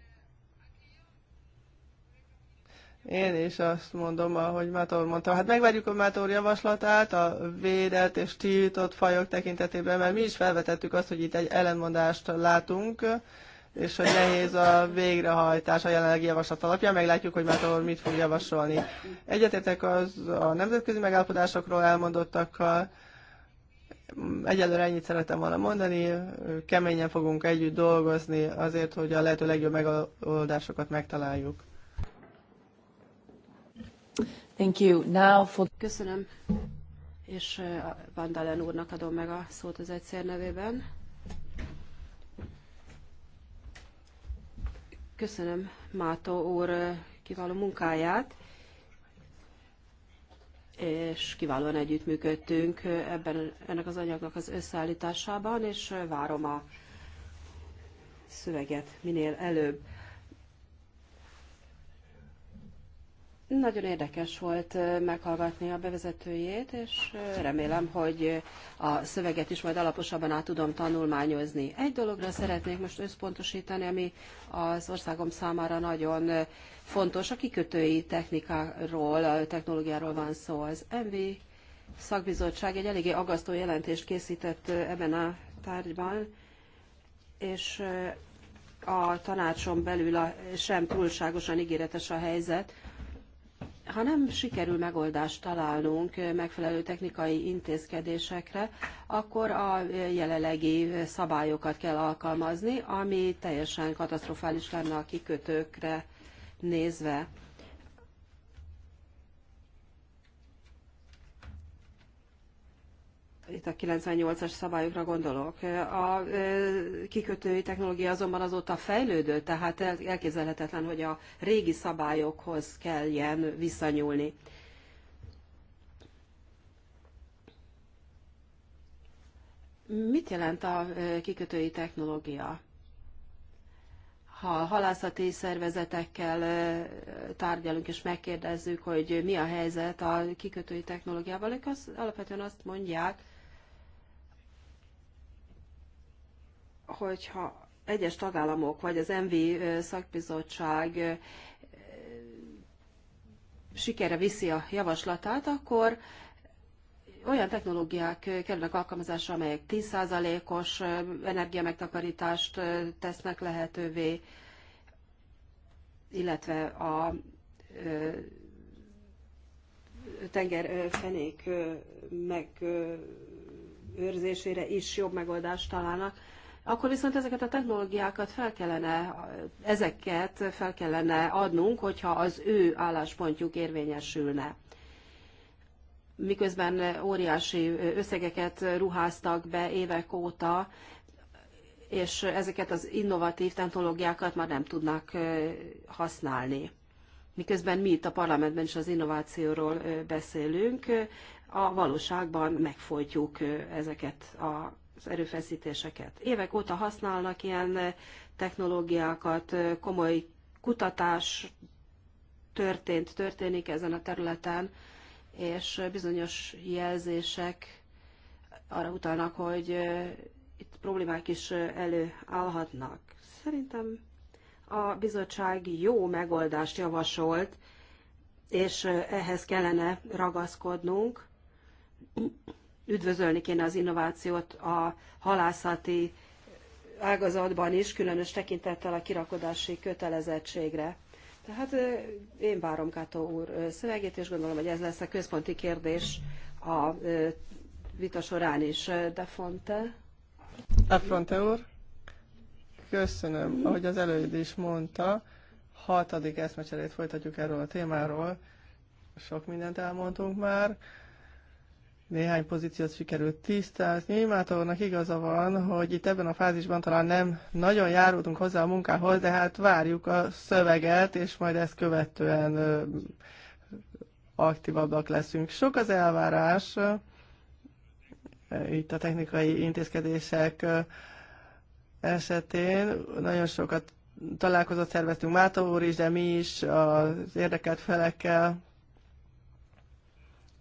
Én is azt mondom, ahogy Mátor mondta, hát megvárjuk a Mátor javaslatát a védett és tiltott fajok tekintetében, mert mi is felvetettük azt, hogy itt egy ellenmondást látunk, és hogy nehéz a végrehajtás a jelenlegi javaslat alapján, meglátjuk, hogy Mátor mit fog javasolni. Egyetértek az a nemzetközi megállapodásokról elmondottakkal, egyelőre ennyit szeretem volna mondani, keményen fogunk együtt dolgozni azért, hogy a lehető legjobb megoldásokat megtaláljuk. Thank you. Now for... Köszönöm, és Vandalen úrnak adom meg a szót az egyszer nevében. Köszönöm Mátó úr kiváló munkáját, és kiválóan együttműködtünk ebben ennek az anyagnak az összeállításában, és várom a szöveget minél előbb. Nagyon érdekes volt meghallgatni a bevezetőjét, és remélem, hogy a szöveget is majd alaposabban át tudom tanulmányozni. Egy dologra szeretnék most összpontosítani, ami az országom számára nagyon fontos. A kikötői technikáról, a technológiáról van szó. Az MV szakbizottság egy eléggé agasztó jelentést készített ebben a tárgyban, és a tanácson belül a, sem túlságosan ígéretes a helyzet ha nem sikerül megoldást találnunk megfelelő technikai intézkedésekre, akkor a jelenlegi szabályokat kell alkalmazni, ami teljesen katasztrofális lenne a kikötőkre nézve. itt a 98-as szabályokra gondolok. A kikötői technológia azonban azóta fejlődött, tehát elképzelhetetlen, hogy a régi szabályokhoz kelljen visszanyúlni. Mit jelent a kikötői technológia? Ha halászati szervezetekkel tárgyalunk és megkérdezzük, hogy mi a helyzet a kikötői technológiával, ők az, alapvetően azt mondják, hogyha egyes tagállamok vagy az MV szakbizottság sikere viszi a javaslatát, akkor olyan technológiák kerülnek alkalmazásra, amelyek 10%-os energiamegtakarítást tesznek lehetővé, illetve a tengerfenék megőrzésére is jobb megoldást találnak akkor viszont ezeket a technológiákat fel kellene, ezeket fel kellene adnunk, hogyha az ő álláspontjuk érvényesülne. Miközben óriási összegeket ruháztak be évek óta, és ezeket az innovatív technológiákat már nem tudnak használni. Miközben mi itt a parlamentben is az innovációról beszélünk, a valóságban megfojtjuk ezeket a az erőfeszítéseket. Évek óta használnak ilyen eh, technológiákat, eh, komoly kutatás történt, történik ezen a területen, és eh, bizonyos jelzések arra utalnak, hogy itt problémák is előállhatnak. Szerintem a bizottság jó megoldást javasolt, és ehhez kellene ragaszkodnunk üdvözölni kéne az innovációt a halászati ágazatban is, különös tekintettel a kirakodási kötelezettségre. Tehát én várom Kátó úr szövegét, és gondolom, hogy ez lesz a központi kérdés a vita során is. De Fonte? De Fonte úr, köszönöm. Ahogy az előd is mondta, hatodik eszmecserét folytatjuk erről a témáról. Sok mindent elmondtunk már néhány pozíciót sikerült tisztázni. Mátornak igaza van, hogy itt ebben a fázisban talán nem nagyon járultunk hozzá a munkához, de hát várjuk a szöveget, és majd ezt követően aktívabbak leszünk. Sok az elvárás, itt a technikai intézkedések esetén nagyon sokat találkozott szerveztünk Mátor úr is, de mi is az érdekelt felekkel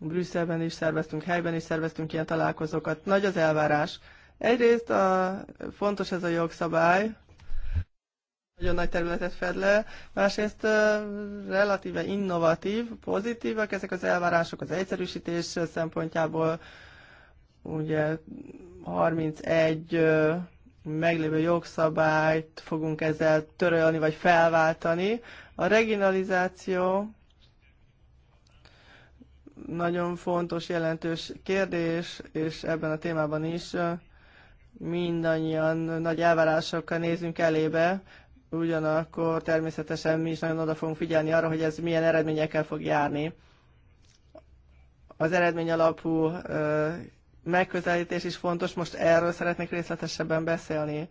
Brüsszelben is szerveztünk, helyben is szerveztünk ilyen találkozókat. Nagy az elvárás. Egyrészt a, fontos ez a jogszabály, nagyon nagy területet fed le, másrészt relatíve innovatív, pozitívak ezek az elvárások az egyszerűsítés szempontjából. Ugye 31 meglévő jogszabályt fogunk ezzel törölni vagy felváltani. A regionalizáció nagyon fontos, jelentős kérdés, és ebben a témában is mindannyian nagy elvárásokkal nézünk elébe, ugyanakkor természetesen mi is nagyon oda fogunk figyelni arra, hogy ez milyen eredményekkel fog járni. Az eredmény alapú megközelítés is fontos, most erről szeretnék részletesebben beszélni.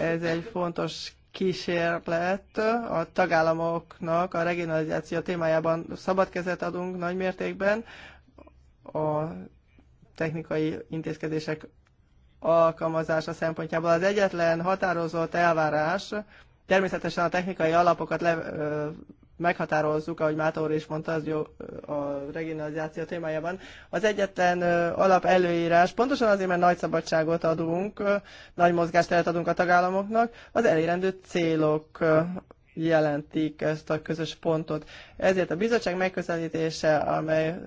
Ez egy fontos kísérlet a tagállamoknak a regionalizáció témájában szabad kezet adunk nagy mértékben a technikai intézkedések alkalmazása szempontjából. Az egyetlen határozott elvárás természetesen a technikai alapokat le, ö, meghatározzuk, ahogy Mátor is mondta, az jó a regionalizáció témájában. Az egyetlen alap előírás, pontosan azért, mert nagy szabadságot adunk, nagy mozgásteret adunk a tagállamoknak, az elérendő célok jelentik ezt a közös pontot. Ezért a bizottság megközelítése, amely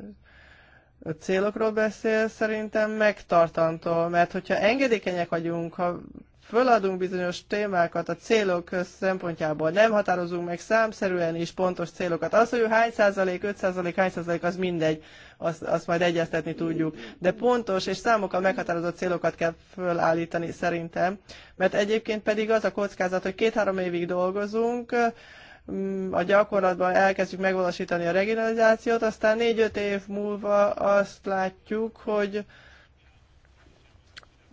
a célokról beszél, szerintem megtartantó, mert hogyha engedékenyek vagyunk, ha föladunk bizonyos témákat a célok szempontjából, nem határozunk meg számszerűen is pontos célokat. Az, hogy hány százalék, 5 százalék, hány százalék, az mindegy, azt, azt majd egyeztetni tudjuk. De pontos és számokkal meghatározott célokat kell fölállítani szerintem, mert egyébként pedig az a kockázat, hogy két-három évig dolgozunk, mm, a gyakorlatban elkezdjük megvalósítani a regionalizációt, aztán négy-öt év múlva azt látjuk, hogy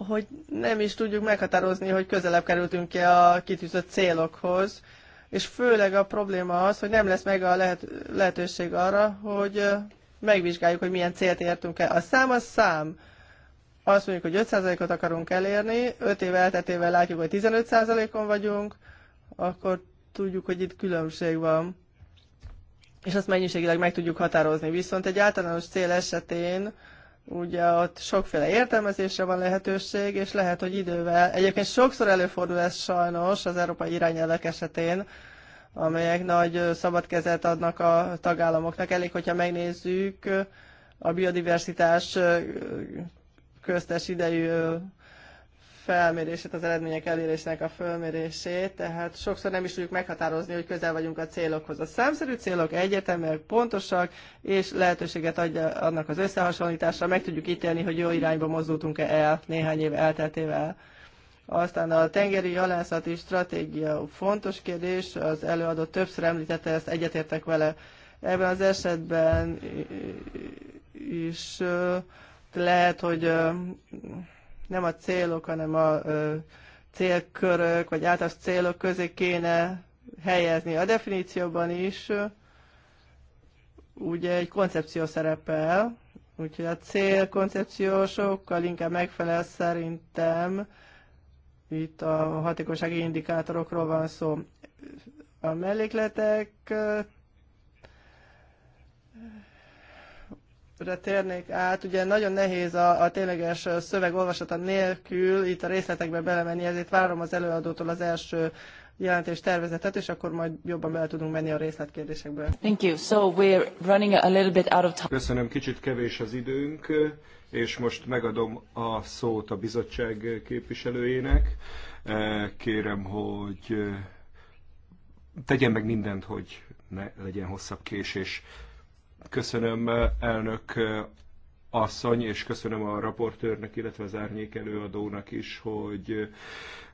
hogy nem is tudjuk meghatározni, hogy közelebb kerültünk-e a kitűzött célokhoz, és főleg a probléma az, hogy nem lesz meg a lehet, lehetőség arra, hogy megvizsgáljuk, hogy milyen célt értünk el. A szám az szám. Azt mondjuk, hogy 5%-ot akarunk elérni, 5 év elteltével látjuk, hogy 15%-on vagyunk, akkor tudjuk, hogy itt különbség van. És azt mennyiségileg meg tudjuk határozni. Viszont egy általános cél esetén Ugye ott sokféle értelmezésre van lehetőség, és lehet, hogy idővel, egyébként sokszor előfordul ez sajnos az európai irányelvek esetén, amelyek nagy szabad kezet adnak a tagállamoknak. Elég, hogyha megnézzük a biodiversitás köztes idejű felmérését, az eredmények elérésének a fölmérését, tehát sokszor nem is tudjuk meghatározni, hogy közel vagyunk a célokhoz. A számszerű célok egyetemek, pontosak, és lehetőséget adja annak az összehasonlításra, meg tudjuk ítélni, hogy jó irányba mozdultunk-e el néhány év elteltével. Aztán a tengeri halászati stratégia fontos kérdés, az előadó többször említette, ezt egyetértek vele. Ebben az esetben is lehet, hogy nem a célok, hanem a célkörök, vagy általános célok közé kéne helyezni. A definícióban is ugye egy koncepció szerepel, úgyhogy a célkoncepció sokkal inkább megfelel szerintem, itt a hatékonysági indikátorokról van szó. A mellékletek re térnék át. Ugye nagyon nehéz a, a tényleges szöveg olvasata nélkül itt a részletekbe belemenni, ezért várom az előadótól az első jelentés tervezetet, és akkor majd jobban bele tudunk menni a részletkérdésekbe. Thank you. So we're running a little bit out of time. Köszönöm, kicsit kevés az időnk, és most megadom a szót a bizottság képviselőjének. Eh, kérem, hogy eh, tegyen meg mindent, hogy ne legyen hosszabb késés. Köszönöm elnök eh, asszony, és köszönöm a raportőrnek, illetve az árnyék előadónak is, hogy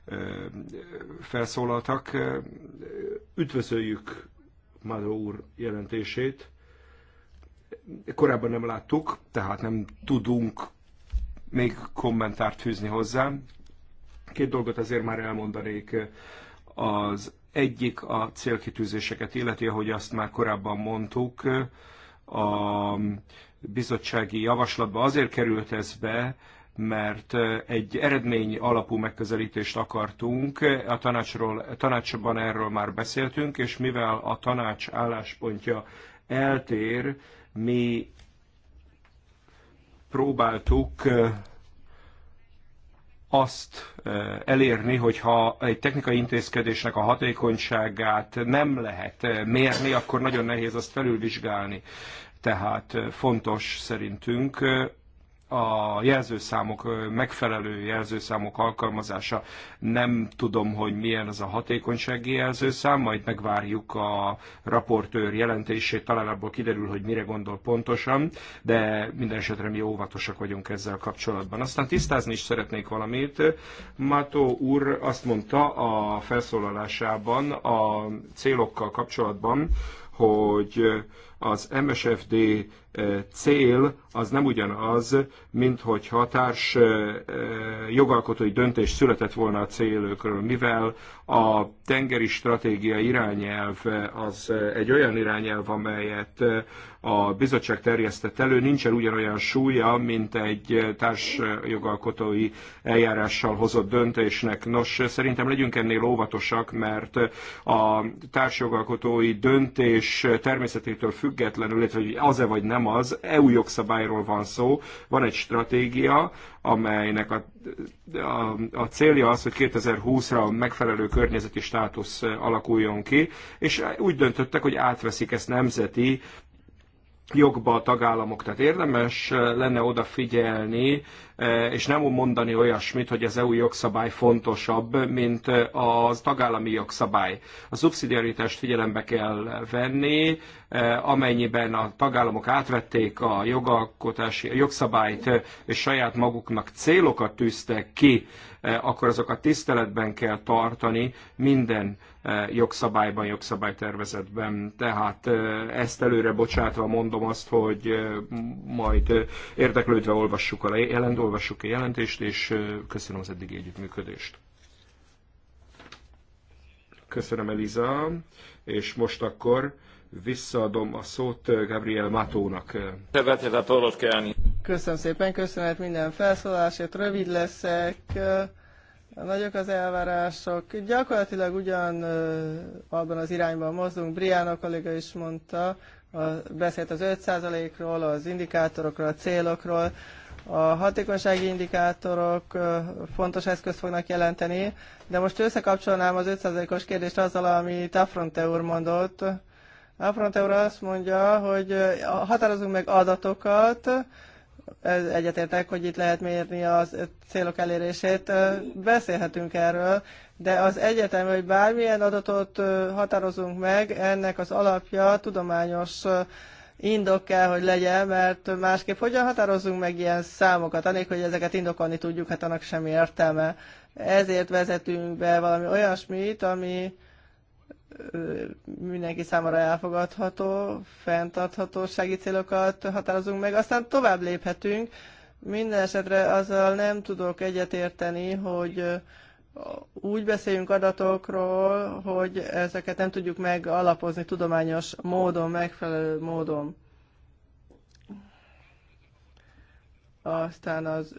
eh, felszólaltak. Üdvözöljük Madó úr jelentését. Korábban nem láttuk, tehát nem tudunk még kommentárt fűzni hozzá. Két dolgot azért már elmondanék. Az egyik a célkitűzéseket illeti, ahogy azt már korábban mondtuk, a bizottsági javaslatba. Azért került ez be, mert eh, egy eredmény alapú megközelítést akartunk, a tanácsról, a tanácsban erről már beszéltünk, és mivel a tanács álláspontja eltér, mi próbáltuk eh, azt elérni, hogyha egy technikai intézkedésnek a hatékonyságát nem lehet mérni, akkor nagyon nehéz azt felülvizsgálni. Tehát fontos szerintünk a jelzőszámok, megfelelő jelzőszámok alkalmazása. Nem tudom, hogy milyen az a hatékonysági jelzőszám, majd megvárjuk a raportőr jelentését, talán abból kiderül, hogy mire gondol pontosan, de minden esetre mi óvatosak vagyunk ezzel kapcsolatban. Aztán tisztázni is szeretnék valamit. Mató úr azt mondta a felszólalásában a célokkal kapcsolatban, hogy az MSFD cél az nem ugyanaz, mint hogyha társ jogalkotói döntés született volna a célőkről, mivel a tengeri stratégia irányelv az egy olyan irányelv, amelyet a bizottság terjesztett elő, nincsen ugyanolyan súlya, mint egy társ jogalkotói eljárással hozott döntésnek. Nos, szerintem legyünk ennél óvatosak, mert a társ jogalkotói döntés természetétől függetlenül, illetve hogy az-e vagy nem nem az. EU jogszabályról van szó, van egy stratégia, amelynek a, a, a célja az, hogy 2020-ra megfelelő környezeti státusz alakuljon ki, és úgy döntöttek, hogy átveszik ezt nemzeti jogba a tagállamok. Tehát érdemes lenne odafigyelni E, és nem mondani olyasmit, hogy az EU jogszabály fontosabb, mint e, a tagállami jogszabály. A szubszidiaritást figyelembe kell venni, e, amennyiben a tagállamok átvették a jogalkotási a jogszabályt, és saját maguknak célokat tűztek ki, akkor azokat tiszteletben kell tartani minden jogszabályban, jogszabálytervezetben. Tehát ezt előre bocsátva mondom azt, hogy majd érdeklődve olvassuk a jelentést, olvassuk a jelentést, és köszönöm az eddigi együttműködést. Köszönöm, Eliza, és most akkor visszaadom a szót Gabriel Matónak. Köszönöm szépen, köszönet minden felszólásért, rövid leszek, nagyok az elvárások. Gyakorlatilag ugyan abban az irányban mozdulunk, Briána kolléga is mondta, beszélt az 5%-ról, az indikátorokról, a célokról, a hatékonysági indikátorok fontos eszközt fognak jelenteni, de most összekapcsolnám az 5%-os kérdést azzal, ami Tafronte úr mondott. Tafronte úr azt mondja, hogy határozunk meg adatokat, ez egyetértek, hogy itt lehet mérni az célok elérését, beszélhetünk erről, de az egyetem, hogy bármilyen adatot határozunk meg, ennek az alapja tudományos indok kell, hogy legyen, mert másképp hogyan határozzunk meg ilyen számokat, anélkül, hogy ezeket indokolni tudjuk, hát annak semmi értelme. Ezért vezetünk be valami olyasmit, ami mindenki számára elfogadható, fenntarthatósági célokat határozunk meg, aztán tovább léphetünk. Minden esetre azzal nem tudok egyetérteni, hogy úgy beszéljünk adatokról, hogy ezeket nem tudjuk megalapozni tudományos módon, megfelelő módon. Aztán az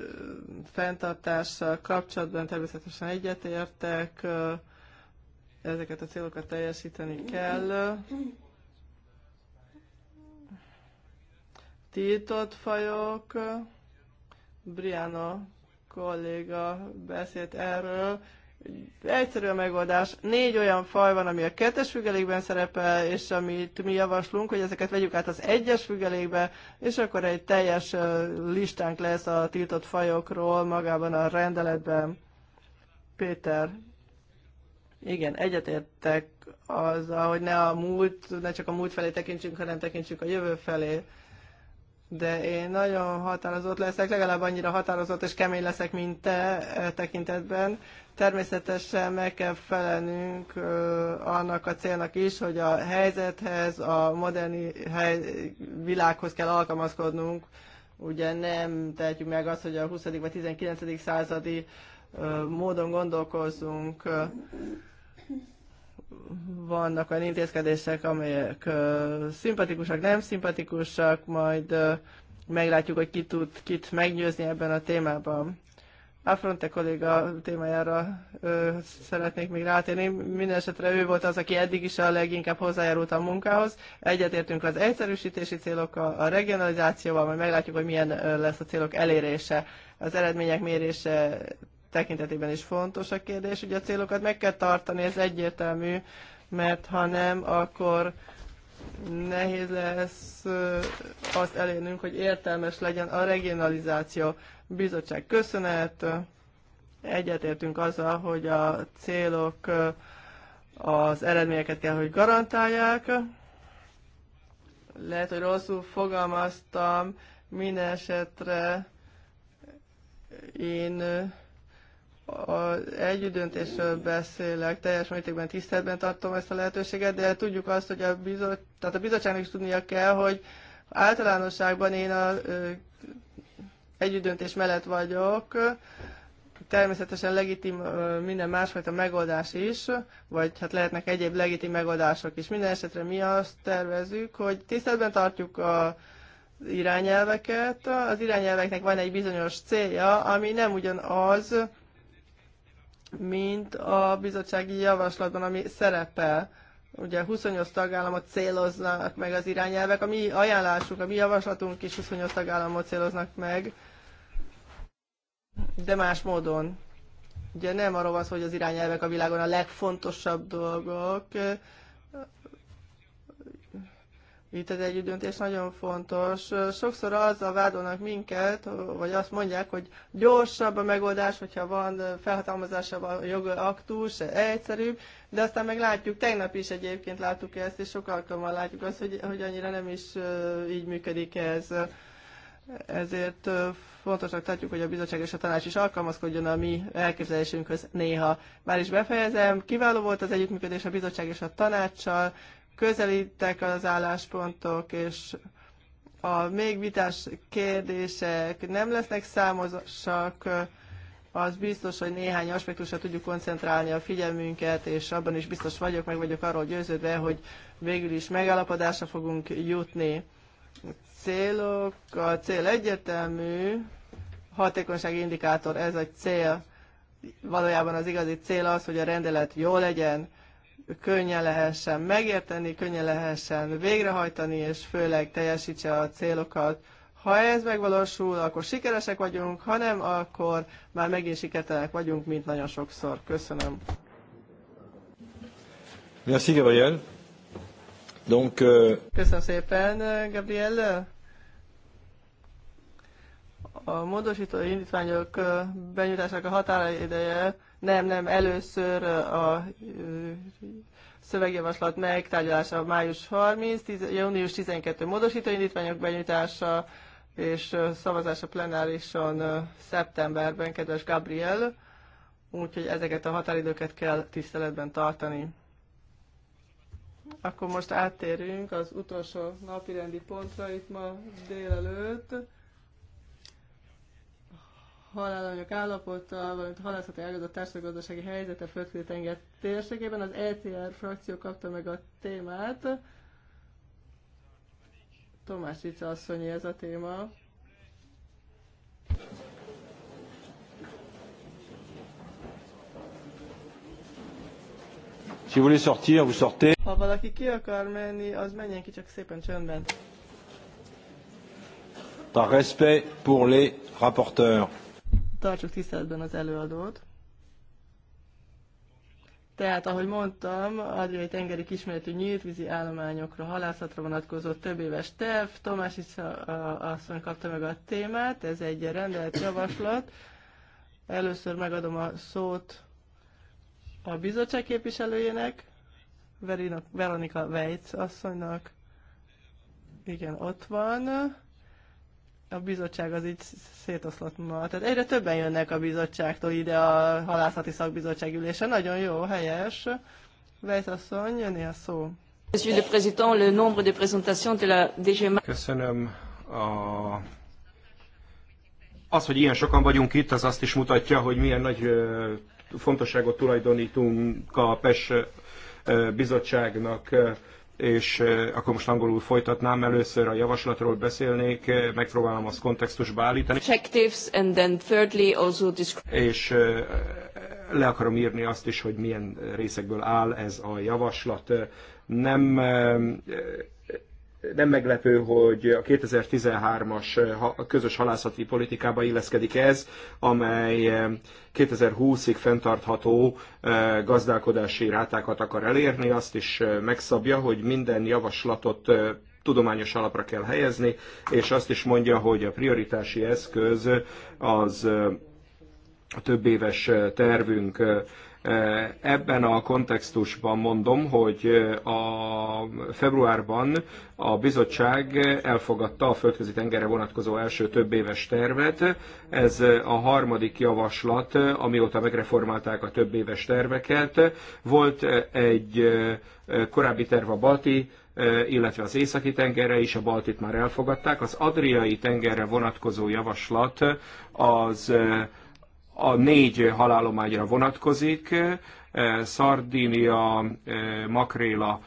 fenntartással kapcsolatban természetesen egyetértek, ezeket a célokat teljesíteni kell. Tiltott fajok, Briano kolléga beszélt erről. Egyszerű a megoldás. Négy olyan faj van, ami a kettes függelékben szerepel, és amit mi javaslunk, hogy ezeket vegyük át az egyes függelékbe, és akkor egy teljes listánk lesz a tiltott fajokról magában a rendeletben. Péter. Igen, egyetértek azzal, hogy ne a múlt, ne csak a múlt felé tekintsünk, hanem tekintsünk a jövő felé de én nagyon határozott leszek, legalább annyira határozott és kemény leszek, mint te e, tekintetben. Természetesen meg kell felelnünk annak a célnak is, hogy a helyzethez, a moderni hely, világhoz kell alkalmazkodnunk. Ugye nem tehetjük meg azt, hogy a 20. vagy 19. századi módon gondolkozzunk vannak olyan intézkedések, amelyek szimpatikusak, nem szimpatikusak, majd meglátjuk, hogy ki tud kit meggyőzni ebben a témában. A Fronte kolléga témájára ö, szeretnék még rátérni. Mindenesetre ő volt az, aki eddig is a leginkább hozzájárult a munkához. Egyetértünk az egyszerűsítési célokkal, a regionalizációval, majd meglátjuk, hogy milyen lesz a célok elérése. Az eredmények mérése tekintetében is fontos a kérdés. Ugye a célokat meg kell tartani, ez egyértelmű, mert ha nem, akkor nehéz lesz azt elérnünk, hogy értelmes legyen a regionalizáció. Bizottság köszönet, egyetértünk azzal, hogy a célok az eredményeket kell, hogy garantálják. Lehet, hogy rosszul fogalmaztam, minden esetre én az együttdöntésről beszélek, teljes mértékben tiszteletben tartom ezt a lehetőséget, de tudjuk azt, hogy a, bizot, tehát a bizottságnak is tudnia kell, hogy általánosságban én a együttdöntés mellett vagyok, természetesen legitim minden másfajta megoldás is, vagy hát lehetnek egyéb legitim megoldások is. Minden esetre mi azt tervezük, hogy tiszteletben tartjuk a irányelveket. Az irányelveknek van egy bizonyos célja, ami nem ugyanaz, mint a bizottsági javaslatban, ami szerepel. Ugye 28 tagállamot céloznak meg az irányelvek, a mi ajánlásunk, a mi javaslatunk is 28 tagállamot céloznak meg, de más módon. Ugye nem arról van szó, hogy az irányelvek a világon a legfontosabb dolgok, itt az döntés nagyon fontos. Sokszor azzal vádolnak minket, vagy azt mondják, hogy gyorsabb a megoldás, hogyha van felhatalmazása a jogaktus, egyszerűbb, de aztán meg látjuk, tegnap is egyébként láttuk ezt, és sok alkalommal látjuk azt, hogy, hogy annyira nem is így működik ez. Ezért fontosnak tartjuk, hogy a bizottság és a tanács is alkalmazkodjon a mi elképzelésünkhöz néha. Már is befejezem, kiváló volt az együttműködés a bizottság és a tanácssal, közelítek az álláspontok, és a még vitás kérdések nem lesznek számosak, az biztos, hogy néhány aspektusra tudjuk koncentrálni a figyelmünket, és abban is biztos vagyok, meg vagyok arról győződve, hogy végül is megállapodásra fogunk jutni. A célok, a cél egyértelmű, hatékonysági indikátor, ez a cél. Valójában az igazi cél az, hogy a rendelet jó legyen, könnyen lehessen megérteni, könnyen lehessen végrehajtani, és főleg teljesítse a célokat. Ha ez megvalósul, akkor sikeresek vagyunk, ha nem, akkor már megint sikertelenek vagyunk, mint nagyon sokszor. Köszönöm. Merci Gabriel. Donc, euh... Köszönöm szépen, Gabriel. A módosító indítványok benyújtásának a ideje. Nem, nem, először a szövegjavaslat megtárgyalása május 30, június 12 módosító indítványok benyújtása, és szavazása plenárison szeptemberben, kedves Gabriel, úgyhogy ezeket a határidőket kell tiszteletben tartani. Akkor most áttérünk az utolsó napirendi pontra itt ma délelőtt halálanyag állapota, valamint a halászati ágazat társadalmi helyzete földközi tenger térségében. Az ECR frakció kapta meg a témát. Tomás Rica asszonyi ez a téma. Si vous voulez sortir, vous sortez. Ha valaki ki akar menni, az menjen ki csak szépen csöndben. Par respect pour les rapporteurs tartsuk tiszteletben az előadót. Tehát, ahogy mondtam, Adriai tengeri kismeretű nyíltvízi állományokra, halászatra vonatkozó több éves terv. Tomás is asszony kapta meg a témát, ez egy rendelt javaslat. Először megadom a szót a bizottság képviselőjének, Verina, Veronika Vejc asszonynak. Igen, ott van a bizottság az így szétoszlott ma. Tehát egyre többen jönnek a bizottságtól ide a halászati szakbizottság ülése. Nagyon jó, helyes. Vejsz asszony, jönni a szó. Monsieur le Président, le nombre de présentations de la DG... Köszönöm a az, hogy ilyen sokan vagyunk itt, az azt is mutatja, hogy milyen nagy fontosságot tulajdonítunk a PES bizottságnak és eh, akkor most angolul folytatnám, először a javaslatról beszélnék, eh, megpróbálom azt kontextusba állítani. Objectives and then thirdly also és eh, le akarom írni azt is, hogy milyen részekből áll ez a javaslat. Nem nem meglepő, hogy a 2013-as közös halászati politikába illeszkedik ez, amely 2020-ig eh, fenntartható eh, gazdálkodási rátákat akar elérni, azt is eh, megszabja, hogy minden javaslatot tudományos alapra kell helyezni, és azt is mondja, hogy a prioritási eszköz az a több éves tervünk Eh, ebben a kontextusban mondom, hogy eh, a februárban a bizottság elfogadta a földközi tengerre vonatkozó első több éves tervet. Ez eh, a harmadik javaslat, amióta megreformálták a több éves terveket. Volt egy korábbi terv a balti illetve az északi tengerre is, a baltit már elfogadták. Az adriai tengerre vonatkozó javaslat az a négy halálományra vonatkozik, eh, Szardínia, eh, Makréla,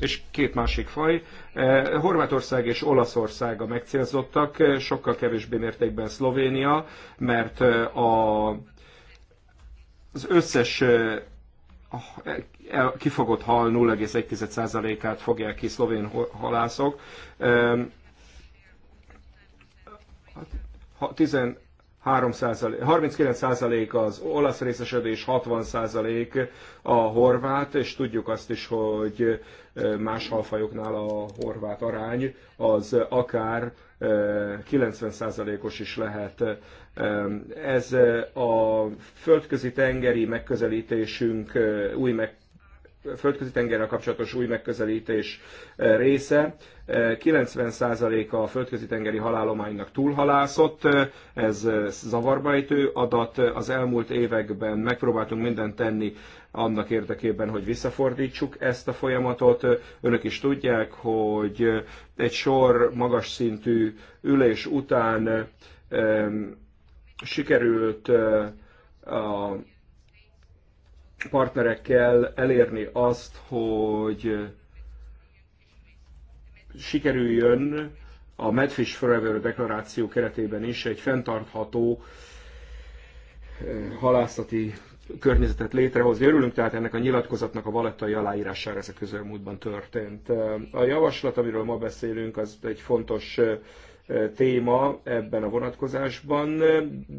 és két másik faj. Eh, Horvátország és Olaszország a megcélzottak, sokkal kevésbé mértékben Szlovénia, mert a, az összes kifogott hal 0,1%-át fogják ki szlovén halászok. 13 39% az olasz részesedés, 60% a horvát, és tudjuk azt is, hogy más halfajoknál a horvát arány az akár 90%-os is lehet. Ez a földközi tengeri megközelítésünk új meg földközi tengerrel kapcsolatos új megközelítés eh, része. 90%-a eh, a földközi tengeri halálománynak túlhalászott, eh, ez zavarbajtő adat. Az elmúlt években megpróbáltunk mindent tenni annak érdekében, hogy visszafordítsuk ezt a folyamatot. Önök is tudják, hogy egy sor magas szintű ülés után sikerült a partnerekkel elérni azt, hogy sikerüljön a Medfish Forever deklaráció keretében is egy fenntartható eh, halászati környezetet létrehozni. Örülünk tehát ennek a nyilatkozatnak a valettai aláírására ez a közelmúltban történt. Eh, a javaslat, amiről ma beszélünk, az egy fontos eh, téma ebben a vonatkozásban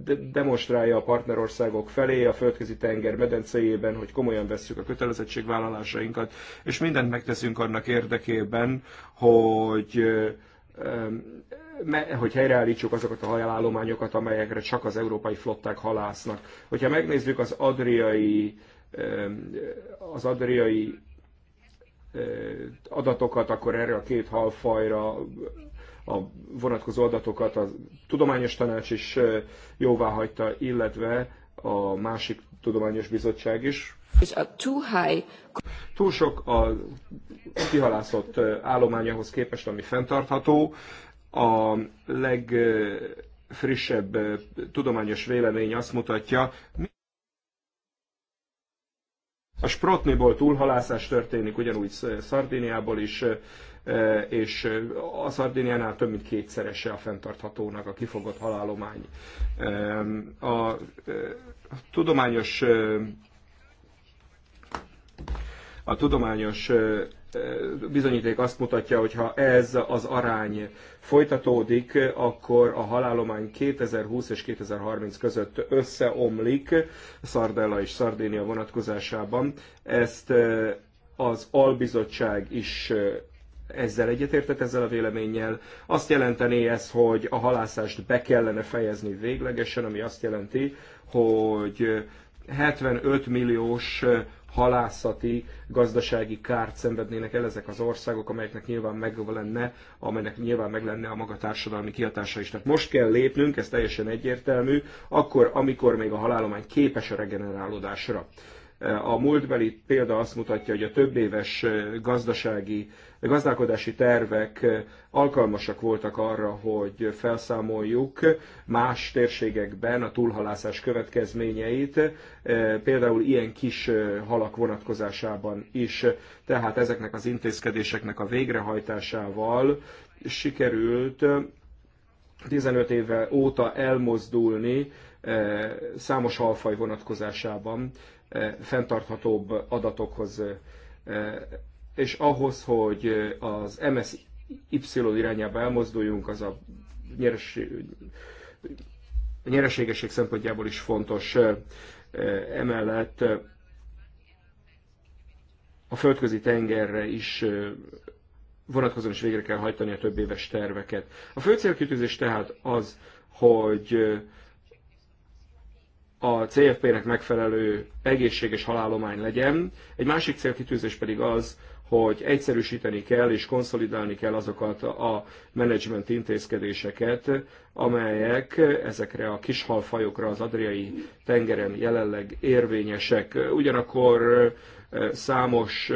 de demonstrálja a partnerországok felé a földközi tenger medencéjében, hogy komolyan vesszük a kötelezettségvállalásainkat, és mindent megteszünk annak érdekében, hogy hogy helyreállítsuk azokat a hajállományokat, amelyekre csak az európai flották halásznak. Hogyha megnézzük az adriai, az adriai adatokat, akkor erre a két halfajra a vonatkozó adatokat a tudományos tanács is jóvá hagyta, illetve a másik tudományos bizottság is. Túl sok a kihalászott állományahoz képest, ami fenntartható. A legfrissebb tudományos vélemény azt mutatja, a Sprotniból túlhalászás történik, ugyanúgy Szardiniából is és a Szardiniánál több mint kétszerese a fenntarthatónak a kifogott halálomány. A tudományos a tudományos bizonyíték azt mutatja, hogy ha ez az arány folytatódik, akkor a halálomány 2020 és 2030 között összeomlik Szardella és Szardénia vonatkozásában. Ezt az albizottság is ezzel egyetértett ezzel a véleménnyel. Azt jelenteni ez, hogy a halászást be kellene fejezni véglegesen, ami azt jelenti, hogy 75 milliós halászati, gazdasági kárt szenvednének el ezek az országok, amelyeknek nyilván meg lenne, amelynek nyilván meg lenne a maga társadalmi kihatása is. Tehát most kell lépnünk, ez teljesen egyértelmű, akkor, amikor még a halálomány képes a regenerálódásra. A múltbeli példa azt mutatja, hogy a több éves eh, gazdasági, gazdálkodási tervek eh, alkalmasak voltak arra, hogy felszámoljuk más térségekben a túlhalászás következményeit, eh, például ilyen kis halak vonatkozásában is. Tehát ezeknek az intézkedéseknek a végrehajtásával sikerült 15 éve óta elmozdulni számos halfaj vonatkozásában fenntarthatóbb adatokhoz, és ahhoz, hogy az MSY irányába elmozduljunk, az a nyereség, nyereségesség szempontjából is fontos. Emellett a földközi tengerre is vonatkozóan is végre kell hajtani a több éves terveket. A fő célkütőzés tehát az, hogy a CFP-nek megfelelő egészséges halálomány legyen. Egy másik célkitűzés pedig az, hogy egyszerűsíteni kell és konszolidálni kell azokat a menedzsment intézkedéseket, amelyek ezekre a kishalfajokra az adriai tengeren jelenleg érvényesek. Ugyanakkor számos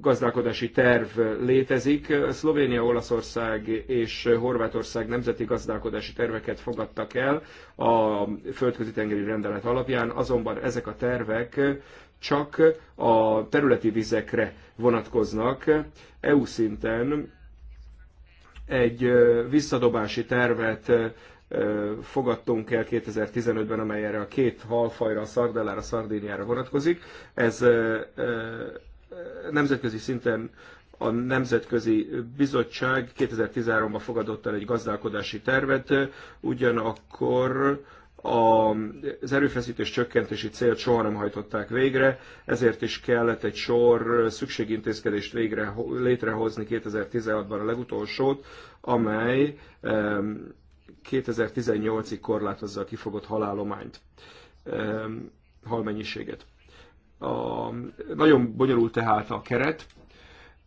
gazdálkodási terv létezik. Szlovénia, Olaszország és Horvátország nemzeti gazdálkodási terveket fogadtak el a földközi tengeri rendelet alapján, azonban ezek a tervek csak a területi vizekre vonatkoznak. EU szinten egy visszadobási tervet fogadtunk el 2015-ben, amely erre a két halfajra, a szardellára, a szardíniára vonatkozik. Ez nemzetközi szinten a Nemzetközi Bizottság 2013-ban fogadott el egy gazdálkodási tervet, ugyanakkor az erőfeszítés csökkentési célt soha nem hajtották végre, ezért is kellett egy sor szükségintézkedést végre létrehozni 2016-ban a legutolsót, amely 2018-ig korlátozza a kifogott halálományt, halmennyiséget. A, nagyon bonyolult tehát a keret.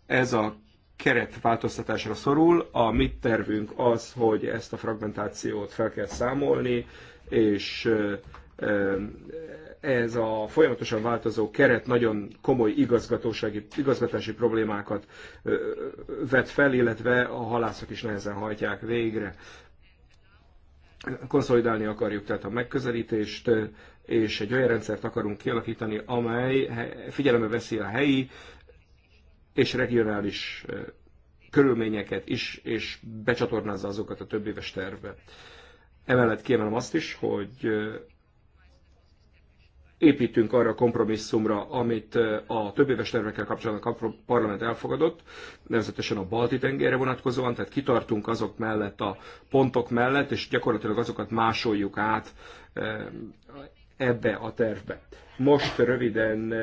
Ez a keret változtatásra szorul. A mi tervünk az, hogy ezt a fragmentációt fel kell számolni, és ez a folyamatosan változó keret nagyon komoly igazgatósági, igazgatási problémákat vet fel, illetve a halászok is nehezen hajtják végre konszolidálni akarjuk tehát a megközelítést, és egy olyan rendszert akarunk kialakítani, amely figyelembe veszi a helyi és regionális körülményeket is, és becsatornázza azokat a több éves tervbe. Emellett kiemelem azt is, hogy építünk arra a kompromisszumra, amit a többéves tervekkel kapcsolatban a parlament elfogadott, nevezetesen a balti tengerre vonatkozóan, tehát kitartunk azok mellett a pontok mellett, és gyakorlatilag azokat másoljuk át ebbe a tervbe. Most röviden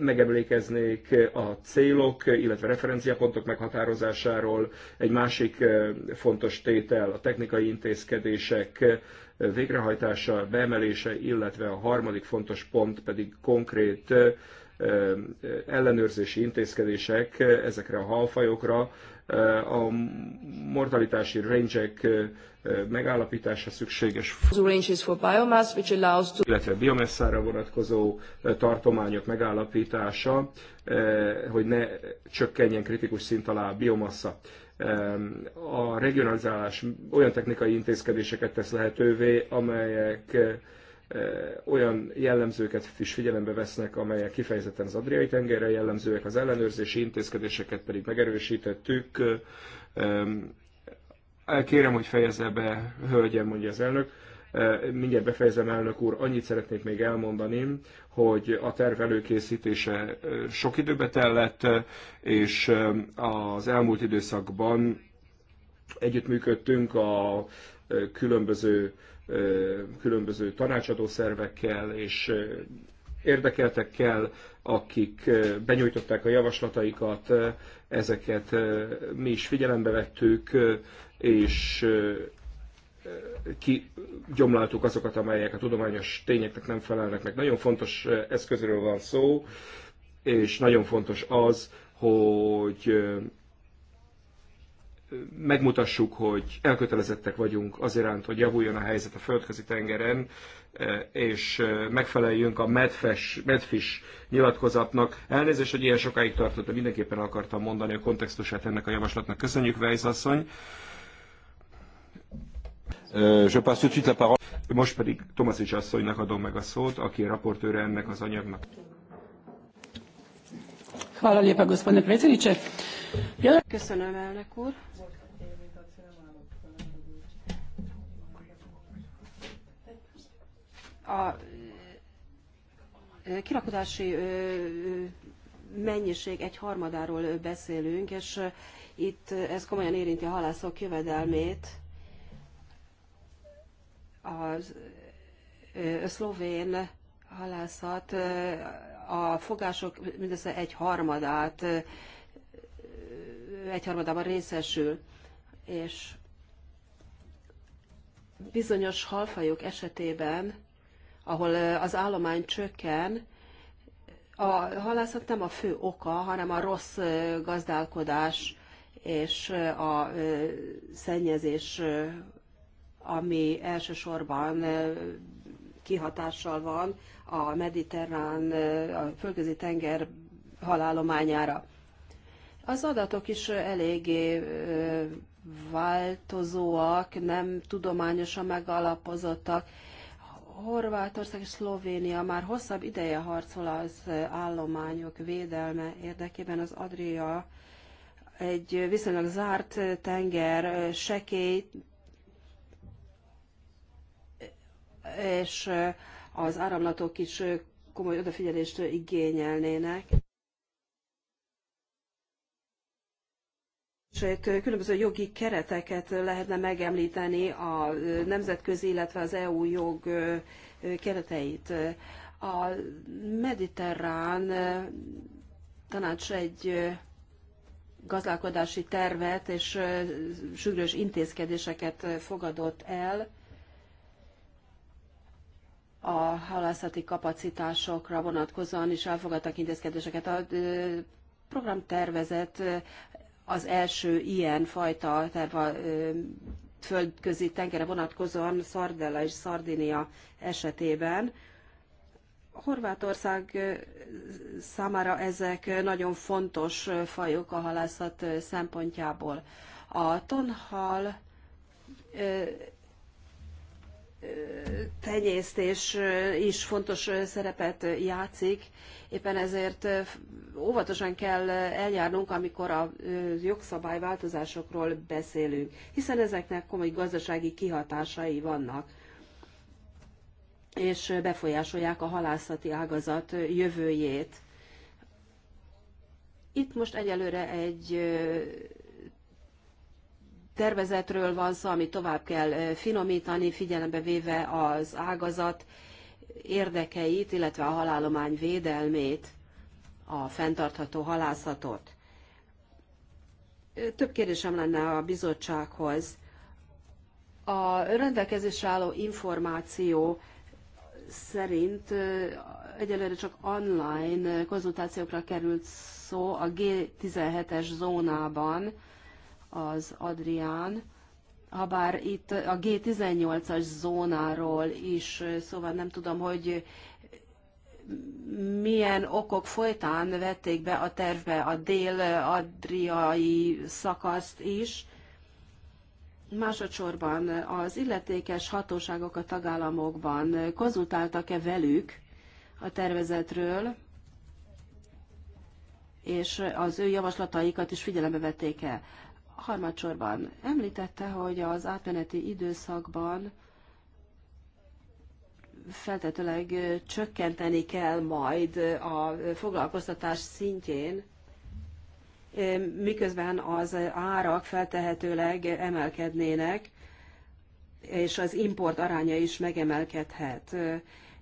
megemlékeznék a célok, illetve referenciapontok meghatározásáról. Egy másik fontos tétel a technikai intézkedések végrehajtása, beemelése, illetve a harmadik fontos pont pedig konkrét ellenőrzési intézkedések ezekre a halfajokra, a mortalitási rangek megállapítása szükséges, illetve biomasszára vonatkozó tartományok megállapítása, hogy ne csökkenjen kritikus szint alá a biomassa. A regionalizálás olyan technikai intézkedéseket tesz lehetővé, amelyek eh, olyan jellemzőket is figyelembe vesznek, amelyek kifejezetten az Adriai tengerre jellemzőek, az ellenőrzési intézkedéseket pedig megerősítettük. Kérem, hogy fejezze be, hölgyem, mondja az elnök. Mindjárt befejezem, elnök úr, annyit szeretnék még elmondani, hogy a terv előkészítése sok időbe tellett, és az elmúlt időszakban együttműködtünk a különböző, különböző tanácsadó szervekkel és érdekeltekkel, akik benyújtották a javaslataikat, ezeket mi is figyelembe vettük, és kigyomláltuk azokat, amelyek a tudományos tényeknek nem felelnek meg. Nagyon fontos eh, eszközről van szó, és nagyon fontos az, hogy eh, megmutassuk, hogy elkötelezettek vagyunk az iránt, hogy javuljon a helyzet a földközi tengeren, eh, és megfeleljünk a Medfish, Medfish nyilatkozatnak. Elnézést, hogy ilyen sokáig tartott, de mindenképpen akartam mondani a kontextusát ennek a javaslatnak. Köszönjük, Vejz asszony. Euh, je passe tout de suite la parole. Most pedig Tomaszics asszonynak adom meg a szót, aki a raportőre ennek az anyagnak. Hvala lijepa, gospodine predsjedniče. Köszönöm, elnök úr. A kirakodási mennyiség egy harmadáról beszélünk, és itt ez komolyan érinti a halászok jövedelmét az szlovén halászat a fogások mindössze egy harmadát, egy harmadában részesül, és bizonyos halfajok esetében, ahol az állomány csökken, a halászat nem a fő oka, hanem a rossz gazdálkodás és a szennyezés ami elsősorban kihatással van a mediterrán, a földközi tenger halálományára. Az adatok is eléggé változóak, nem tudományosan megalapozottak. Horvátország és Szlovénia már hosszabb ideje harcol az állományok védelme érdekében. Az Adria egy viszonylag zárt tenger, sekély és az áramlatok is komoly odafigyelést igényelnének. Sőt, különböző jogi kereteket lehetne megemlíteni a nemzetközi, illetve az EU jog kereteit. A mediterrán tanács egy gazdálkodási tervet és sürgős intézkedéseket fogadott el, a halászati kapacitásokra vonatkozóan is elfogadtak intézkedéseket. A programtervezet az első ilyen fajta terv a földközi tengere vonatkozóan Szardella és Szardinia esetében. Horvátország számára ezek nagyon fontos fajok a halászat szempontjából. A tonhal tenyésztés is fontos szerepet játszik, éppen ezért óvatosan kell eljárnunk, amikor a jogszabályváltozásokról beszélünk, hiszen ezeknek komoly gazdasági kihatásai vannak és befolyásolják a halászati ágazat jövőjét. Itt most egyelőre egy tervezetről van szó, amit tovább kell finomítani, figyelembe véve az ágazat érdekeit, illetve a halálomány védelmét, a fenntartható halászatot. Több kérdésem lenne a bizottsághoz. A rendelkezésre álló információ szerint egyelőre csak online konzultációkra került szó a G17-es zónában, az Adrián, habár itt a G18-as zónáról is, szóval nem tudom, hogy milyen okok folytán vették be a tervbe a dél-adriai szakaszt is. Másodszorban az illetékes hatóságok a tagállamokban konzultáltak-e velük a tervezetről, és az ő javaslataikat is figyelembe vették-e. Harmadsorban említette, hogy az átmeneti időszakban feltetőleg csökkenteni kell majd a foglalkoztatás szintjén, miközben az árak feltehetőleg emelkednének, és az import aránya is megemelkedhet.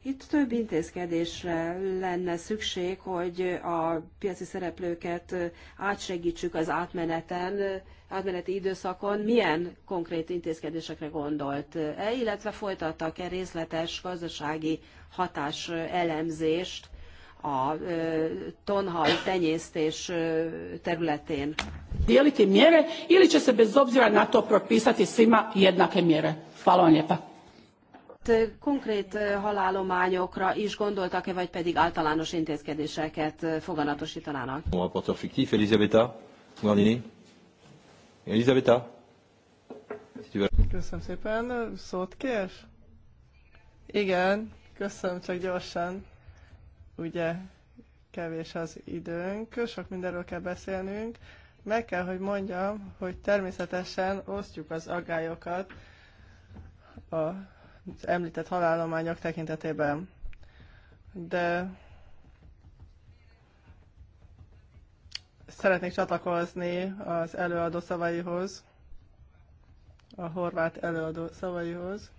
Itt több intézkedésre lenne szükség, hogy a piaci szereplőket átsegítsük az átmeneten, átmeneti időszakon milyen konkrét intézkedésekre gondolt -e, illetve folytattak-e részletes gazdasági hatás elemzést a tonhal tenyésztés területén. Dijeliti mjere ili će se bez obzira na to propisati svima jednake mjere? Hvala vam lijepa. Konkrét halálományokra is gondoltak-e, vagy pedig általános intézkedéseket foganatosítanának? A rapporteur fiktív, Elisabetta Guardini. Elizabeta? Köszönöm szépen. Szót kérsz? Igen, köszönöm, csak gyorsan. Ugye kevés az időnk, sok mindenről kell beszélnünk. Meg kell, hogy mondjam, hogy természetesen osztjuk az agályokat az említett halállományok tekintetében. De Szeretnék csatlakozni az előadó szavaihoz, a horvát előadó szavaihoz.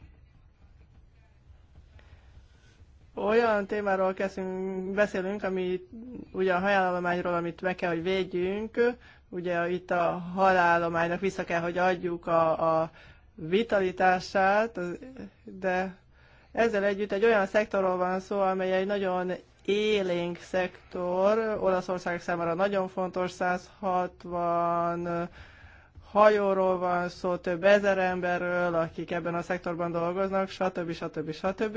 Olyan témáról kezdünk, beszélünk, ami ugye a halálállományról, amit meg kell, hogy védjünk, ugye itt a halállománynak vissza kell, hogy adjuk a, a vitalitását, de ezzel együtt egy olyan szektorról van szó, amely egy nagyon élénk szektor, Olaszország számára nagyon fontos, 160 hajóról van szó, több ezer emberről, akik ebben a szektorban dolgoznak, stb. stb. stb.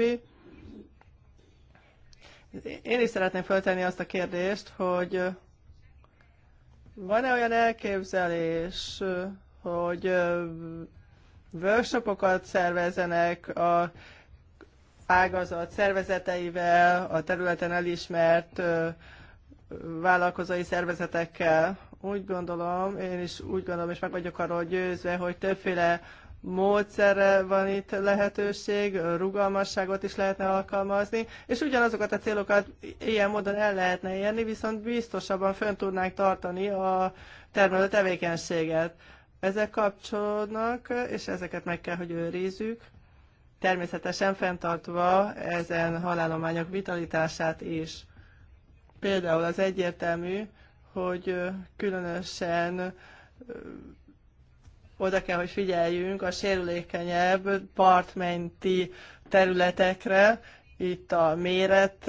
Én is szeretném föltenni azt a kérdést, hogy van-e olyan elképzelés, hogy workshopokat szervezenek a ágazat szervezeteivel, a területen elismert vállalkozói szervezetekkel. Úgy gondolom, én is úgy gondolom, és meg vagyok arról győzve, hogy többféle módszerre van itt lehetőség, rugalmasságot is lehetne alkalmazni, és ugyanazokat a célokat ilyen módon el lehetne érni, viszont biztosabban fönn tudnánk tartani a termelő tevékenységet. Ezek kapcsolódnak, és ezeket meg kell, hogy őrizzük természetesen fenntartva ezen halálományok vitalitását is. Például az egyértelmű, hogy különösen oda kell, hogy figyeljünk a sérülékenyebb partmenti területekre, itt a méret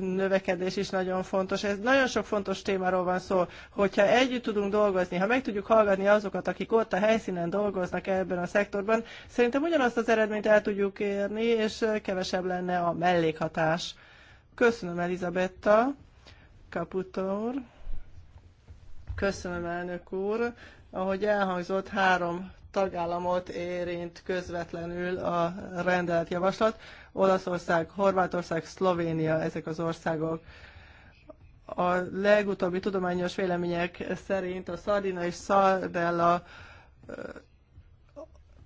növekedés is nagyon fontos. Ez nagyon sok fontos témáról van szó. Hogyha együtt tudunk dolgozni, ha meg tudjuk hallgatni azokat, akik ott a helyszínen dolgoznak ebben a szektorban, szerintem ugyanazt az eredményt el tudjuk érni, és kevesebb lenne a mellékhatás. Köszönöm Elizabetta, Caputo úr. Köszönöm elnök úr. Ahogy elhangzott, három tagállamot érint közvetlenül a rendeletjavaslat. Olaszország, Horvátország, Szlovénia, ezek az országok. A legutóbbi tudományos vélemények szerint a Sardina és Sardella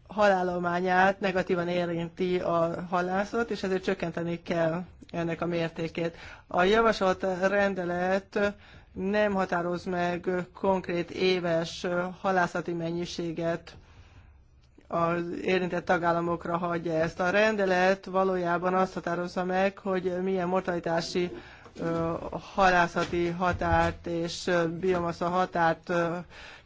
halálományát negatívan érinti a halászat, és ezért csökkenteni kell ennek a mértékét. A javasolt rendelet nem határoz meg konkrét éves halászati mennyiséget az érintett tagállamokra hagyja ezt. A rendelet valójában azt határozza meg, hogy milyen mortalitási halászati határt és biomasza határt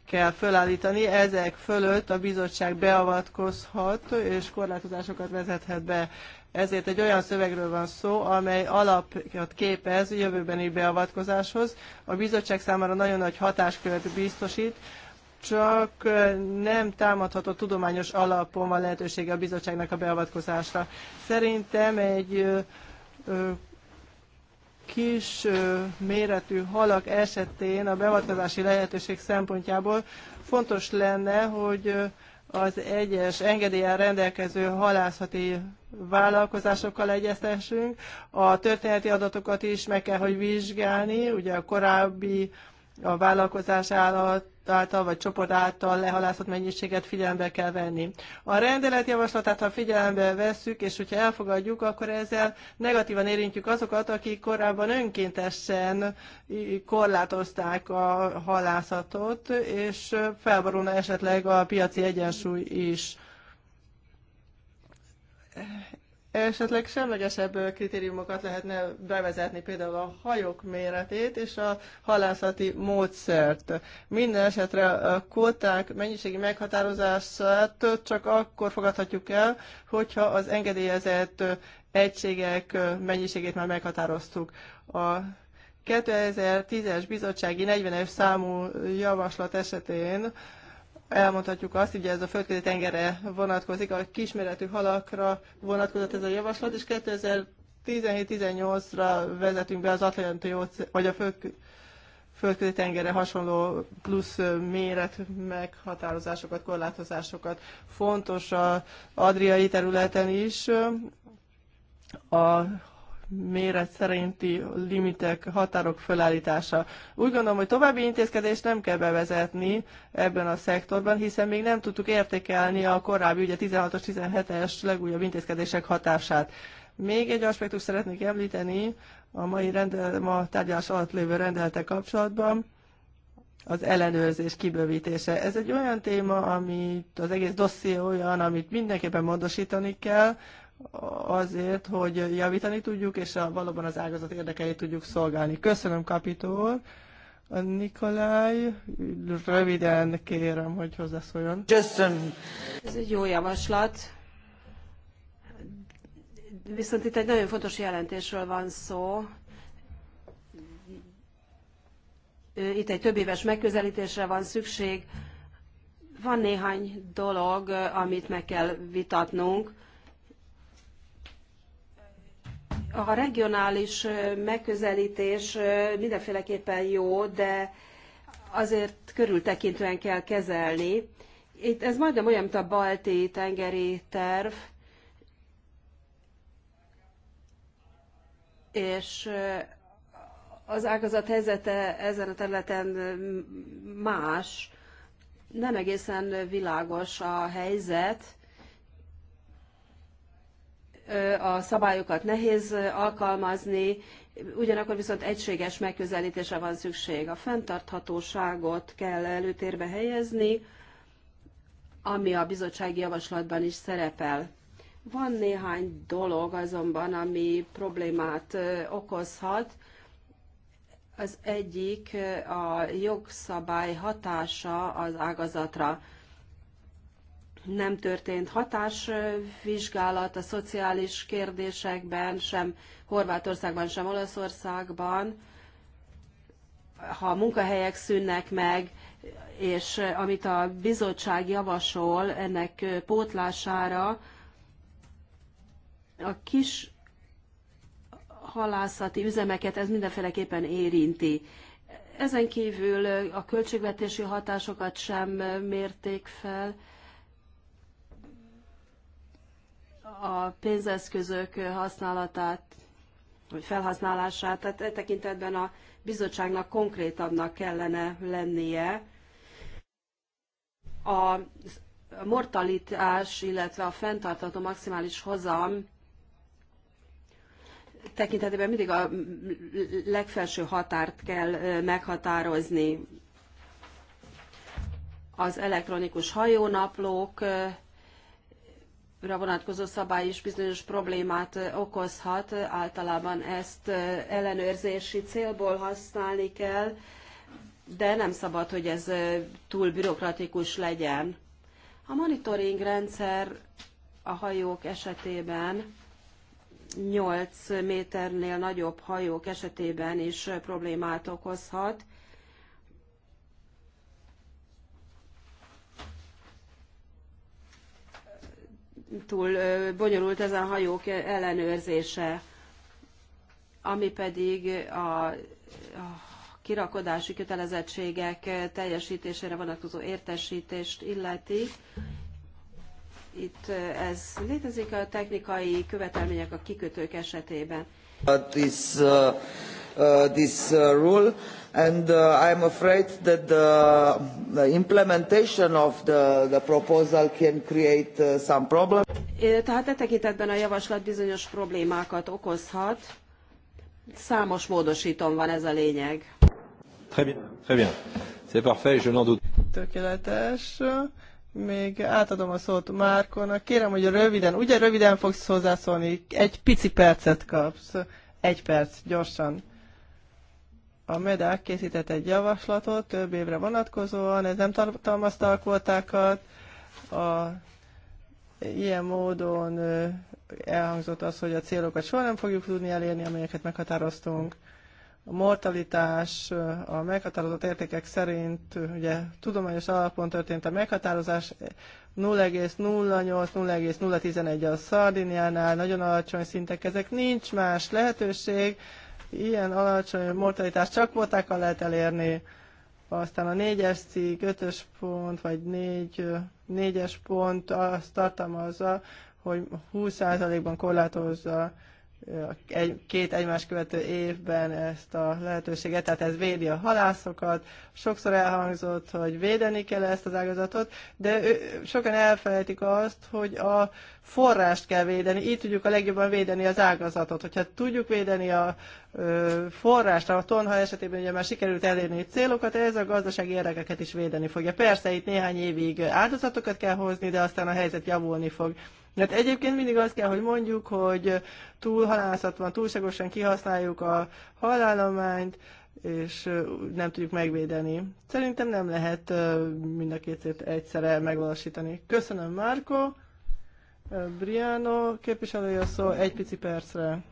kell felállítani. Ezek fölött a bizottság beavatkozhat és korlátozásokat vezethet be. Ezért egy olyan szövegről van szó, amely alapot képez jövőbeni beavatkozáshoz. A bizottság számára nagyon nagy hatáskört biztosít, csak nem támadható tudományos alapon van lehetősége a bizottságnak a beavatkozásra. Szerintem egy kis méretű halak esetén a beavatkozási lehetőség szempontjából fontos lenne, hogy az egyes engedélyen rendelkező halászati vállalkozásokkal egyeztessünk. A történeti adatokat is meg kell, hogy vizsgálni, ugye a korábbi a vállalkozás állat által vagy csoport által lehalászott mennyiséget figyelembe kell venni. A rendelet javaslatát, ha figyelembe vesszük, és hogyha elfogadjuk, akkor ezzel negatívan érintjük azokat, akik korábban önkéntesen korlátozták a halászatot, és felborulna esetleg a piaci egyensúly is Esetleg semlegesebb kritériumokat lehetne bevezetni, például a hajók méretét és a halászati módszert. Minden esetre a kóták mennyiségi meghatározását csak akkor fogadhatjuk el, hogyha az engedélyezett egységek mennyiségét már meghatároztuk. A 2010-es bizottsági 40-es számú javaslat esetén elmondhatjuk azt, ugye ez a földközi tengerre vonatkozik, a kisméretű halakra vonatkozott ez a javaslat, és 2017-18-ra vezetünk be az Atlanti vagy a földközi földközi tengerre hasonló plusz méret meghatározásokat, korlátozásokat. Fontos a adriai területen is a méret szerinti limitek, határok felállítása. Úgy gondolom, hogy további intézkedést nem kell bevezetni ebben a szektorban, hiszen még nem tudtuk értékelni a korábbi, ugye 16-os, 17-es legújabb intézkedések hatását. Még egy aspektus szeretnék említeni a mai rendel, ma tárgyalás alatt lévő rendelete kapcsolatban, az ellenőrzés kibővítése. Ez egy olyan téma, amit az egész dosszié olyan, amit mindenképpen módosítani kell, azért, hogy javítani tudjuk, és a, valóban az ágazat érdekeit tudjuk szolgálni. Köszönöm, kapitól. Nikolaj, röviden kérem, hogy hozzászóljon. Köszönöm. Ez egy jó javaslat. Viszont itt egy nagyon fontos jelentésről van szó. Itt egy több éves megközelítésre van szükség. Van néhány dolog, amit meg kell vitatnunk a regionális megközelítés mindenféleképpen jó, de azért körültekintően kell kezelni. Itt ez majdnem olyan, mint a balti tengeri terv, és az ágazat helyzete ezen a területen más, nem egészen világos a helyzet, a szabályokat nehéz alkalmazni, ugyanakkor viszont egységes megközelítésre van szükség. A fenntarthatóságot kell előtérbe helyezni, ami a bizottsági javaslatban is szerepel. Van néhány dolog azonban, ami problémát okozhat. Az egyik a jogszabály hatása az ágazatra nem történt hatásvizsgálat a szociális kérdésekben, sem Horvátországban, sem Olaszországban. Ha munkahelyek szűnnek meg, és amit a bizottság javasol ennek pótlására, a kis halászati üzemeket ez mindenféleképpen érinti. Ezen kívül a költségvetési hatásokat sem mérték fel, a pénzeszközök használatát, vagy felhasználását, tehát e tekintetben a bizottságnak konkrétabbnak kellene lennie. A mortalitás, illetve a fenntartható maximális hozam tekintetében mindig a legfelső határt kell meghatározni. Az elektronikus hajónaplók vonatkozó szabály is bizonyos problémát okozhat, általában ezt ellenőrzési célból használni kell, de nem szabad, hogy ez túl bürokratikus legyen. A monitoring rendszer a hajók esetében 8 méternél nagyobb hajók esetében is problémát okozhat, túl bonyolult ez a hajók ellenőrzése, ami pedig a kirakodási kötelezettségek teljesítésére vonatkozó értesítést illeti. Itt ez létezik a technikai követelmények a kikötők esetében. This, uh, uh, this uh, rule and uh, I am afraid that the, implementation of the, proposal can create uh, some problems. Tehát e tekintetben a javaslat bizonyos problémákat okozhat. Számos módosítom van ez a lényeg. Très bien, très bien. C'est parfait, je n'en doute. Tökéletes. Még átadom a szót Márkonak. Kérem, hogy röviden, ugye röviden fogsz hozzászólni, egy pici percet kapsz. Egy perc, gyorsan a MEDÁK készített egy javaslatot több évre vonatkozóan, ez nem tartalmazta a kvótákat, a, ilyen módon elhangzott az, hogy a célokat soha nem fogjuk tudni elérni, amelyeket meghatároztunk. A mortalitás, a meghatározott értékek szerint, ugye tudományos alapon történt a meghatározás, 0,08-0,011 a Szardiniánál, nagyon alacsony szintek, ezek nincs más lehetőség, Ilyen alacsony mortalitás csak kvótákkal lehet elérni. Aztán a négyes cikk, ötös pont, vagy négy, négyes pont azt tartalmazza, hogy 20%-ban korlátozza egy, két egymás követő évben ezt a lehetőséget, tehát ez védi a halászokat. Sokszor elhangzott, hogy védeni kell ezt az ágazatot, de ő, sokan elfelejtik azt, hogy a forrást kell védeni, így tudjuk a legjobban védeni az ágazatot. Hogyha tudjuk védeni a ö, forrást, a tonha esetében ugye már sikerült elérni célokat, ez a gazdasági érdekeket is védeni fogja. Persze itt néhány évig áldozatokat kell hozni, de aztán a helyzet javulni fog. Mert hát egyébként mindig azt kell, hogy mondjuk, hogy túl halászat van, túlságosan kihasználjuk a halállományt, és nem tudjuk megvédeni. Szerintem nem lehet mind a kétszét egyszerre megvalósítani. Köszönöm, Márko. Briano képviselője szó egy pici percre.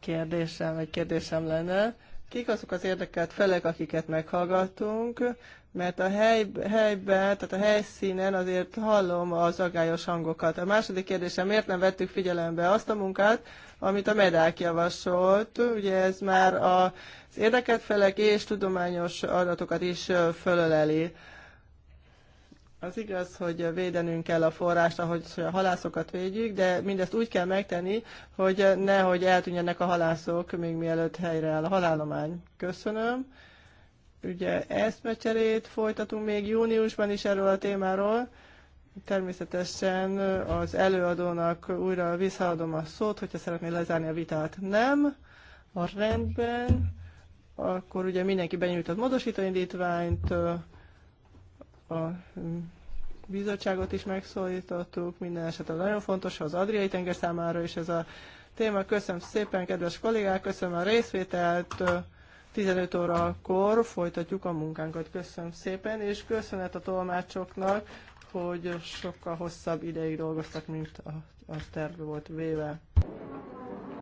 Kérdésem, egy kérdésem lenne. Kik azok az érdekelt felek, akiket meghallgattunk, mert a hely, helyben, tehát a helyszínen azért hallom az agályos hangokat. A második kérdésem, miért nem vettük figyelembe azt a munkát, amit a medák javasolt? Ugye ez már az érdeket felek és tudományos adatokat is fölöleli. Az igaz, hogy védenünk kell a forrást, ahogy a halászokat védjük, de mindezt úgy kell megtenni, hogy nehogy eltűnjenek a halászok, még mielőtt helyre áll a halállomány. Köszönöm. Ugye eszmecserét folytatunk még júniusban is erről a témáról. Természetesen az előadónak újra visszaadom a szót, hogyha szeretné lezárni a vitát. Nem. A rendben. Akkor ugye mindenki benyújtott módosítóindítványt, a bizottságot is megszólítottuk, minden esetben nagyon fontos az Adriai tenger számára is ez a téma. Köszönöm szépen, kedves kollégák, köszönöm a részvételt. 15 órakor folytatjuk a munkánkat. Köszönöm szépen, és köszönet a tolmácsoknak, hogy sokkal hosszabb ideig dolgoztak, mint a terve volt véve.